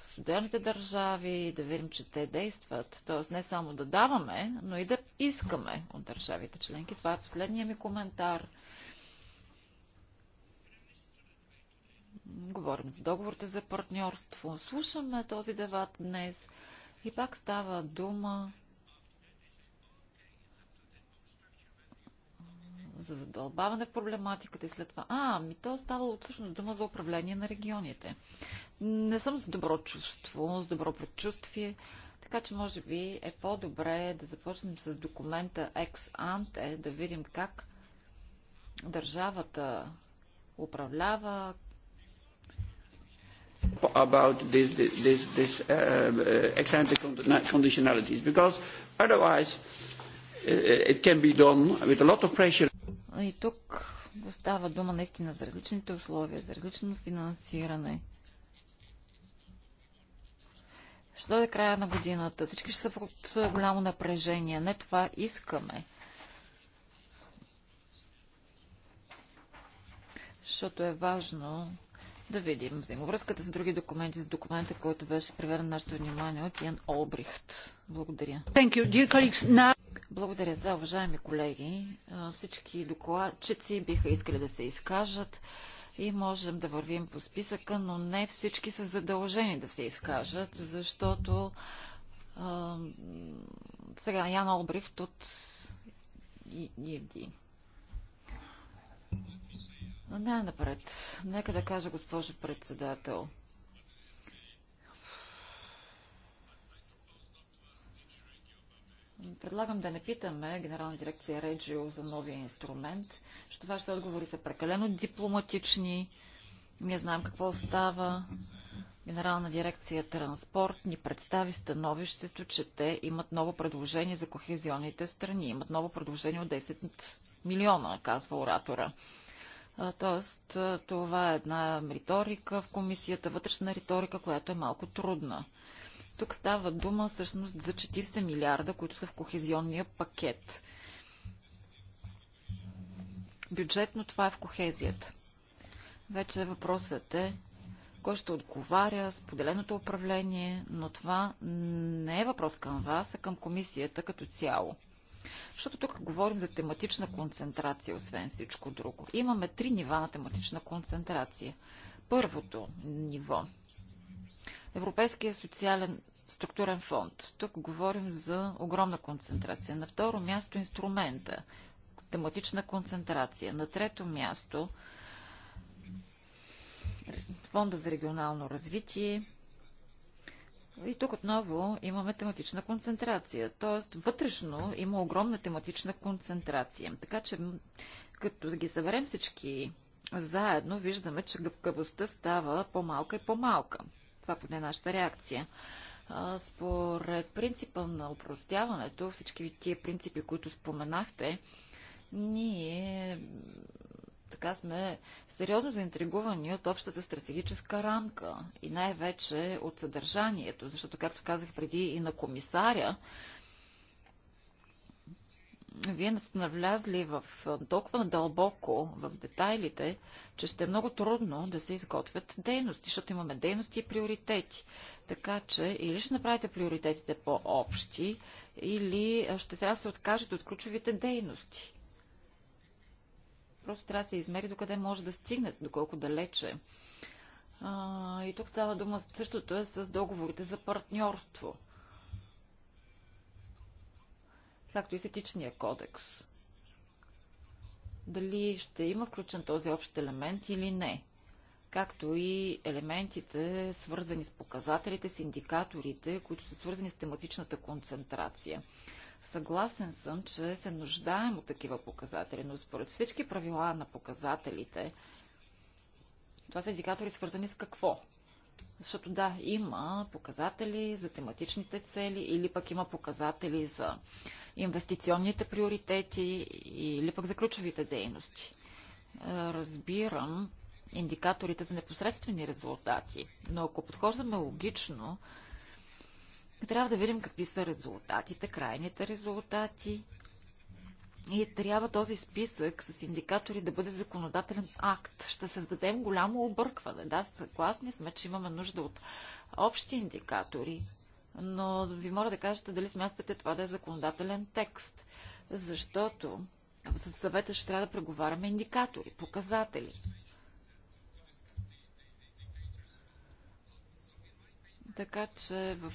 с отделните държави, да видим, че те действат. Тоест не само да даваме, но и да искаме от държавите членки. Това е последния ми коментар. Говорим за договорите за партньорство. Слушаме този дебат днес и пак става дума за задълбаване в проблематиката и след това. А, ми то е става всъщност дума за управление на регионите. Не съм с добро чувство, с добро предчувствие, така че може би е по-добре да започнем с документа ex ante, е да видим как държавата управлява, about this, this, this uh, uh ex ante conditionalities because otherwise uh, it can be done with a lot of pressure и тук става дума наистина за различните условия, за различно финансиране. Ще дойде края на годината. Всички ще са под голямо напрежение. Не това искаме. Защото е важно да видим взаимовръзката с други документи, с документа, който беше приведен на нашето внимание от Ян Олбрихт. Благодаря. Благодаря за уважаеми колеги. Всички докладчици биха искали да се изкажат и можем да вървим по списъка, но не всички са задължени да се изкажат, защото а, сега Ян Олбрихт от EFD. Не, напред. Нека да кажа, госпожо председател. Предлагам да не питаме Генерална дирекция Реджио за новия инструмент. защото вашите отговори са прекалено дипломатични. Не знаем какво става. Генерална дирекция Транспорт ни представи становището, че те имат ново предложение за кохезионните страни. Имат ново предложение от 10 милиона, казва оратора. Тоест, това е една риторика в комисията, вътрешна риторика, която е малко трудна. Тук става дума всъщност за 40 милиарда, които са в кохезионния пакет. Бюджетно това е в кохезията. Вече въпросът е кой ще отговаря, споделеното управление, но това не е въпрос към вас, а към комисията като цяло. Защото тук говорим за тематична концентрация, освен всичко друго. Имаме три нива на тематична концентрация. Първото ниво – Европейския социален структурен фонд. Тук говорим за огромна концентрация. На второ място инструмента. Тематична концентрация. На трето място фонда за регионално развитие. И тук отново имаме тематична концентрация. Тоест, вътрешно има огромна тематична концентрация. Така че, като ги съберем всички заедно, виждаме, че гъвкавостта става по-малка и по-малка. Това поне е нашата реакция. Според принципа на упростяването, всички тия принципи, които споменахте, ние така сме сериозно заинтригувани от общата стратегическа рамка и най-вече от съдържанието, защото, както казах преди и на комисаря, вие сте навлязли в толкова дълбоко в детайлите, че ще е много трудно да се изготвят дейности, защото имаме дейности и приоритети. Така че или ще направите приоритетите по-общи, или ще трябва да се откажете от ключовите дейности. Просто трябва да се измери докъде може да стигнете, доколко далече. А, и тук става дума същото е с договорите за партньорство – както и с етичния кодекс. Дали ще има включен този общ елемент или не, както и елементите, свързани с показателите, с индикаторите, които са свързани с тематичната концентрация. Съгласен съм, че се нуждаем от такива показатели, но според всички правила на показателите, това са индикатори свързани с какво? Защото да, има показатели за тематичните цели или пък има показатели за инвестиционните приоритети или пък за ключовите дейности. Е, разбирам индикаторите за непосредствени резултати, но ако подхождаме логично, трябва да видим какви са резултатите, крайните резултати и трябва този списък с индикатори да бъде законодателен акт. Ще създадем голямо объркване. Да, съгласни сме, че имаме нужда от общи индикатори, но ви моля да кажете дали смятате това да е законодателен текст. Защото със съвета ще трябва да преговаряме индикатори, показатели. Така че в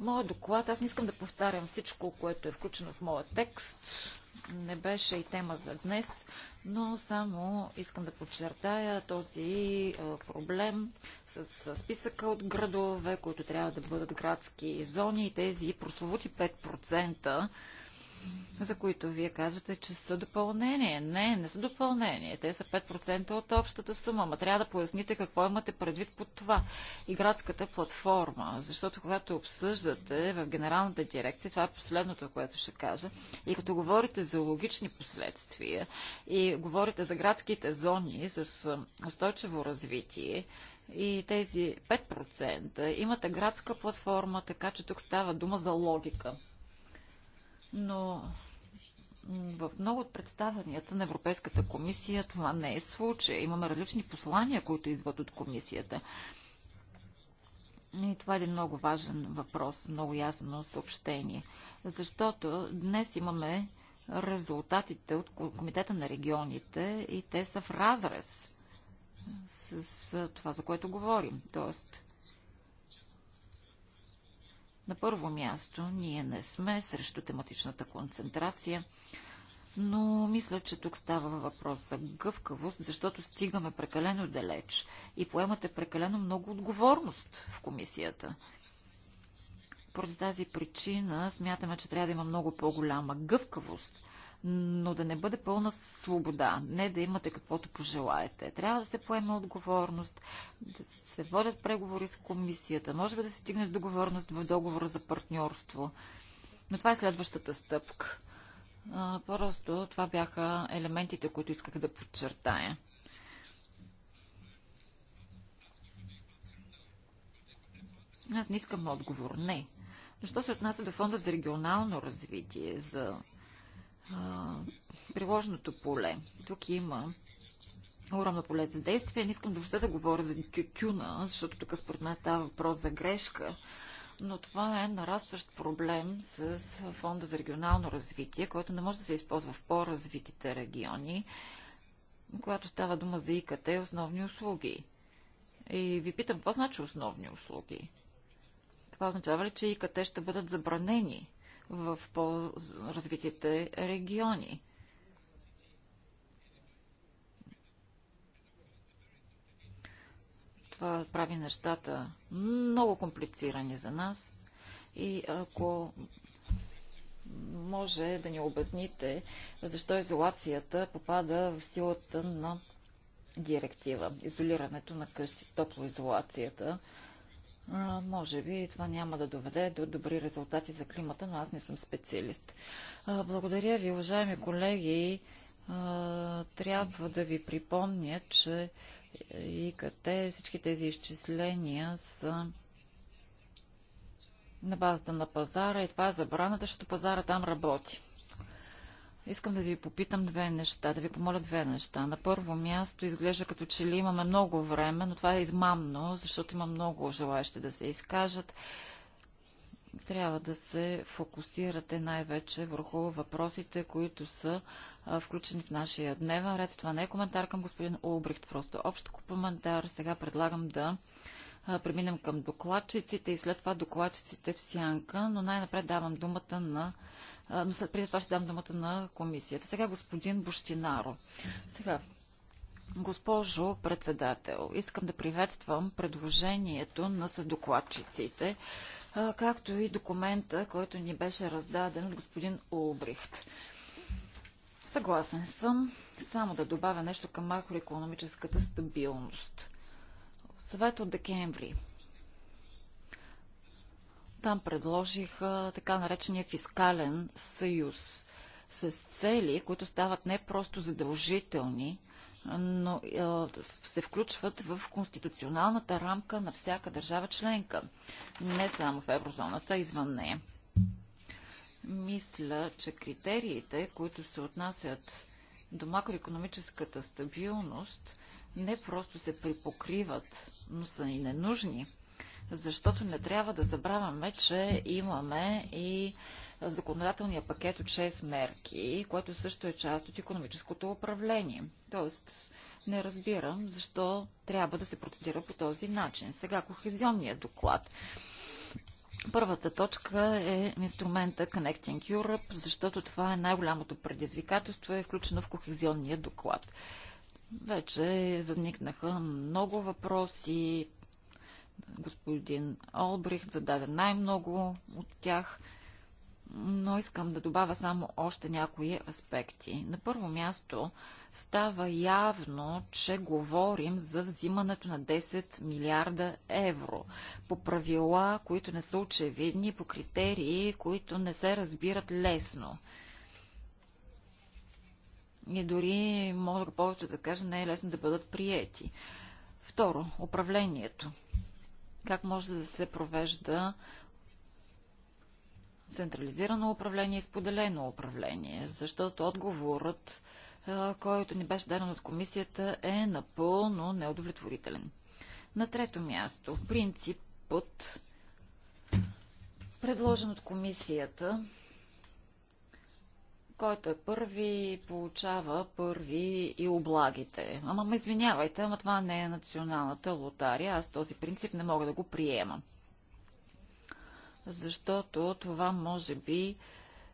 Моят доклад, аз не искам да повтарям всичко, което е включено в моя текст, не беше и тема за днес, но само искам да подчертая този проблем с списъка от градове, които трябва да бъдат градски зони и тези прословути 5%, за които вие казвате, че са допълнение. Не, не са допълнение. Те са 5% от общата сума. Ма трябва да поясните какво имате предвид под това. И градската платформа. Защото когато обсъждате в генералната дирекция, това е последното, което ще кажа, и като говорите за логични последствия и говорите за градските зони с устойчиво развитие, и тези 5% имате градска платформа, така че тук става дума за логика но в много от представенията на Европейската комисия това не е случай. Имаме различни послания, които идват от комисията. И това е един много важен въпрос, много ясно съобщение. Защото днес имаме резултатите от Комитета на регионите и те са в разрез с това, за което говорим. Тоест, на първо място, ние не сме срещу тематичната концентрация, но мисля, че тук става въпрос за гъвкавост, защото стигаме прекалено далеч и поемате прекалено много отговорност в комисията. Поради тази причина смятаме, че трябва да има много по-голяма гъвкавост – но да не бъде пълна свобода, не да имате каквото пожелаете. Трябва да се поеме отговорност, да се водят преговори с комисията, може би да се стигне договорност в договора за партньорство. Но това е следващата стъпка. просто това бяха елементите, които исках да подчертая. Аз не искам отговор. Не. Но що се отнася до фонда за регионално развитие, за а, приложното поле. Тук има огромно поле за действие. Не искам въобще да говоря за тютюна, защото тук според мен става въпрос за грешка. Но това е нарастващ проблем с Фонда за регионално развитие, който не може да се използва в по-развитите региони, когато става дума за ИКТ и основни услуги. И ви питам, какво значи основни услуги? Това означава ли, че ИКТ ще бъдат забранени? в по-развитите региони. Това прави нещата много комплицирани за нас и ако може да ни обясните защо изолацията попада в силата на директива. Изолирането на къщи, топлоизолацията може би това няма да доведе до добри резултати за климата, но аз не съм специалист. Благодаря ви, уважаеми колеги. Трябва да ви припомня, че ИКТ, всички тези изчисления са на базата на пазара и това е забраната, защото пазара там работи. Искам да ви попитам две неща, да ви помоля две неща. На първо място изглежда като че ли имаме много време, но това е измамно, защото има много желаящи да се изкажат. Трябва да се фокусирате най-вече върху въпросите, които са включени в нашия дневен ред. Това не е коментар към господин Олбрихт, просто общ коментар. Сега предлагам да преминем към докладчиците и след това докладчиците в сянка, но най-напред давам думата на но след преди това ще дам думата на комисията. Сега господин Буштинаро. Сега, Госпожо председател, искам да приветствам предложението на съдокладчиците, както и документа, който ни беше раздаден от господин Улбрихт. Съгласен съм, само да добавя нещо към макроекономическата стабилност. Съвет от декември там предложиха така наречения фискален съюз с цели, които стават не просто задължителни, но се включват в конституционалната рамка на всяка държава членка. Не само в еврозоната, извън нея. Мисля, че критериите, които се отнасят до макроекономическата стабилност, не просто се припокриват, но са и ненужни – защото не трябва да забравяме, че имаме и законодателния пакет от 6 мерки, което също е част от економическото управление. Тоест, не разбирам защо трябва да се процедира по този начин. Сега кохезионният доклад. Първата точка е инструмента Connecting Europe, защото това е най-голямото предизвикателство е включено в кохезионния доклад. Вече възникнаха много въпроси, господин Олбрих, зададе най-много от тях, но искам да добавя само още някои аспекти. На първо място става явно, че говорим за взимането на 10 милиарда евро по правила, които не са очевидни, по критерии, които не се разбират лесно. И дори, мога повече да кажа, не е лесно да бъдат приети. Второ, управлението как може да се провежда централизирано управление и споделено управление, защото отговорът, който ни беше даден от комисията, е напълно неудовлетворителен. На трето място, принципът, предложен от комисията, който е първи, получава първи и облагите. Ама ме извинявайте, ама това не е националната лотария. Аз този принцип не мога да го приема. Защото това може би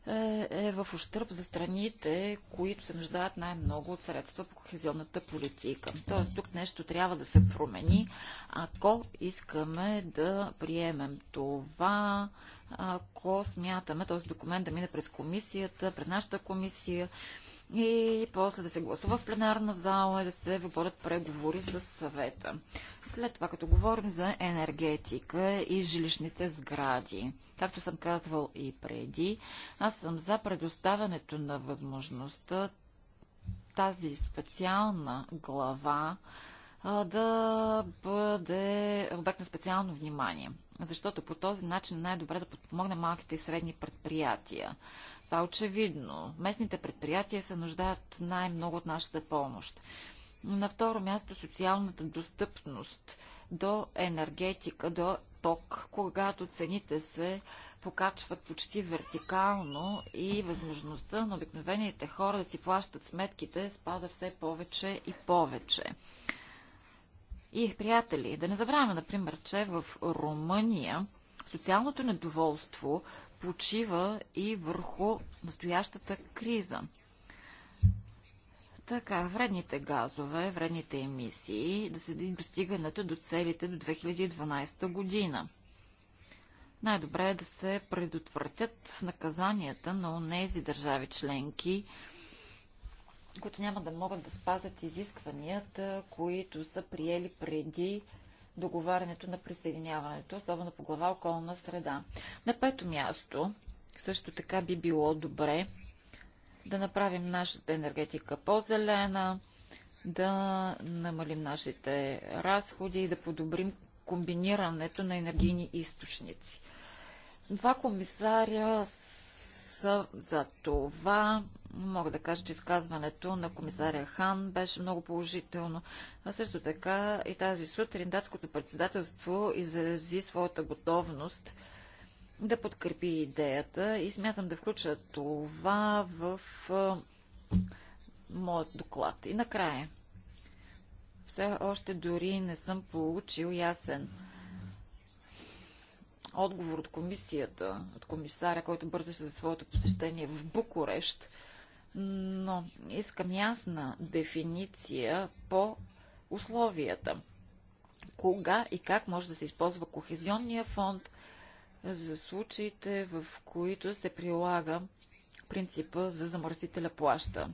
е, е в ущърп за страните, които се нуждаят най-много от средства по кохезионната политика. Тоест тук нещо трябва да се промени, ако искаме да приемем това, ако смятаме този документ да мине през комисията, през нашата комисия и после да се гласува в пленарна зала и да се водят преговори с съвета. След това, като говорим за енергетика и жилищните сгради. Както съм казвал и преди, аз съм за предоставянето на възможността тази специална глава да бъде обект на специално внимание. Защото по този начин най-добре да подпомогне малките и средни предприятия. Това е очевидно. Местните предприятия се нуждаят най-много от нашата помощ. На второ място социалната достъпност до енергетика, до сток, когато цените се покачват почти вертикално и възможността на обикновените хора да си плащат сметките спада все повече и повече. И, приятели, да не забравяме, например, че в Румъния социалното недоволство почива и върху настоящата криза. Така, вредните газове, вредните емисии да се достигането до целите до 2012 година. Най-добре е да се предотвратят наказанията на тези държави членки, които няма да могат да спазят изискванията, които са приели преди договарянето на присъединяването, особено по глава околна среда. На пето място също така би било добре да направим нашата енергетика по-зелена, да намалим нашите разходи и да подобрим комбинирането на енергийни източници. Два комисаря са за това. Мога да кажа, че изказването на комисаря Хан беше много положително. А също така и тази сутрин датското председателство изрази своята готовност да подкрепи идеята и смятам да включа това в моят доклад. И накрая. Все още дори не съм получил ясен отговор от комисията, от комисаря, който бързаше за своето посещение в Букурещ, но искам ясна дефиниция по условията. Кога и как може да се използва кохезионния фонд за случаите, в които се прилага принципа за замърсителя плаща.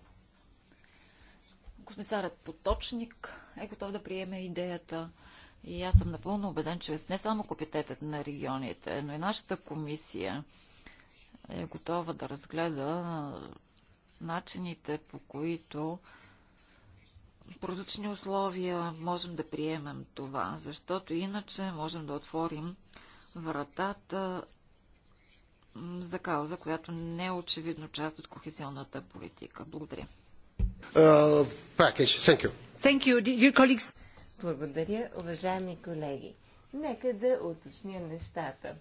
Космисарът Поточник е готов да приеме идеята и аз съм напълно убеден, че не само Комитетът на регионите, но и нашата комисия е готова да разгледа начините, по които по условия можем да приемем това, защото иначе можем да отворим вратата за кауза, която не е очевидно част от кохезионната политика. Благодаря. Uh, Thank you. Thank you, Благодаря, уважаеми колеги. Нека да уточня нещата.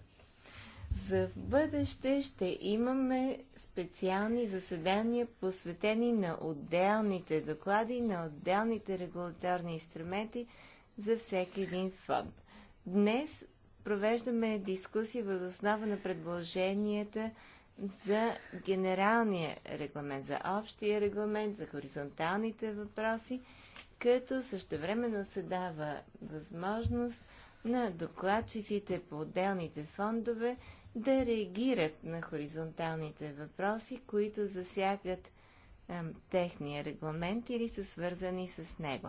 За в бъдеще ще имаме специални заседания, посветени на отделните доклади, на отделните регулаторни инструменти за всеки един фонд. Днес провеждаме дискусии въз основа на предложенията за генералния регламент, за общия регламент, за хоризонталните въпроси, като същевременно се дава възможност на докладчиците по отделните фондове да реагират на хоризонталните въпроси, които засягат техния регламент или са свързани с него.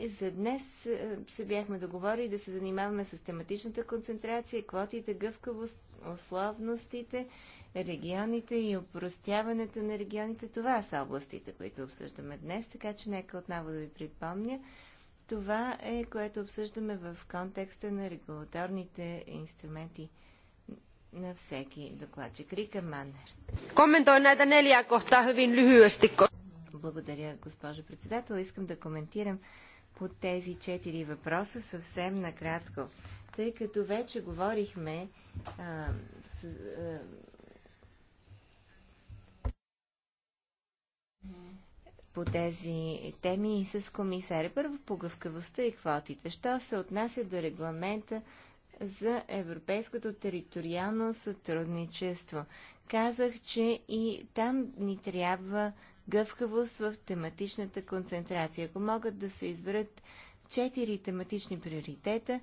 И за днес е, се бяхме договорили да се занимаваме с тематичната концентрация, квотите, гъвкавост, условностите, регионите и упростяването на регионите. Това са областите, които обсъждаме днес, така че нека отново да ви припомня. Това е което обсъждаме в контекста на регулаторните инструменти на всеки докладчик. Рика Маннер. Коментой на Данелия ако хвин lyhyesti. Благодаря, госпожо председател. Искам да коментирам по тези четири въпроса съвсем накратко, тъй като вече говорихме а, с, а, по тези теми и с комисаря. Първо по гъвкавостта и квотите. Що се отнася до регламента за европейското териториално сътрудничество? Казах, че и там ни трябва гъвкавост в тематичната концентрация. Ако могат да се изберат четири тематични приоритета,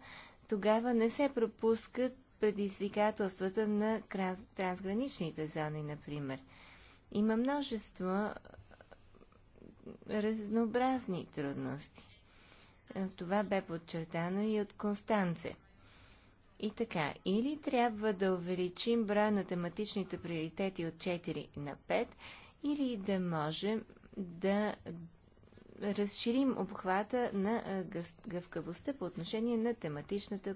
тогава не се пропускат предизвикателствата на трансграничните зони, например. Има множество разнообразни трудности. Е, това бе подчертано и от Констанце. И така, или трябва да увеличим броя на тематичните приоритети от 4 на 5, или да можем да разширим обхвата на гъвкавостта по отношение на тематичната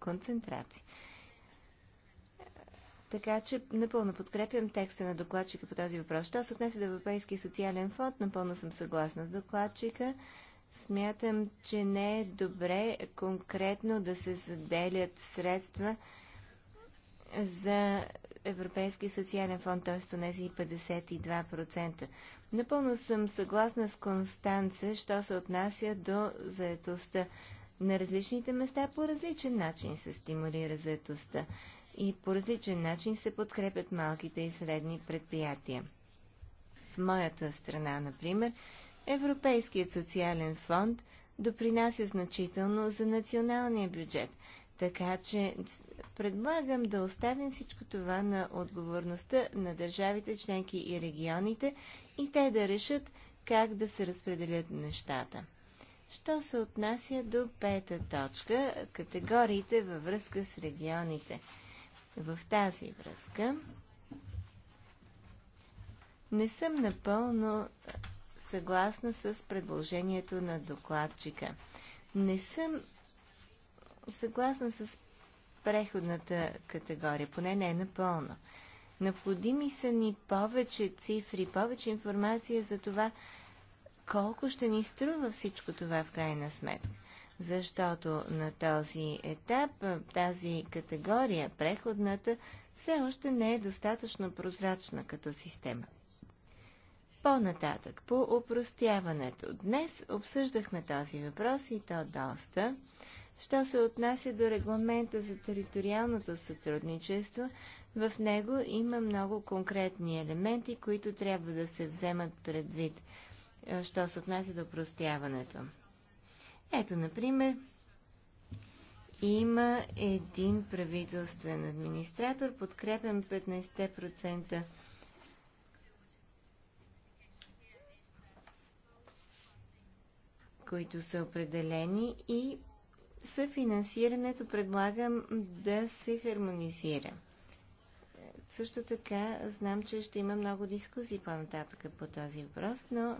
концентрация. Така че напълно подкрепям текста на докладчика по този въпрос. Що се отнесе до Европейския социален фонд, напълно съм съгласна с докладчика. Смятам, че не е добре конкретно да се заделят средства за Европейския социален фонд, т.е. тези 52%. Напълно съм съгласна с Констанца, що се отнася до заетостта. На различните места по различен начин се стимулира заетостта и по различен начин се подкрепят малките и средни предприятия. В моята страна, например, Европейският социален фонд допринася значително за националния бюджет – така че предлагам да оставим всичко това на отговорността на държавите, членки и регионите и те да решат как да се разпределят нещата. Що се отнася до пета точка, категориите във връзка с регионите. В тази връзка не съм напълно съгласна с предложението на докладчика. Не съм съгласна с преходната категория, поне не е напълно. Необходими са ни повече цифри, повече информация за това, колко ще ни струва всичко това в крайна сметка. Защото на този етап тази категория, преходната, все още не е достатъчно прозрачна като система. По-нататък, по упростяването. Днес обсъждахме този въпрос и то доста. Що се отнася до регламента за териториалното сътрудничество, в него има много конкретни елементи, които трябва да се вземат предвид, е, що се отнася до простяването. Ето, например, има един правителствен администратор, подкрепен 15% които са определени и съфинансирането предлагам да се хармонизира. Също така знам, че ще има много дискусии по-нататък по този въпрос, но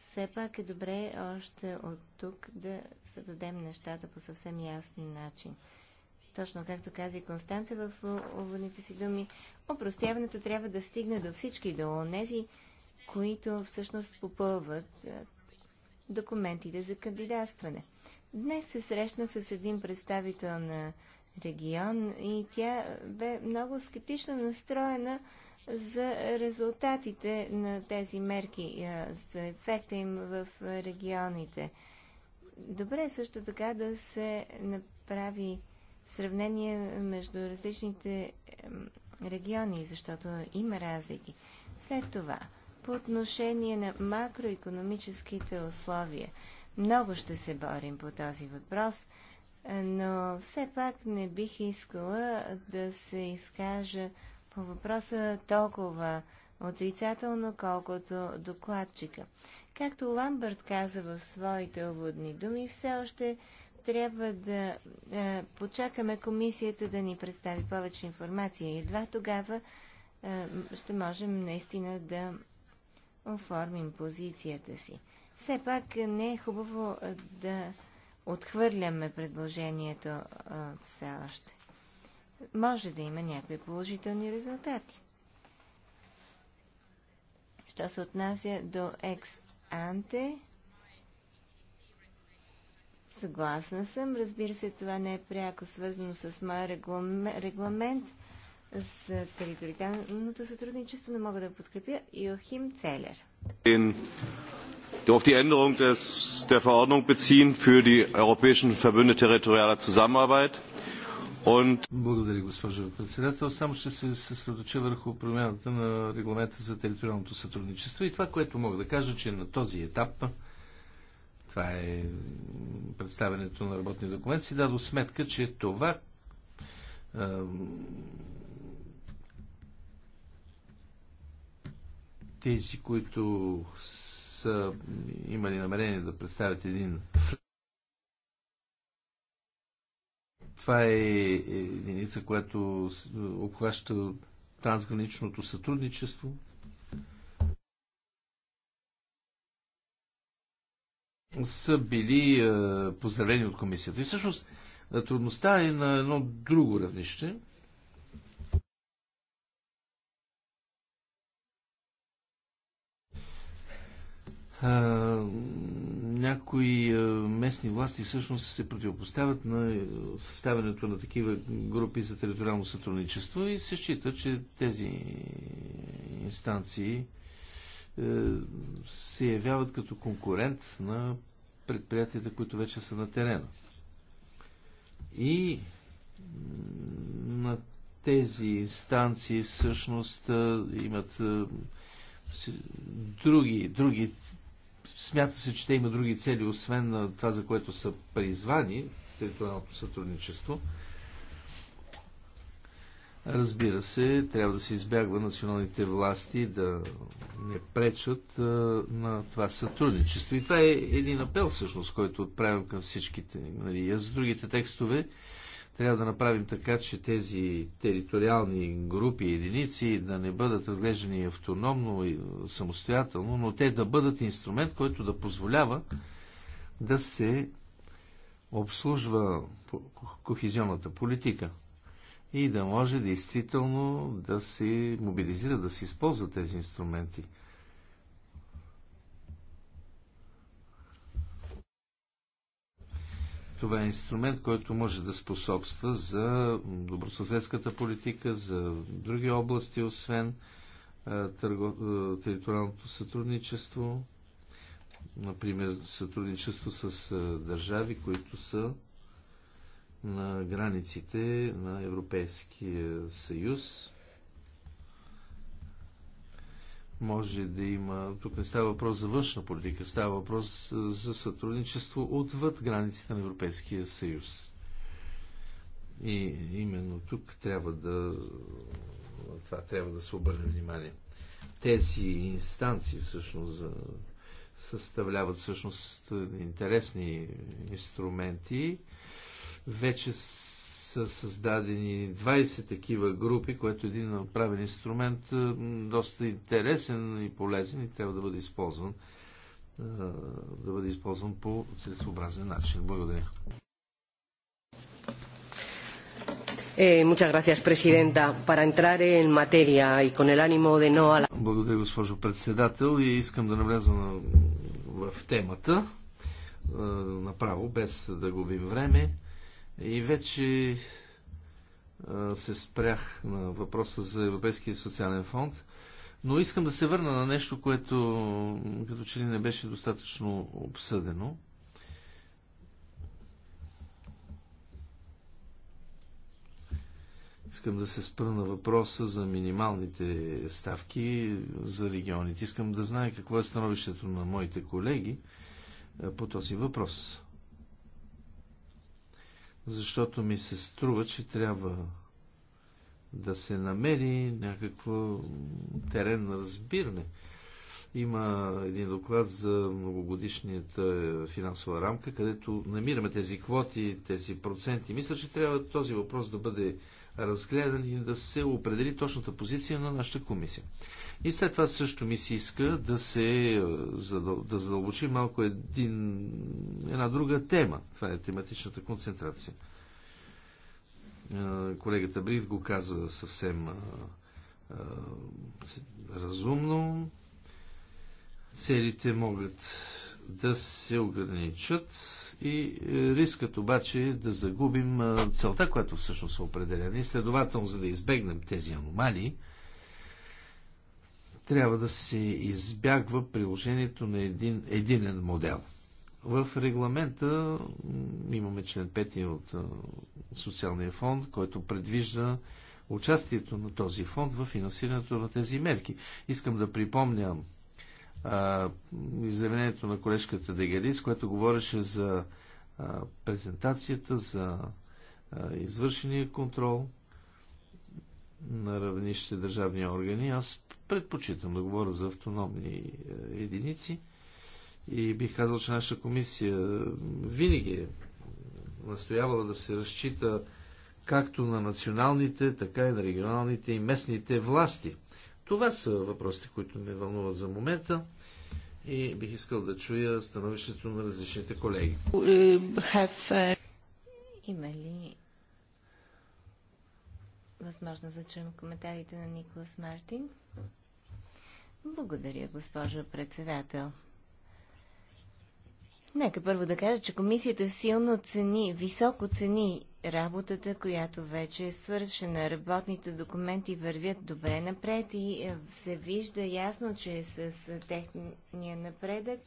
все пак е добре още от тук да зададем нещата по съвсем ясен начин. Точно както каза и Констанца в уводните си думи, опростяването трябва да стигне до всички, до онези, които всъщност попълват документите за кандидатстване. Днес се срещнах с един представител на регион и тя бе много скептично настроена за резултатите на тези мерки, за ефекта им в регионите. Добре е също така да се направи сравнение между различните региони, защото има разлики. След това, по отношение на макроекономическите условия – много ще се борим по този въпрос, но все пак не бих искала да се изкажа по въпроса толкова отрицателно, колкото докладчика. Както Ламбърт каза в своите уводни думи, все още трябва да е, почакаме комисията да ни представи повече информация. Едва тогава е, ще можем наистина да оформим позицията си. Все пак не е хубаво да отхвърляме предложението а, все още. Може да има някои положителни резултати. Що се отнася до екс-анте, съгласна съм. Разбира се, това не е пряко свързано с моя регламент за териториалното сътрудничество, но мога да подкрепя Йохим Целер die auf die Änderung der Verordnung beziehen für die europäischen Verbünde territorialer Zusammenarbeit. Und Благодаря, госпожо председател. Само ще се съсредоча върху промяната на регламента за териториалното сътрудничество и това, което мога да кажа, че на този етап това е представенето на работния документ, си дадо сметка, че това тези, които са имали намерение да представят един това е единица, която обхваща трансграничното сътрудничество. Са били поздравени от комисията. И всъщност трудността е на едно друго равнище – някои местни власти всъщност се противопоставят на е, съставянето на такива групи за териториално сътрудничество и се счита, че тези инстанции е, се явяват като конкурент на предприятията, които вече са на терена. И на тези инстанции всъщност е, имат други, други Смята се, че те има други цели, освен на това, за което са призвани, териториалното сътрудничество. Разбира се, трябва да се избягва националните власти да не пречат а, на това сътрудничество. И това е един апел, всъщност, който отправям към всичките. Нали, аз за другите текстове трябва да направим така, че тези териториални групи и единици да не бъдат разглеждани автономно и самостоятелно, но те да бъдат инструмент, който да позволява да се обслужва кохезионната политика и да може действително да се мобилизира, да се използва тези инструменти – Това е инструмент, който може да способства за добросъседската политика, за други области, освен търго... териториалното сътрудничество, например сътрудничество с държави, които са на границите на Европейския съюз може да има, тук не става въпрос за външна политика, става въпрос за сътрудничество отвъд границите на Европейския съюз. И именно тук трябва да това трябва да се обърне внимание. Тези инстанции всъщност съставляват всъщност интересни инструменти. Вече са създадени 20 такива групи, което е един направен инструмент, е, доста интересен и полезен и трябва да бъде използван е, да бъде използван по целесообразен начин. Благодаря. Благодаря, госпожо председател. И искам да навляза в темата е, направо, без да губим време. И вече се спрях на въпроса за Европейския социален фонд, но искам да се върна на нещо, което като че ли не беше достатъчно обсъдено. Искам да се спра на въпроса за минималните ставки за регионите. Искам да знае какво е становището на моите колеги по този въпрос защото ми се струва, че трябва да се намери някакво терен на разбиране. Има един доклад за многогодишната е, финансова рамка, където намираме тези квоти, тези проценти. Мисля, че трябва този въпрос да бъде разгледани и да се определи точната позиция на нашата комисия. И след това също ми се иска да се е, да задълбочи малко един, една друга тема. Това е тематичната концентрация. Е, колегата Брив го каза съвсем е, разумно. Целите могат да се ограничат и е, рискът обаче е да загубим е, целта, която всъщност е определена. И следователно, за да избегнем тези аномалии, трябва да се избягва приложението на един единен модел. В регламента имаме член 5 от е, социалния фонд, който предвижда участието на този фонд в финансирането на тези мерки. Искам да припомням изявлението на колежката Дегелис, което говореше за а, презентацията, за а, извършения контрол на равнище държавни органи. Аз предпочитам да говоря за автономни е, единици и бих казал, че нашата комисия винаги е настоявала да се разчита както на националните, така и на регионалните и местните власти – това са въпросите, които ме вълнуват за момента и бих искал да чуя становището на различните колеги. Има ли възможност да чуем коментарите на Николас Мартин? Благодаря, госпожо председател. Нека първо да кажа, че комисията силно цени, високо цени работата, която вече е свършена. Работните документи вървят добре напред и е, се вижда ясно, че с техния напредък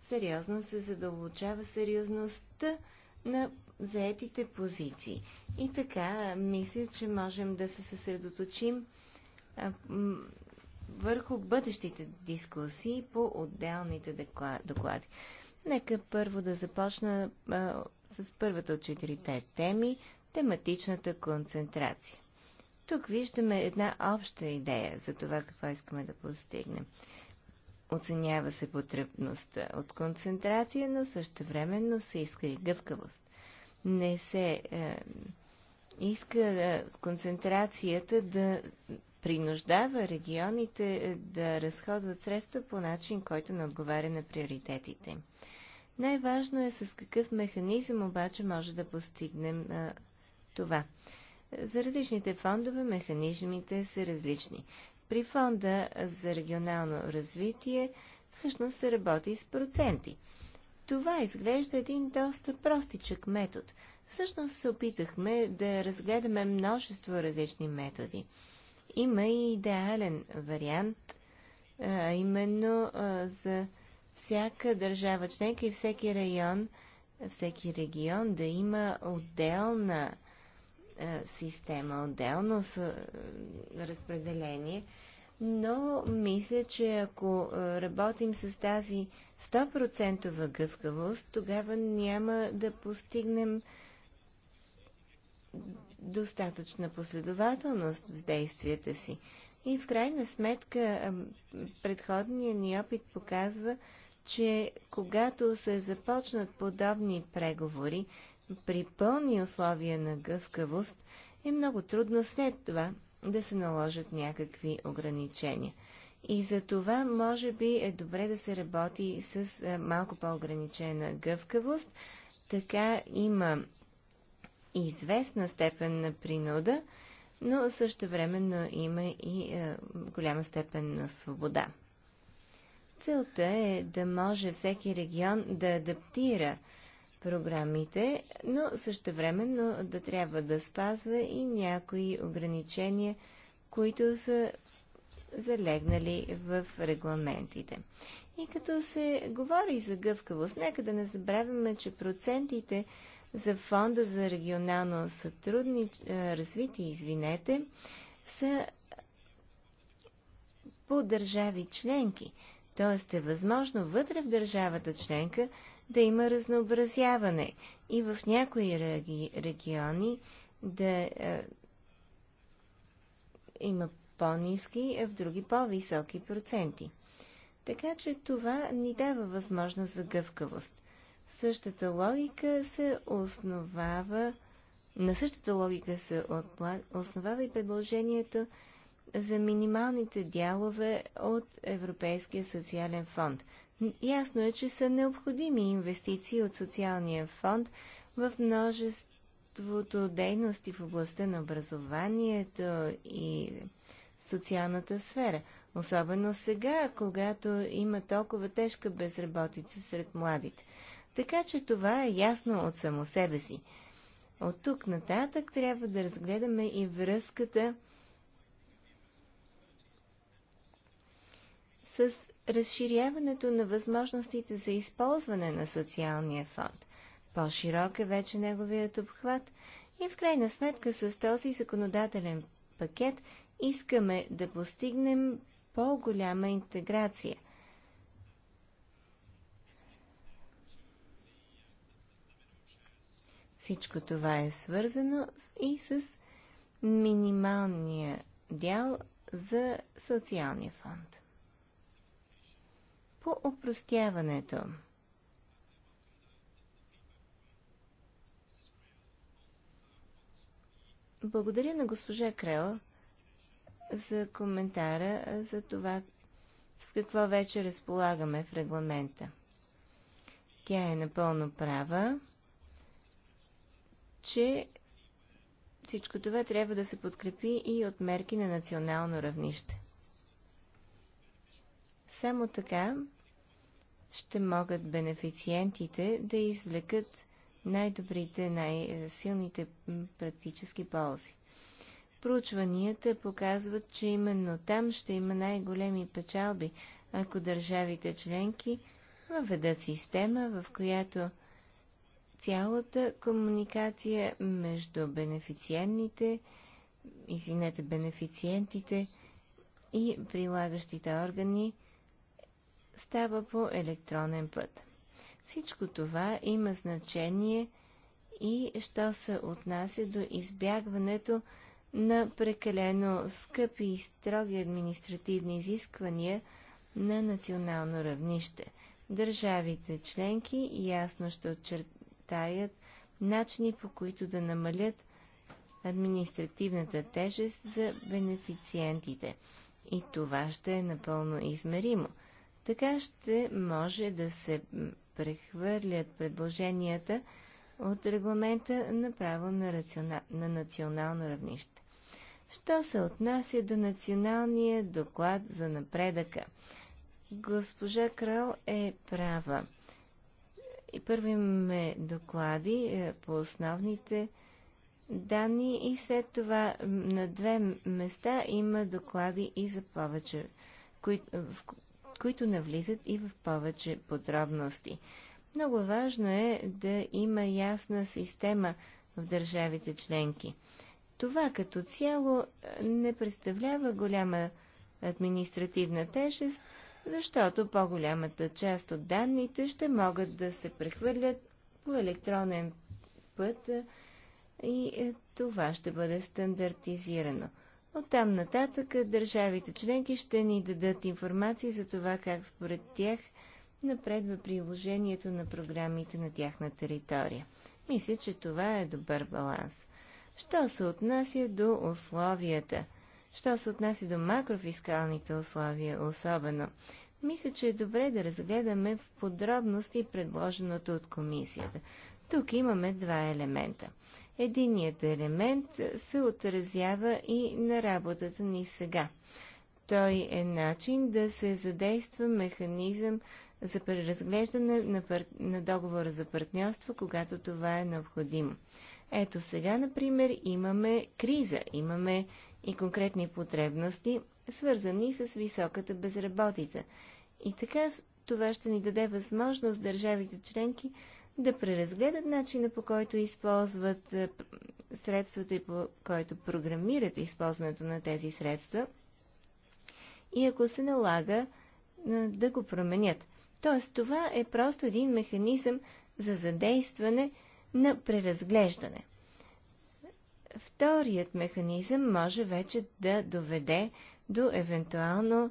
сериозно се задълбочава сериозността на заетите позиции. И така, е, мисля, че можем да се съсредоточим е, върху бъдещите дискусии по отделните доклади. Нека първо да започна с първата от четирите теми – тематичната концентрация. Тук виждаме една обща идея за това какво искаме да постигнем. Оценява се потребността от концентрация, но същевременно се иска и гъвкавост. Не се е, иска е, концентрацията да принуждава регионите е, да разходват средства по начин, който не отговаря на приоритетите им. Най-важно е с какъв механизъм обаче може да постигнем а, това. За различните фондове механизмите са различни. При фонда за регионално развитие всъщност се работи с проценти. Това изглежда един доста простичък метод. Всъщност се опитахме да разгледаме множество различни методи. Има и идеален вариант, а именно а, за всяка държава членка и всеки район, всеки регион да има отделна система, отделно разпределение. Но мисля, че ако работим с тази 100% гъвкавост, тогава няма да постигнем достатъчна последователност в действията си. И в крайна сметка предходният ни опит показва, че когато се започнат подобни преговори при пълни условия на гъвкавост, е много трудно след това да се наложат някакви ограничения. И за това може би е добре да се работи с е, малко по-ограничена гъвкавост. Така има известна степен на принуда, но също времено има и е, голяма степен на свобода. Целта е да може всеки регион да адаптира програмите, но същевременно да трябва да спазва и някои ограничения, които са залегнали в регламентите. И като се говори за гъвкавост, нека да не забравяме, че процентите за фонда за регионално сътруднич... Е, развитие, извинете, са по държави членки. Т.е. е възможно вътре в държавата членка да има разнообразяване и в някои реги, региони да е, има по-низки, а в други по-високи проценти. Така че това ни дава възможност за гъвкавост. Същата логика се основава на същата логика се основава и предложението за минималните дялове от Европейския социален фонд. Ясно е, че са необходими инвестиции от социалния фонд в множеството дейности в областта на образованието и социалната сфера. Особено сега, когато има толкова тежка безработица сред младите. Така че това е ясно от само себе си. От тук нататък трябва да разгледаме и връзката с разширяването на възможностите за използване на социалния фонд. По-широк е вече неговият обхват и в крайна сметка с този законодателен пакет искаме да постигнем по-голяма интеграция. Всичко това е свързано и с минималния дял за социалния фонд по опростяването. Благодаря на госпожа Крел за коментара за това с какво вече разполагаме в регламента. Тя е напълно права, че всичко това трябва да се подкрепи и от мерки на национално равнище. Само така ще могат бенефициентите да извлекат най-добрите, най-силните практически ползи. Проучванията показват, че именно там ще има най-големи печалби, ако държавите членки въведат система, в която цялата комуникация между бенефициентните, извинете, бенефициентите и прилагащите органи става по електронен път. Всичко това има значение и що се отнася до избягването на прекалено скъпи и строги административни изисквания на национално равнище. Държавите членки ясно ще очертаят начини по които да намалят административната тежест за бенефициентите. И това ще е напълно измеримо – така ще може да се прехвърлят предложенията от регламента направо на, рациона... на национално равнище. Що се отнася до националния доклад за напредъка? Госпожа Крал е права. И първи ме доклади е, по основните данни и след това на две места има доклади и за повече, които навлизат и в повече подробности. Много важно е да има ясна система в държавите членки. Това като цяло е, не представлява голяма административна тежест, защото по-голямата част от данните ще могат да се прехвърлят по електронен път е, и е, това ще бъде стандартизирано. От там нататък държавите членки ще ни дадат информация за това как според тях напредва приложението на програмите на тяхна територия. Мисля, че това е добър баланс. Що се отнася до условията? Що се отнася до макрофискалните условия особено? Мисля, че е добре да разгледаме в подробности предложеното от комисията. Тук имаме два елемента единият елемент се отразява и на работата ни сега. Той е начин да се задейства механизъм за преразглеждане на, пар... на договора за партньорство, когато това е необходимо. Ето сега, например, имаме криза, имаме и конкретни потребности, свързани с високата безработица. И така това ще ни даде възможност държавите членки да преразгледат начина по който използват е, средствата и по който програмират използването на тези средства и ако се налага е, да го променят. Тоест това е просто един механизъм за задействане на преразглеждане. Вторият механизъм може вече да доведе до евентуално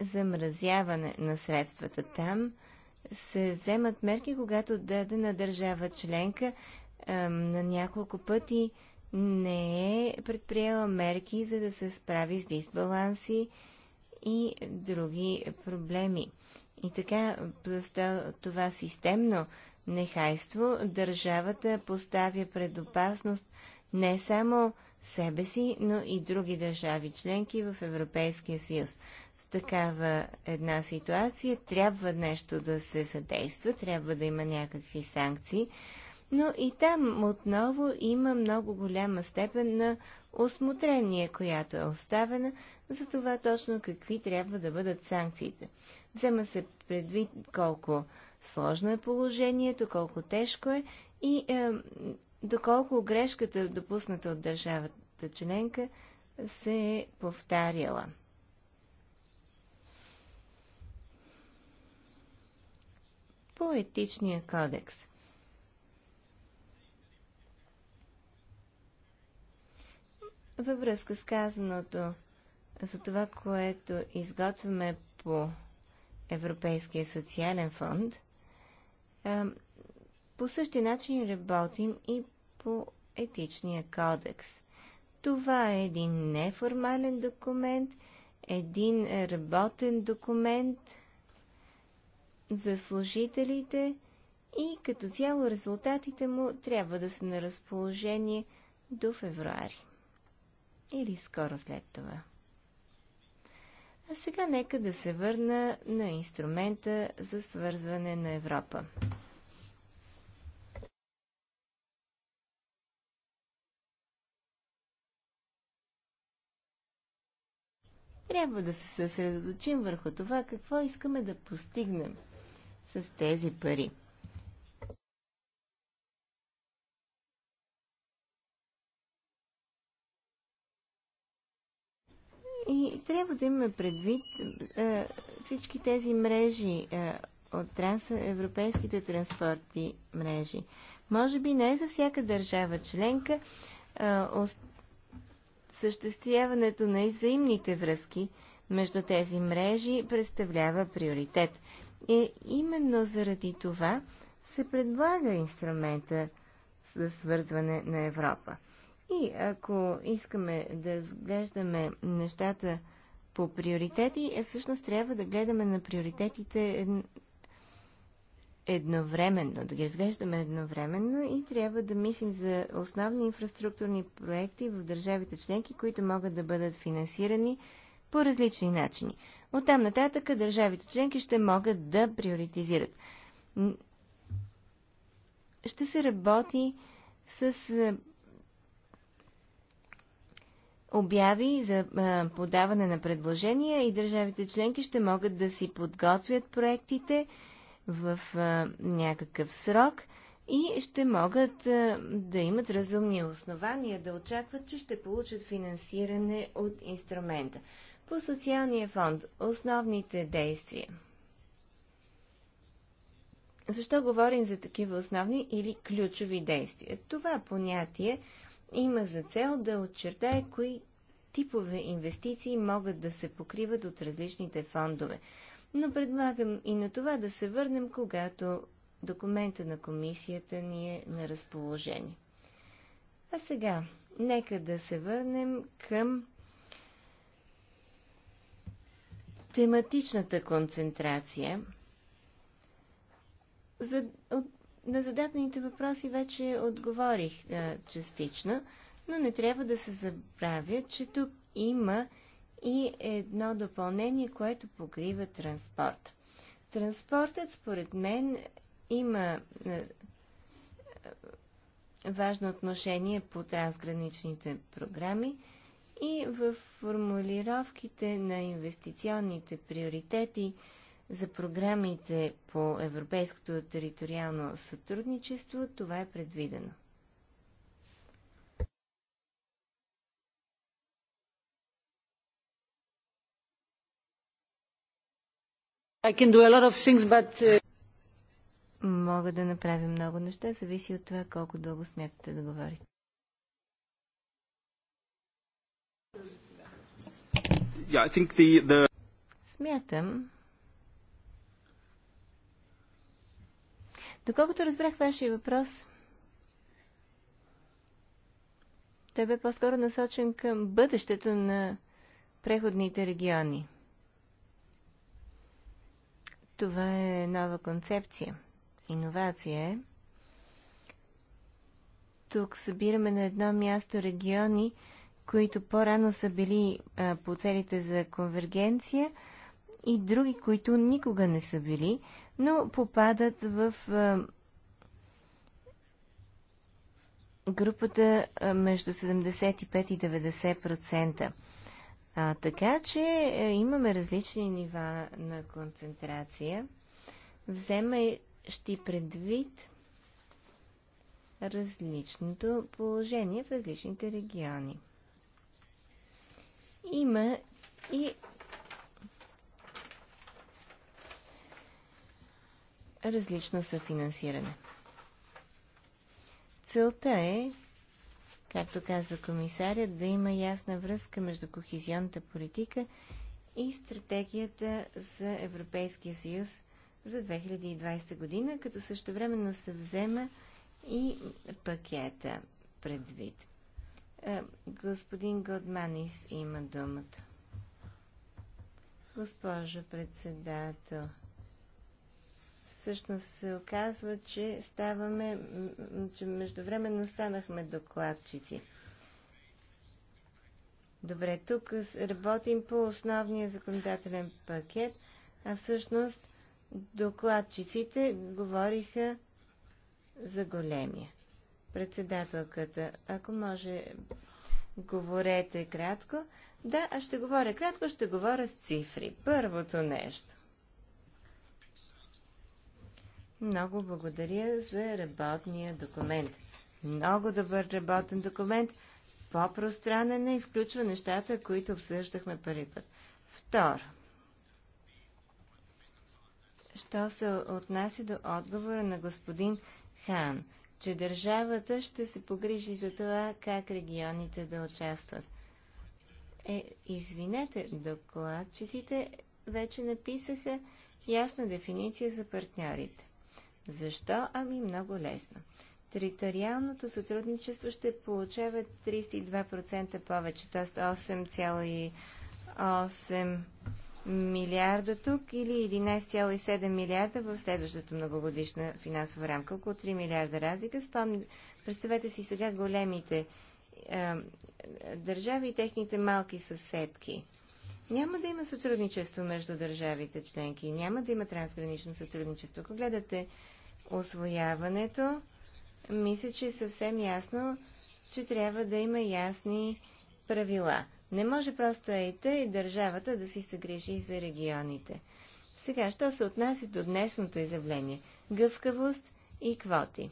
замразяване на средствата там, се вземат мерки, когато дадена държава членка на няколко пъти не е предприела мерки, за да се справи с дисбаланси и други проблеми. И така, това системно нехайство, държавата поставя пред опасност не само себе си, но и други държави членки в Европейския съюз такава една ситуация трябва нещо да се съдейства, трябва да има някакви санкции, но и там отново има много голяма степен на осмотрение, която е оставена за това точно какви трябва да бъдат санкциите. Взема се предвид колко сложно е положението, колко тежко е и е, доколко грешката, допусната от държавата членка, се е повтаряла. по етичния кодекс. Във връзка с казаното за това, което изготвяме по Европейския социален фонд, по същия начин работим и по етичния кодекс. Това е един неформален документ, един работен документ, за служителите и като цяло резултатите му трябва да са на разположение до февруари. Или скоро след това. А сега нека да се върна на инструмента за свързване на Европа. Трябва да се съсредоточим върху това какво искаме да постигнем – с тези пари. И трябва да имаме предвид е, всички тези мрежи е, от транс, европейските транспортни мрежи. Може би не за всяка държава членка е, съществяването на изаимните връзки между тези мрежи представлява приоритет. И е, именно заради това се предлага инструмента за свързване на Европа. И ако искаме да разглеждаме нещата по приоритети, е, всъщност трябва да гледаме на приоритетите едновременно, да ги разглеждаме едновременно и трябва да мислим за основни инфраструктурни проекти в държавите членки, които могат да бъдат финансирани по различни начини. От там нататък държавите членки ще могат да приоритизират. Ще се работи с е, обяви за е, подаване на предложения и държавите членки ще могат да си подготвят проектите в е, някакъв срок и ще могат да имат разумни основания да очакват, че ще получат финансиране от инструмента. По социалния фонд основните действия. Защо говорим за такива основни или ключови действия? Това понятие има за цел да отчертае кои типове инвестиции могат да се покриват от различните фондове. Но предлагам и на това да се върнем, когато документа на комисията ни е на разположение. А сега, нека да се върнем към тематичната концентрация. За, от, на зададените въпроси вече отговорих а, частично, но не трябва да се забравя, че тук има и едно допълнение, което покрива транспорт. Транспортът, според мен, има а, важно отношение по трансграничните програми и в формулировките на инвестиционните приоритети за програмите по европейското териториално сътрудничество това е предвидено. I can do a lot of things, but... Uh, Мога да направя много неща, зависи от това колко дълго смятате да говорите. yeah, I think the, the... Смятам, Доколкото разбрах вашия въпрос, той бе по-скоро насочен към бъдещето на преходните региони. Това е нова концепция. Иновация е. Тук събираме на едно място региони, които по-рано са били а, по целите за конвергенция и други, които никога не са били, но попадат в а, групата а, между 75 и 90%. А, така че а, е, имаме различни нива на концентрация, вземащи предвид различното положение в различните региони. Има и различно съфинансиране. Целта е, както каза комисарят, да има ясна връзка между кохизионната политика и стратегията за Европейския съюз за 2020 година, като същевременно се взема и пакета предвид. Е, господин Годманис има думата. Госпожо председател, всъщност се оказва, че ставаме, че междувременно станахме докладчици. Добре, тук работим по основния законодателен пакет, а всъщност докладчиците говориха за големия. Председателката, ако може, говорете кратко. Да, аз ще говоря кратко, ще говоря с цифри. Първото нещо. Много благодаря за работния документ. Много добър работен документ, по-пространен и включва нещата, които обсъждахме първи път. Второ. Що се отнася до отговора на господин Хан? че държавата ще се погрижи за това как регионите да участват. Е, извинете, докладчиците вече написаха ясна дефиниция за партньорите. Защо? Ами много лесно. Териториалното сътрудничество ще получава 32% повече, т.е. 8,8 милиарда тук или 11,7 милиарда в следващата многогодишна финансова рамка. Около 3 милиарда разлика. Спомни... Представете си сега големите е, държави и техните малки съседки. Няма да има сътрудничество между държавите членки. Няма да има трансгранично сътрудничество. Ако гледате освояването, мисля, че е съвсем ясно, че трябва да има ясни правила. Не може просто ей и държавата да си съгреши за регионите. Сега, що се отнася до днешното изявление? Гъвкавост и квоти.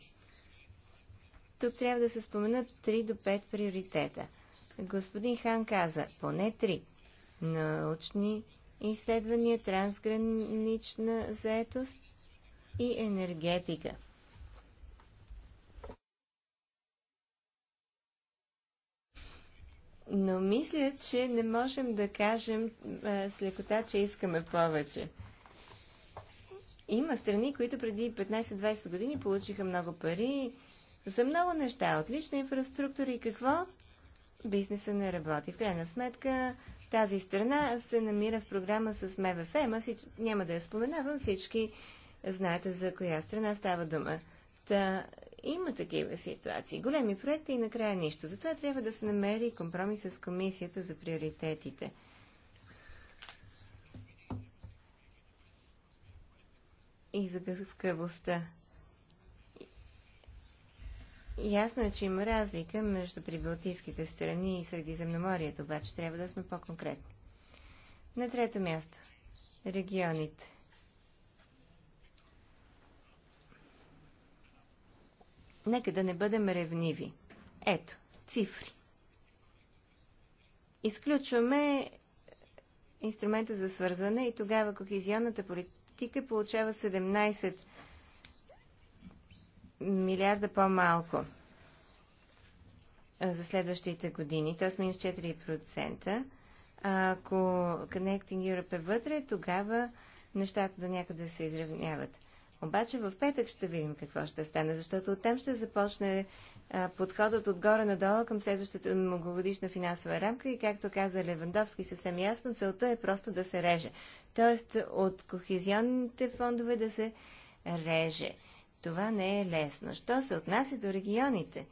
Тук трябва да се споменат 3 до 5 приоритета. Господин Хан каза, поне 3. Научни изследвания, трансгранична заетост и енергетика – но мисля, че не можем да кажем а, с лекота, че искаме повече. Има страни, които преди 15-20 години получиха много пари за много неща, отлична инфраструктура и какво? Бизнеса не работи. В крайна сметка тази страна се намира в програма с МВФ, ама всич... няма да я споменавам, всички знаете за коя страна става дума. Та, има такива ситуации. Големи проекти и накрая нищо. Затова трябва да се намери компромис с комисията за приоритетите. И за гъвкавостта. Ясно е, че има разлика между прибалтийските страни и Средиземноморието, обаче трябва да сме по-конкретни. На трето място – регионите. Нека да не бъдем ревниви. Ето, цифри. Изключваме инструмента за свързване и тогава кохизионната политика получава 17 милиарда по-малко за следващите години, т.е. минус 4%. А ако Connecting Europe е вътре, тогава нещата до някъде се изравняват. Обаче в петък ще видим какво ще стане, защото оттам ще започне а, подходът отгоре надолу към следващата многогодишна финансова рамка и както каза Левандовски съвсем ясно, целта е просто да се реже. Тоест от кохезионните фондове да се реже. Това не е лесно. Що се отнася до регионите?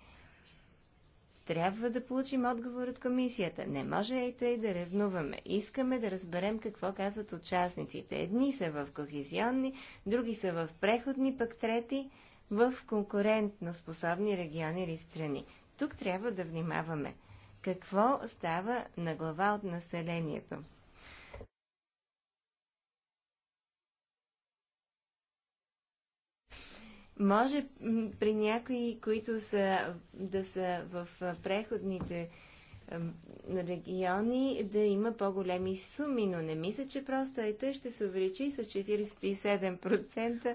Трябва да получим отговор от комисията. Не може и тъй да ревнуваме. Искаме да разберем какво казват участниците. Едни са в кохезионни, други са в преходни, пък трети в конкурентно способни региони или страни. Тук трябва да внимаваме. Какво става на глава от населението? Може при някои, които са, да са в преходните региони, да има по-големи суми, но не мисля, че просто е тъй ще се увеличи с 47%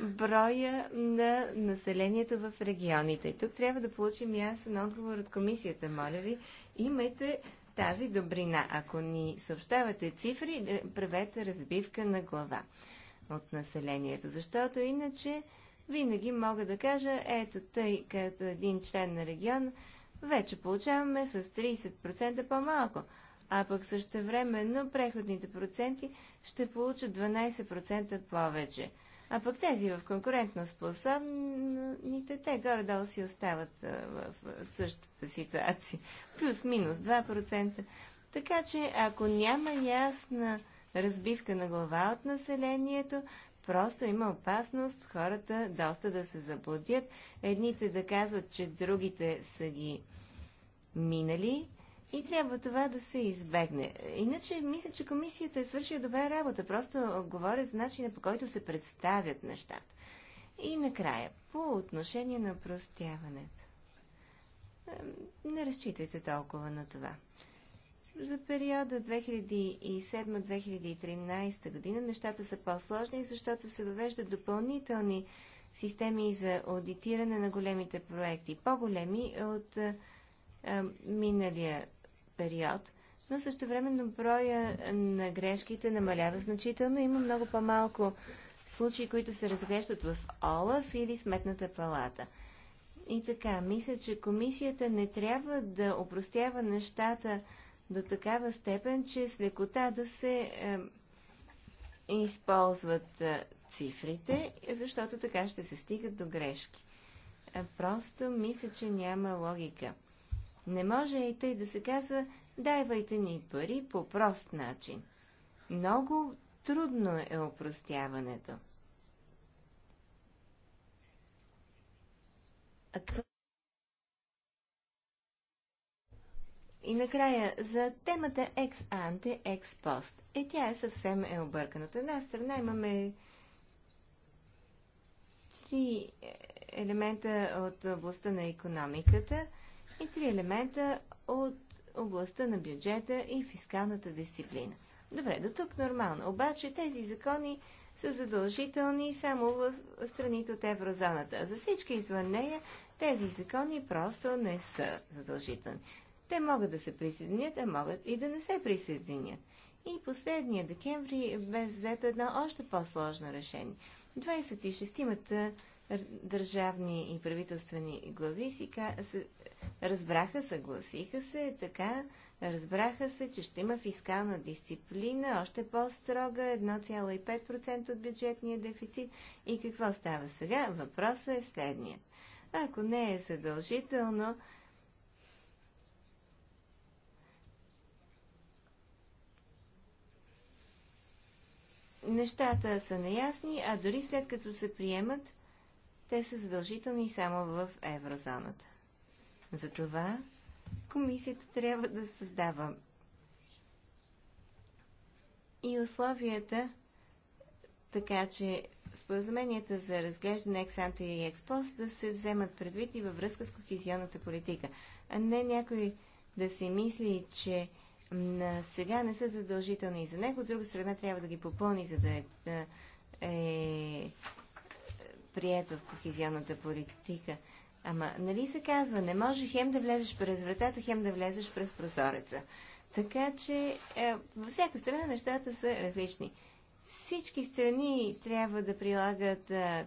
броя на населението в регионите. И тук трябва да получим ясен отговор от комисията. Моля ви, имайте тази добрина. Ако ни съобщавате цифри, е, правете разбивка на глава от населението, защото иначе винаги мога да кажа, ето тъй като един член на регион, вече получаваме с 30% по-малко, а пък същевременно преходните проценти ще получат 12% повече. А пък тези в конкурентно способните, те горе-долу си остават в същата ситуация. Плюс-минус 2%. Така че, ако няма ясна разбивка на глава от населението, Просто има опасност хората доста да се заблудят. Едните да казват, че другите са ги минали и трябва това да се избегне. Иначе мисля, че комисията е свършила добра работа. Просто говоря за начина по който се представят нещата. И накрая, по отношение на простяването. Не разчитайте толкова на това. За периода 2007-2013 година нещата са по-сложни, защото се въвеждат допълнителни системи за аудитиране на големите проекти, по-големи от а, а, миналия период, но също времено броя на грешките намалява значително. Има много по-малко случаи, които се разглеждат в ОЛАФ или Сметната палата. И така, мисля, че комисията не трябва да опростява нещата до такава степен, че с лекота да се е, използват е, цифрите, защото така ще се стигат до грешки. Е, просто мисля, че няма логика. Не може и тъй да се казва, дайвайте ни пари по прост начин. Много трудно е опростяването. А какво И накрая, за темата екс-анте, екс-пост. Е, тя е съвсем е объркана. От една страна имаме три елемента от областта на економиката и три елемента от областта на бюджета и фискалната дисциплина. Добре, до тук нормално. Обаче тези закони са задължителни само в страните от еврозоната. За всички извън нея тези закони просто не са задължителни. Те могат да се присъединят, а могат и да не се присъединят. И последния декември бе взето едно още по-сложно решение. 26-мата държавни и правителствени глави си се, разбраха, съгласиха се, така разбраха се, че ще има фискална дисциплина, още по-строга, 1,5% от бюджетния дефицит. И какво става сега? Въпросът е следният. Ако не е задължително, нещата са неясни, а дори след като се приемат, те са задължителни само в еврозоната. Затова комисията трябва да създава и условията, така че споразуменията за разглеждане ексанта и експост да се вземат предвид и във връзка с кохезионната политика, а не някой да се мисли, че на сега не са задължителни и за него, от друга страна трябва да ги попълни, за да е, е, е прият в кохизионната политика. Ама, нали се казва, не може хем да влезеш през вратата, хем да влезеш през прозореца. Така че е, във всяка страна нещата са различни. Всички страни трябва да прилагат е,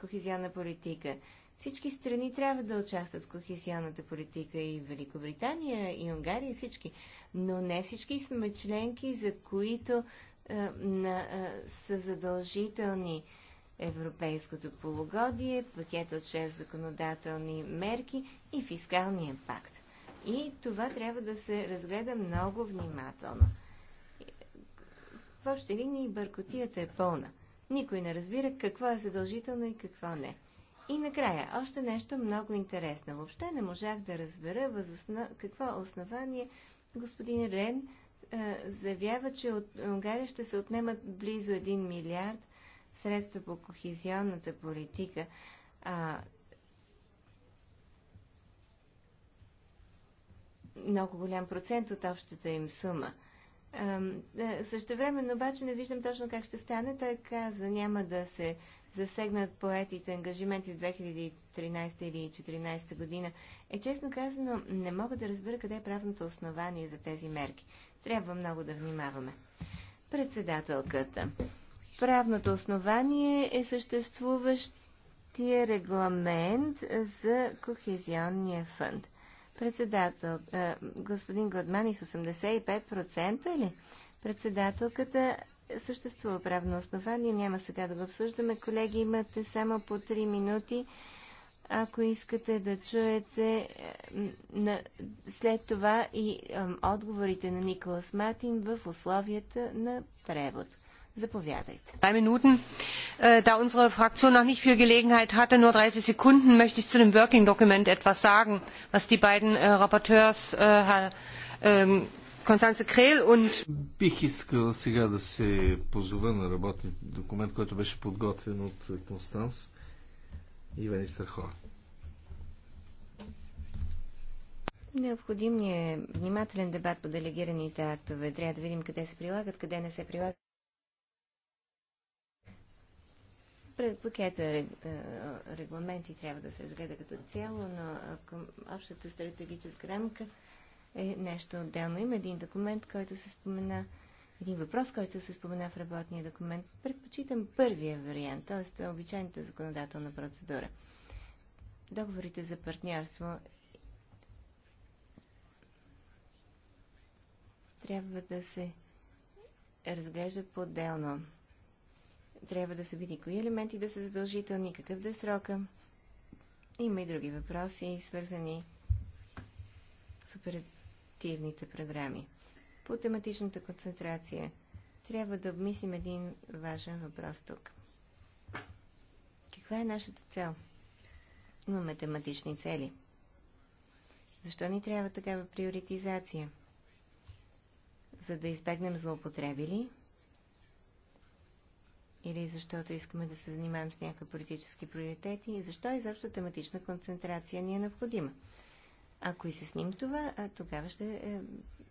кохизионна политика. Всички страни трябва да участват в кохесионната политика и Великобритания, и Унгария, и всички. Но не всички сме членки, за които е, на, е, са задължителни европейското полугодие, пакет от 6 законодателни мерки и фискалния пакт. И това трябва да се разгледа много внимателно. В общи линии бъркотията е пълна. Никой не разбира какво е задължително и какво не. И накрая, още нещо много интересно. Въобще не можах да разбера възосна... какво основание господин Рен е, заявява, че от Унгария ще се отнемат близо 1 милиард средства по кохизионната политика. А, много голям процент от общата им сума. Е, Също време, обаче не виждам точно как ще стане. Той каза, няма да се засегнат поетите ангажименти в 2013 или 2014 година, е честно казано, не мога да разбера къде е правното основание за тези мерки. Трябва много да внимаваме. Председателката. Правното основание е съществуващия регламент за Кохезионния фонд. Председател, господин Годман, с 85% или? Председателката съществува правно основание. Няма сега да го обсъждаме. Колеги, имате само по 3 минути. Ако искате да чуете е, на, след това и ам, отговорите на Николас Матин в условията на превод. Заповядайте. Три минути. Е, да, unsere Fraktion noch nicht viel Gelegenheit hatte, nur 30 Sekunden, möchte ich zu dem Working Document etwas sagen, was die beiden äh, Rapporteurs, äh, Herr Констанца Крейл и... Бих искал сега да се позова на работния документ, който беше подготвен от Констанс и Венистър Хора. Необходим ни е внимателен дебат по делегираните актове. Трябва да видим къде се прилагат, къде не се прилагат. Пред пакета е, е, регламенти трябва да се разгледа като цяло, но общата стратегическа рамка – е нещо отделно. Има един документ, който се спомена, един въпрос, който се спомена в работния документ. Предпочитам първия вариант, т.е. обичайната законодателна процедура. Договорите за партньорство трябва да се разглеждат по-отделно. Трябва да се види кои елементи да са задължителни, какъв да е срока. Има и други въпроси, свързани с активните програми. По тематичната концентрация трябва да обмислим един важен въпрос тук. Каква е нашата цел? Имаме тематични цели. Защо ни трябва такава приоритизация? За да избегнем злоупотреби ли? Или защото искаме да се занимаем с някакви политически приоритети? И защо изобщо тематична концентрация ни е необходима? Ако и се сним това, тогава ще е,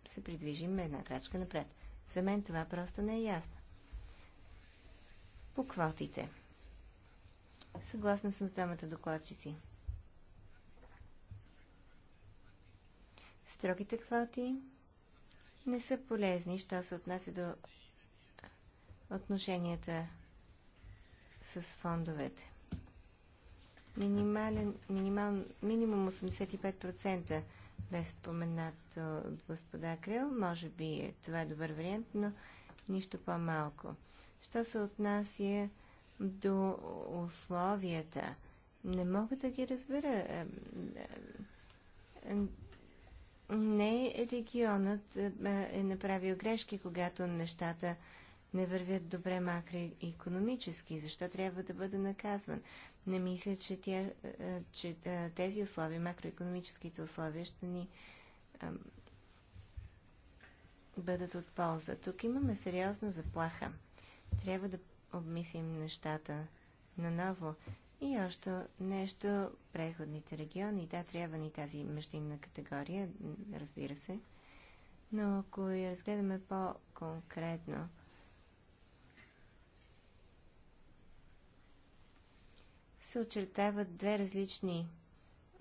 се придвижим една крачка напред. За мен това просто не е ясно. По квотите. Съгласна съм с двамата докладчици. Строгите квоти не са полезни, що се отнася до отношенията с фондовете минимален, минимал, минимум 85% бе споменат от господа Крил. Може би е, това е добър вариант, но нищо по-малко. Що се отнася до условията? Не мога да ги разбера. Не е регионът е направил грешки, когато нещата не вървят добре макроекономически, защо трябва да бъде наказван. Не мисля, че, тя, е, е, че е, тези условия, макроекономическите условия ще ни ам, бъдат от полза. Тук имаме сериозна заплаха. Трябва да обмислим нещата наново. И още нещо, преходните региони, да, трябва ни тази междинна категория, разбира се. Но ако я разгледаме по-конкретно, се очертават две различни,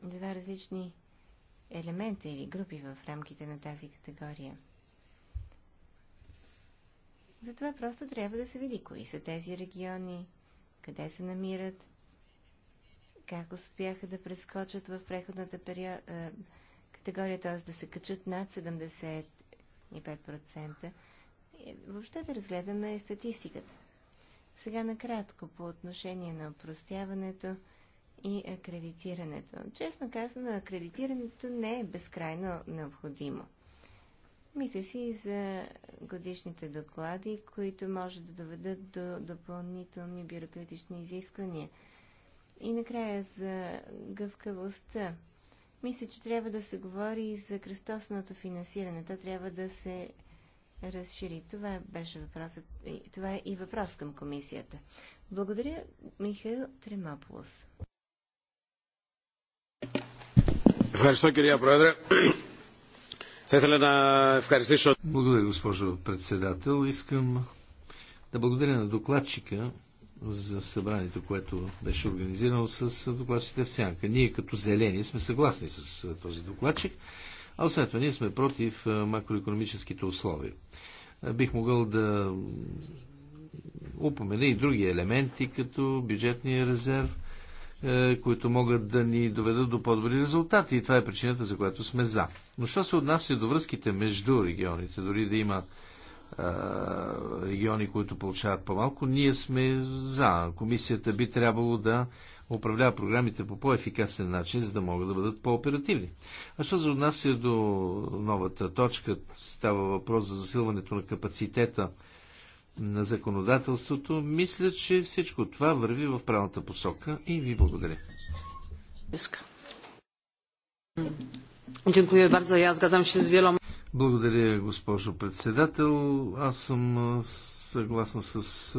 два различни елемента или групи в рамките на тази категория. Затова просто трябва да се види кои са тези региони, къде се намират, как успяха да прескочат в преходната период, е, категория, т.е. да се качат над 75%. Въобще да разгледаме статистиката. Сега накратко по отношение на опростяването и акредитирането. Честно казано, акредитирането не е безкрайно необходимо. Мисля си и за годишните доклади, които може да доведат до допълнителни бюрократични изисквания. И накрая за гъвкавостта. Мисля, че трябва да се говори и за кръстосното финансиране. То трябва да се разшири. Това беше въпросът. Това е и въпрос към комисията. Благодаря, Михаил Тремаполос. Ευχαριστώ, κυρία Πρόεδρε. Θα ήθελα να ευχαριστήσω... Благодаря, госпожо председател. Искам да благодаря на докладчика за събранието, което беше организирано с докладчите в Сянка. Ние като зелени сме съгласни с този докладчик. А освен това, ние сме против макроекономическите условия. Бих могъл да упомена и други елементи, като бюджетния резерв, които могат да ни доведат до по-добри резултати. И това е причината, за която сме за. Но що се отнася до връзките между регионите, дори да има региони, които получават по-малко, ние сме за. Комисията би трябвало да управлява програмите по по-ефикасен начин, за да могат да бъдат по-оперативни. А що за отнася до новата точка, става въпрос за засилването на капацитета на законодателството, мисля, че всичко това върви в правилната посока и ви благодаря. Благодаря, госпожо председател. Аз съм съгласна с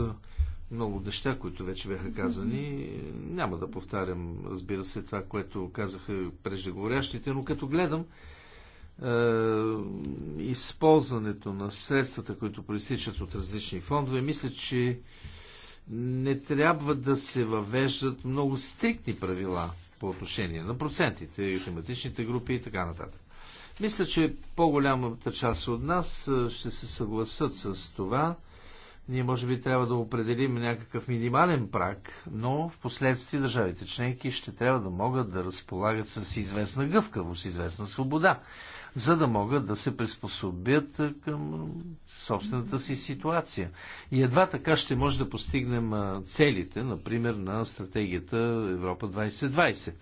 много неща, които вече бяха казани. Няма да повтарям, разбира се, това, което казаха преждеговорящите, но като гледам е, използването на средствата, които проистичат от различни фондове, мисля, че не трябва да се въвеждат много стриктни правила по отношение на процентите, и тематичните групи и така нататък. Мисля, че по-голямата част от нас е, ще се съгласат с това, ние може би трябва да определим някакъв минимален прак, но в последствие държавите членки ще трябва да могат да разполагат с известна гъвкавост, известна свобода, за да могат да се приспособят към собствената си ситуация. И едва така ще може да постигнем целите, например, на стратегията Европа 2020.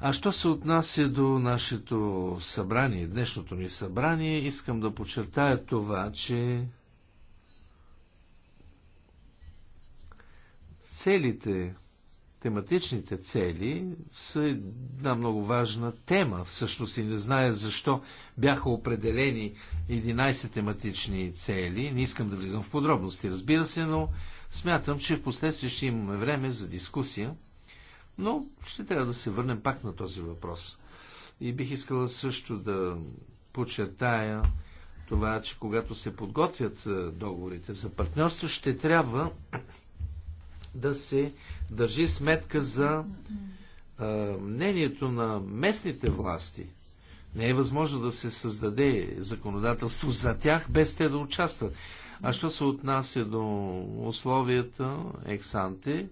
А що се отнася до нашето събрание, днешното ни събрание, искам да подчертая това, че Целите, тематичните цели са една много важна тема. Всъщност и не зная защо бяха определени 11 тематични цели. Не искам да влизам в подробности, разбира се, но смятам, че в последствие ще имаме време за дискусия. Но ще трябва да се върнем пак на този въпрос. И бих искала също да подчертая това, че когато се подготвят е, договорите за партньорство, ще трябва да се държи сметка за а, мнението на местните власти. Не е възможно да се създаде законодателство за тях, без те да участват. А що се отнася до условията, ексанте, е,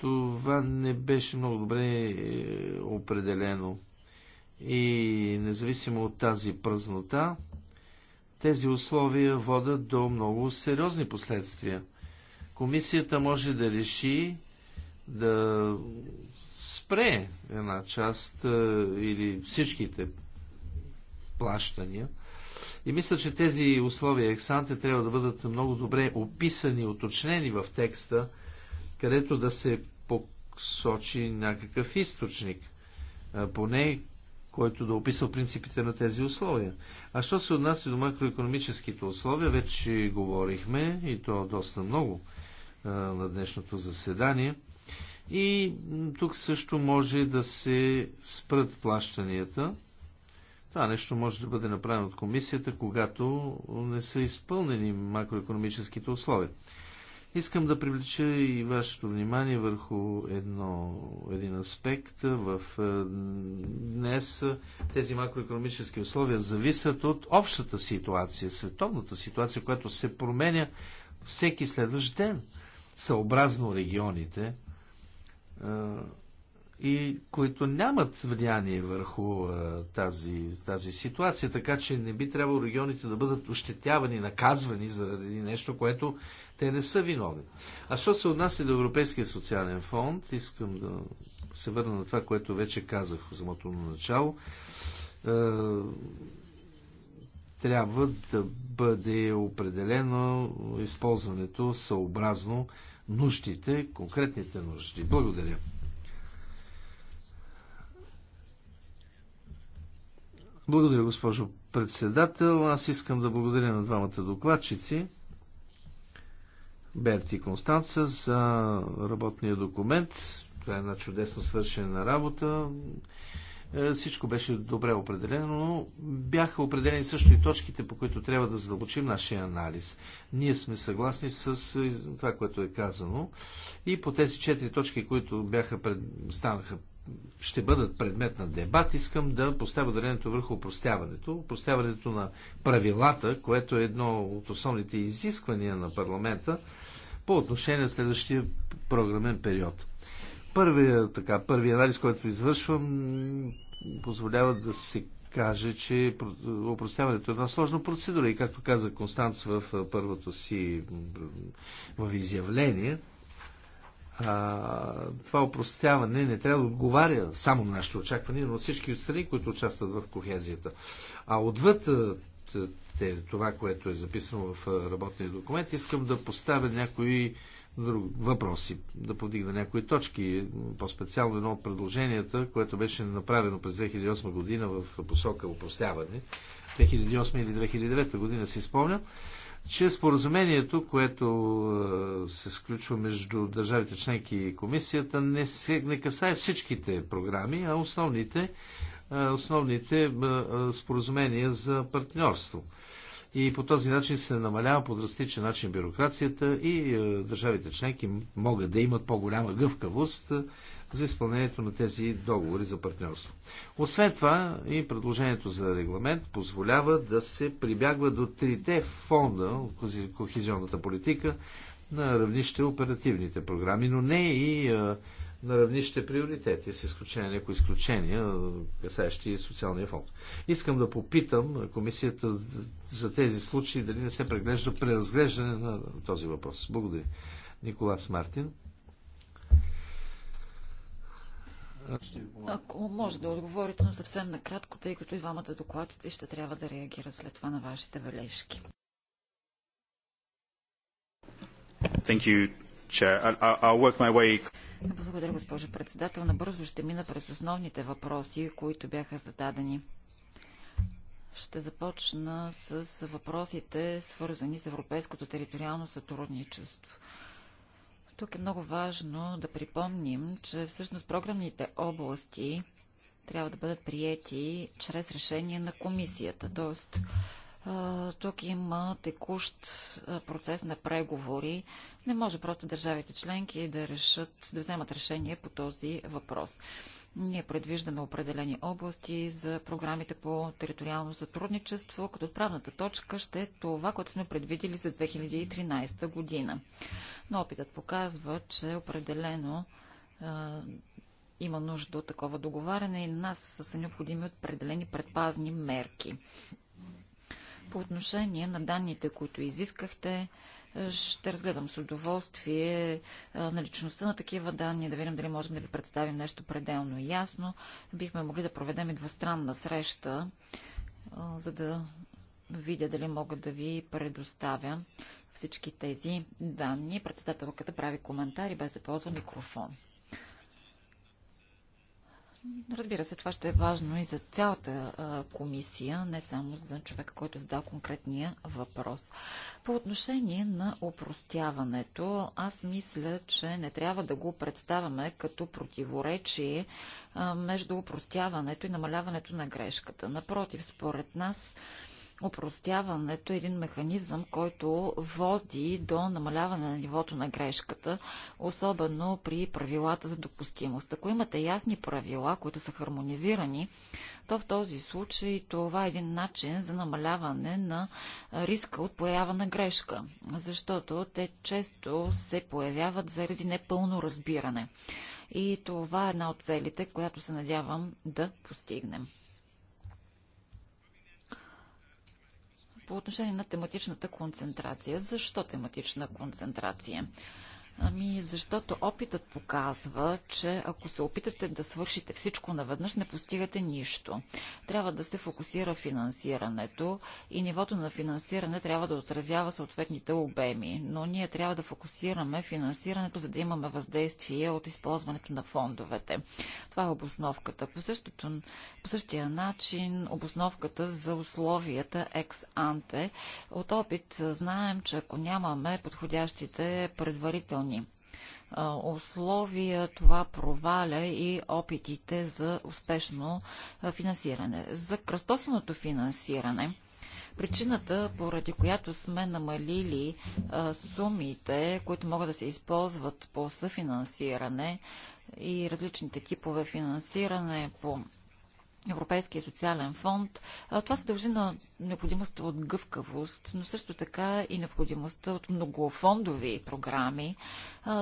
това не беше много добре е, определено. И независимо от тази празнота, тези условия водят до много сериозни последствия – комисията може да реши да спре една част е, или всичките плащания. И мисля, че тези условия ексанте трябва да бъдат много добре описани, уточнени в текста, където да се посочи някакъв източник, е, поне който да описва принципите на тези условия. А що се отнася до макроекономическите условия, вече говорихме и то доста много на днешното заседание. И тук също може да се спрат плащанията. Това нещо може да бъде направено от комисията, когато не са изпълнени макроекономическите условия. Искам да привлеча и вашето внимание върху едно, един аспект. В, днес тези макроекономически условия зависят от общата ситуация, световната ситуация, която се променя всеки следващ ден съобразно регионите и които нямат влияние върху тази, тази ситуация, така че не би трябвало регионите да бъдат ощетявани, наказвани заради нещо, което те не са виновни. А що се отнася до Европейския социален фонд, искам да се върна на това, което вече казах в самото начало трябва да бъде определено използването съобразно нуждите, конкретните нужди. Благодаря. Благодаря, госпожо председател. Аз искам да благодаря на двамата докладчици, Берти и Констанца, за работния документ. Това е една чудесно свършена работа. Е, всичко беше добре определено, но бяха определени също и точките, по които трябва да задълбочим нашия анализ. Ние сме съгласни с е, това, което е казано. И по тези четири точки, които бяха пред... станаха ще бъдат предмет на дебат, искам да поставя ударението върху опростяването. Опростяването на правилата, което е едно от основните изисквания на парламента по отношение на следващия програмен период първия, така, първия анализ, който извършвам, позволява да се каже, че опростяването е една сложна процедура и както каза Констанц в първото си в изявление, а, това опростяване не трябва да отговаря само на нашите очаквания, но всички страни, които участват в кохезията. А отвъд това, което е записано в работния документ, искам да поставя някои друг, въпроси, да повдигна някои точки. По-специално едно от предложенията, което беше направено през 2008 година в посока упростяване, 2008 или 2009 година си спомня, че споразумението, което се сключва между държавите членки и комисията, не, се, не касае всичките програми, а основните, основните споразумения за партньорство и по този начин се намалява по драстичен начин бюрокрацията и е, държавите членки могат да имат по-голяма гъвкавост е, за изпълнението на тези договори за партньорство. Освен това и предложението за регламент позволява да се прибягва до трите фонда от кохезионната политика на равнище оперативните програми, но не и е, на равнище приоритети, с изключение на някои изключения, касаещи социалния фонд. Искам да попитам комисията за тези случаи дали не се преглежда преразглеждане на този въпрос. Благодаря. Николас Мартин. Ако може да отговорите, но съвсем накратко, тъй като и двамата докладите ще трябва да реагира след това на вашите бележки. Thank you, Chair. I'll, I'll work my way благодаря, госпожо председател. Набързо ще мина през основните въпроси, които бяха зададени. Ще започна с въпросите, свързани с европейското териториално сътрудничество. Тук е много важно да припомним, че всъщност програмните области трябва да бъдат приети чрез решение на комисията. Тоест, тук има текущ процес на преговори. Не може просто държавите членки да решат, да вземат решение по този въпрос. Ние предвиждаме определени области за програмите по териториално сътрудничество, като отправната точка ще е това, което сме предвидели за 2013 година. Но опитът показва, че определено е, има нужда от такова договаряне и нас са необходими определени предпазни мерки. По отношение на данните, които изискахте, е, ще разгледам с удоволствие е, наличността на такива данни, да видим дали можем да ви представим нещо пределно и ясно. Бихме могли да проведем и двустранна среща, е, за да видя дали мога да ви предоставя всички тези данни. Председателката прави коментари без да ползва микрофон. Разбира се, това ще е важно и за цялата а, комисия, не само за човека, който задал конкретния въпрос. По отношение на опростяването, аз мисля, че не трябва да го представяме като противоречие а, между опростяването и намаляването на грешката. Напротив, според нас, Опростяването е един механизъм, който води до намаляване на нивото на грешката, особено при правилата за допустимост. Ако имате ясни правила, които са хармонизирани, то в този случай това е един начин за намаляване на риска от поява на грешка, защото те често се появяват заради непълно разбиране. И това е една от целите, която се надявам да постигнем. По отношение на тематичната концентрация. Защо тематична концентрация? Ами, защото опитът показва, че ако се опитате да свършите всичко наведнъж, не постигате нищо. Трябва да се фокусира финансирането и нивото на финансиране трябва да отразява съответните обеми. Но ние трябва да фокусираме финансирането, за да имаме въздействие от използването на фондовете. Това е обосновката. По, същото, по същия начин обосновката за условията ex-ante. От опит знаем, че ако нямаме подходящите предварителни социални условия, това проваля и опитите за успешно финансиране. За кръстосаното финансиране – Причината, поради която сме намалили а, сумите, които могат да се използват по съфинансиране и различните типове финансиране по Европейския социален фонд. Това се дължи на необходимостта от гъвкавост, но също така и необходимостта от многофондови програми,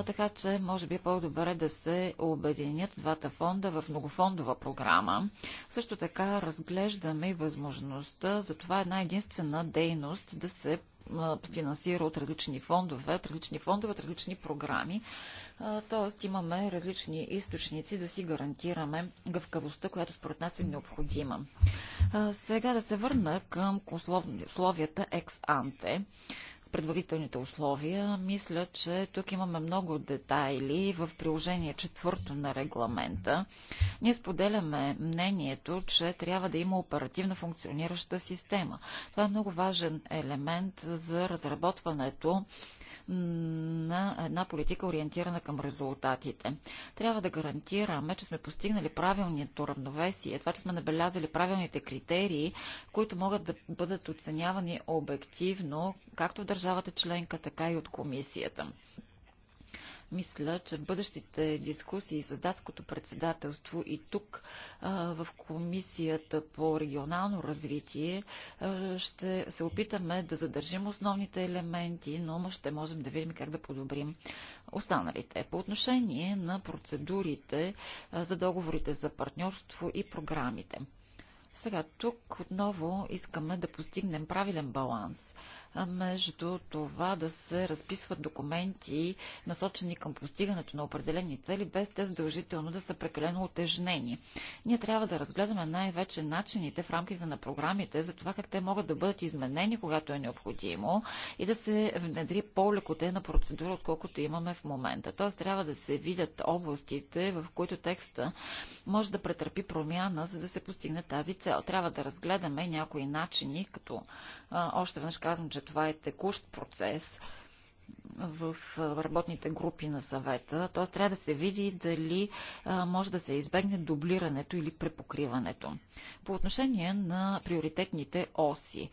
така че може би е по-добре да се обединят двата фонда в многофондова програма. Също така разглеждаме и възможността за това една единствена дейност да се финансира от различни фондове, от различни фондове, от различни програми. Тоест имаме различни източници да си гарантираме гъвкавостта, която според нас е необходима. Сега да се върна към условията екс-анте предварителните условия, мисля, че тук имаме много детайли в приложение четвърто на регламента. Ние споделяме мнението, че трябва да има оперативна функционираща система. Това е много важен елемент за разработването на една политика ориентирана към резултатите. Трябва да гарантираме, че сме постигнали правилното равновесие, това, че сме набелязали правилните критерии, които могат да бъдат оценявани обективно, както в държавата членка, така и от комисията. Мисля, че в бъдещите дискусии с датското председателство и тук в Комисията по регионално развитие ще се опитаме да задържим основните елементи, но ще можем да видим как да подобрим останалите. По отношение на процедурите за договорите за партньорство и програмите. Сега тук отново искаме да постигнем правилен баланс между това да се разписват документи, насочени към постигането на определени цели, без те задължително да са прекалено отежнени. Ние трябва да разгледаме най-вече начините в рамките на програмите за това как те могат да бъдат изменени, когато е необходимо и да се внедри по-лекотена процедура, отколкото имаме в момента. Т.е. трябва да се видят областите, в които текста може да претърпи промяна, за да се постигне тази цел. Трябва да разгледаме някои начини, като а, още веднъж казвам, че това е текущ процес в работните групи на съвета. Т.е. трябва да се види дали може да се избегне дублирането или препокриването. По отношение на приоритетните оси.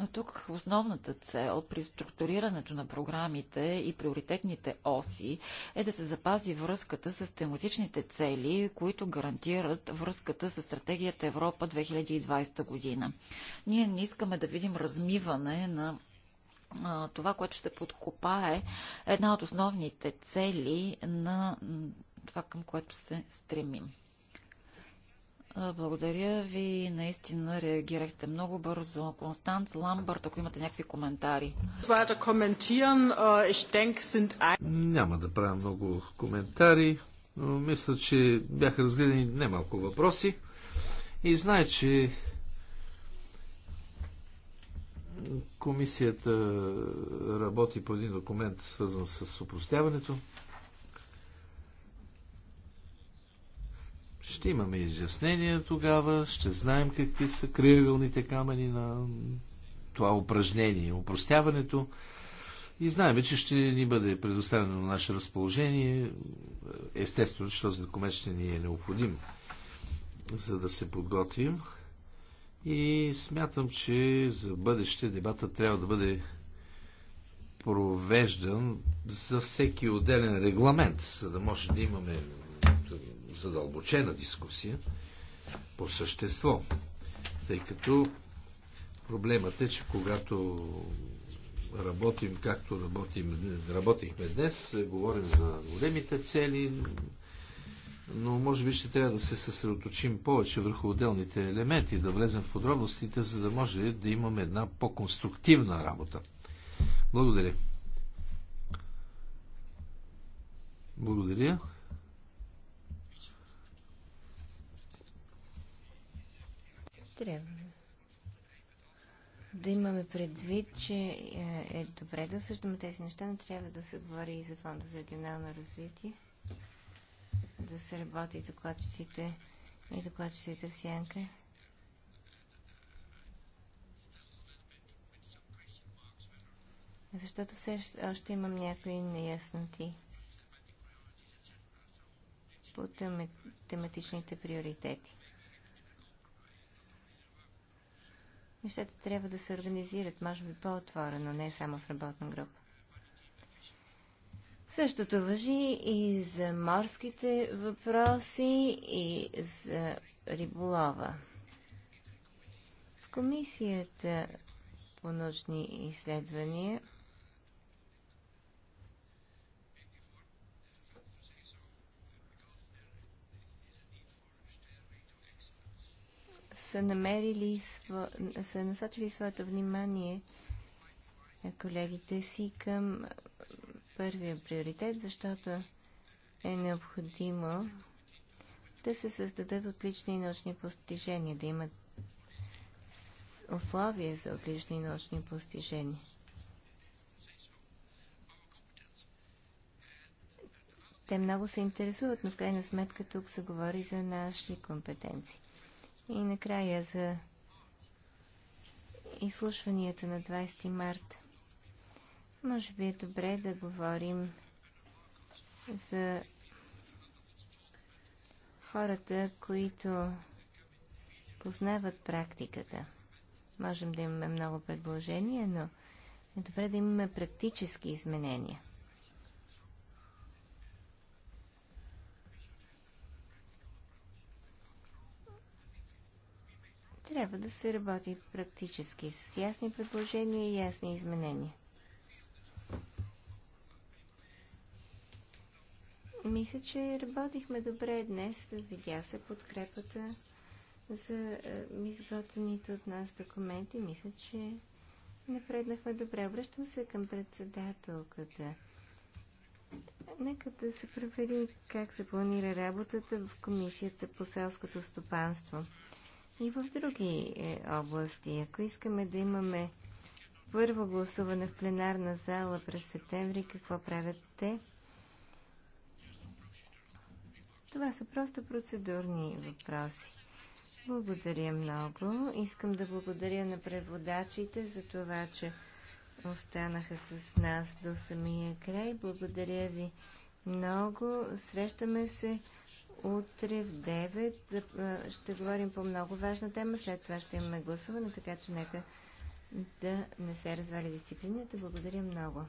Но тук основната цел при структурирането на програмите и приоритетните оси е да се запази връзката с тематичните цели, които гарантират връзката с стратегията Европа 2020 година. Ние не искаме да видим размиване на това, което ще подкопае една от основните цели на това, към което се стремим. Благодаря ви. Наистина реагирахте много бързо. Констанц Ламбърт, ако имате някакви коментари. Äh, Няма да правя много коментари. Но мисля, че бяха разгледани немалко въпроси. И знае, че комисията работи по един документ, свързан с упростяването. Ще имаме изяснения тогава, ще знаем какви са кривилните камъни на това упражнение, упростяването. И знаем, че ще ни бъде предоставено на наше разположение. Естествено, че този документ ще ни е необходим, за да се подготвим. И смятам, че за бъдеще дебата трябва да бъде провеждан за всеки отделен регламент, за да може да имаме задълбочена дискусия по същество, тъй като проблемът е, че когато работим както работим, работихме днес, говорим за големите цели, но може би ще трябва да се съсредоточим повече върху отделните елементи, да влезем в подробностите, за да може да имаме една по-конструктивна работа. Благодаря. Благодаря. трябва да имаме предвид, че е, е добре да обсъждаме тези неща, но трябва да се говори и за Фонда за регионално развитие, да се работи докладчиците и докладчиците в сянка. Защото все още имам някои неясноти по тематичните приоритети. Нещата трябва да се организират, може би по-отворено, не само в работна група. Същото въжи и за морските въпроси и за риболова. В комисията по научни изследвания – са намерили, са насочили своето внимание колегите си към първия приоритет, защото е необходимо да се създадат отлични научни постижения, да имат условия за отлични научни постижения. Те много се интересуват, но в крайна сметка тук се говори за наши компетенции. И накрая за изслушванията на 20 март. Може би е добре да говорим за хората, които познават практиката. Можем да имаме много предложения, но е добре да имаме практически изменения. Трябва да се работи практически с ясни предложения и ясни изменения. Мисля, че работихме добре днес. Видя се подкрепата за е, изготвените от нас документи. Мисля, че напреднахме добре. Обръщам се към председателката. Нека да се проверим как се планира работата в Комисията по селското стопанство и в други е, области. Ако искаме да имаме първо гласуване в пленарна зала през септември, какво правят те? Това са просто процедурни въпроси. Благодаря много. Искам да благодаря на преводачите за това, че останаха с нас до самия край. Благодаря ви много. Срещаме се Утре в 9 ще говорим по много важна тема, след това ще имаме гласуване, така че нека да не се развали дисциплината. Благодаря много.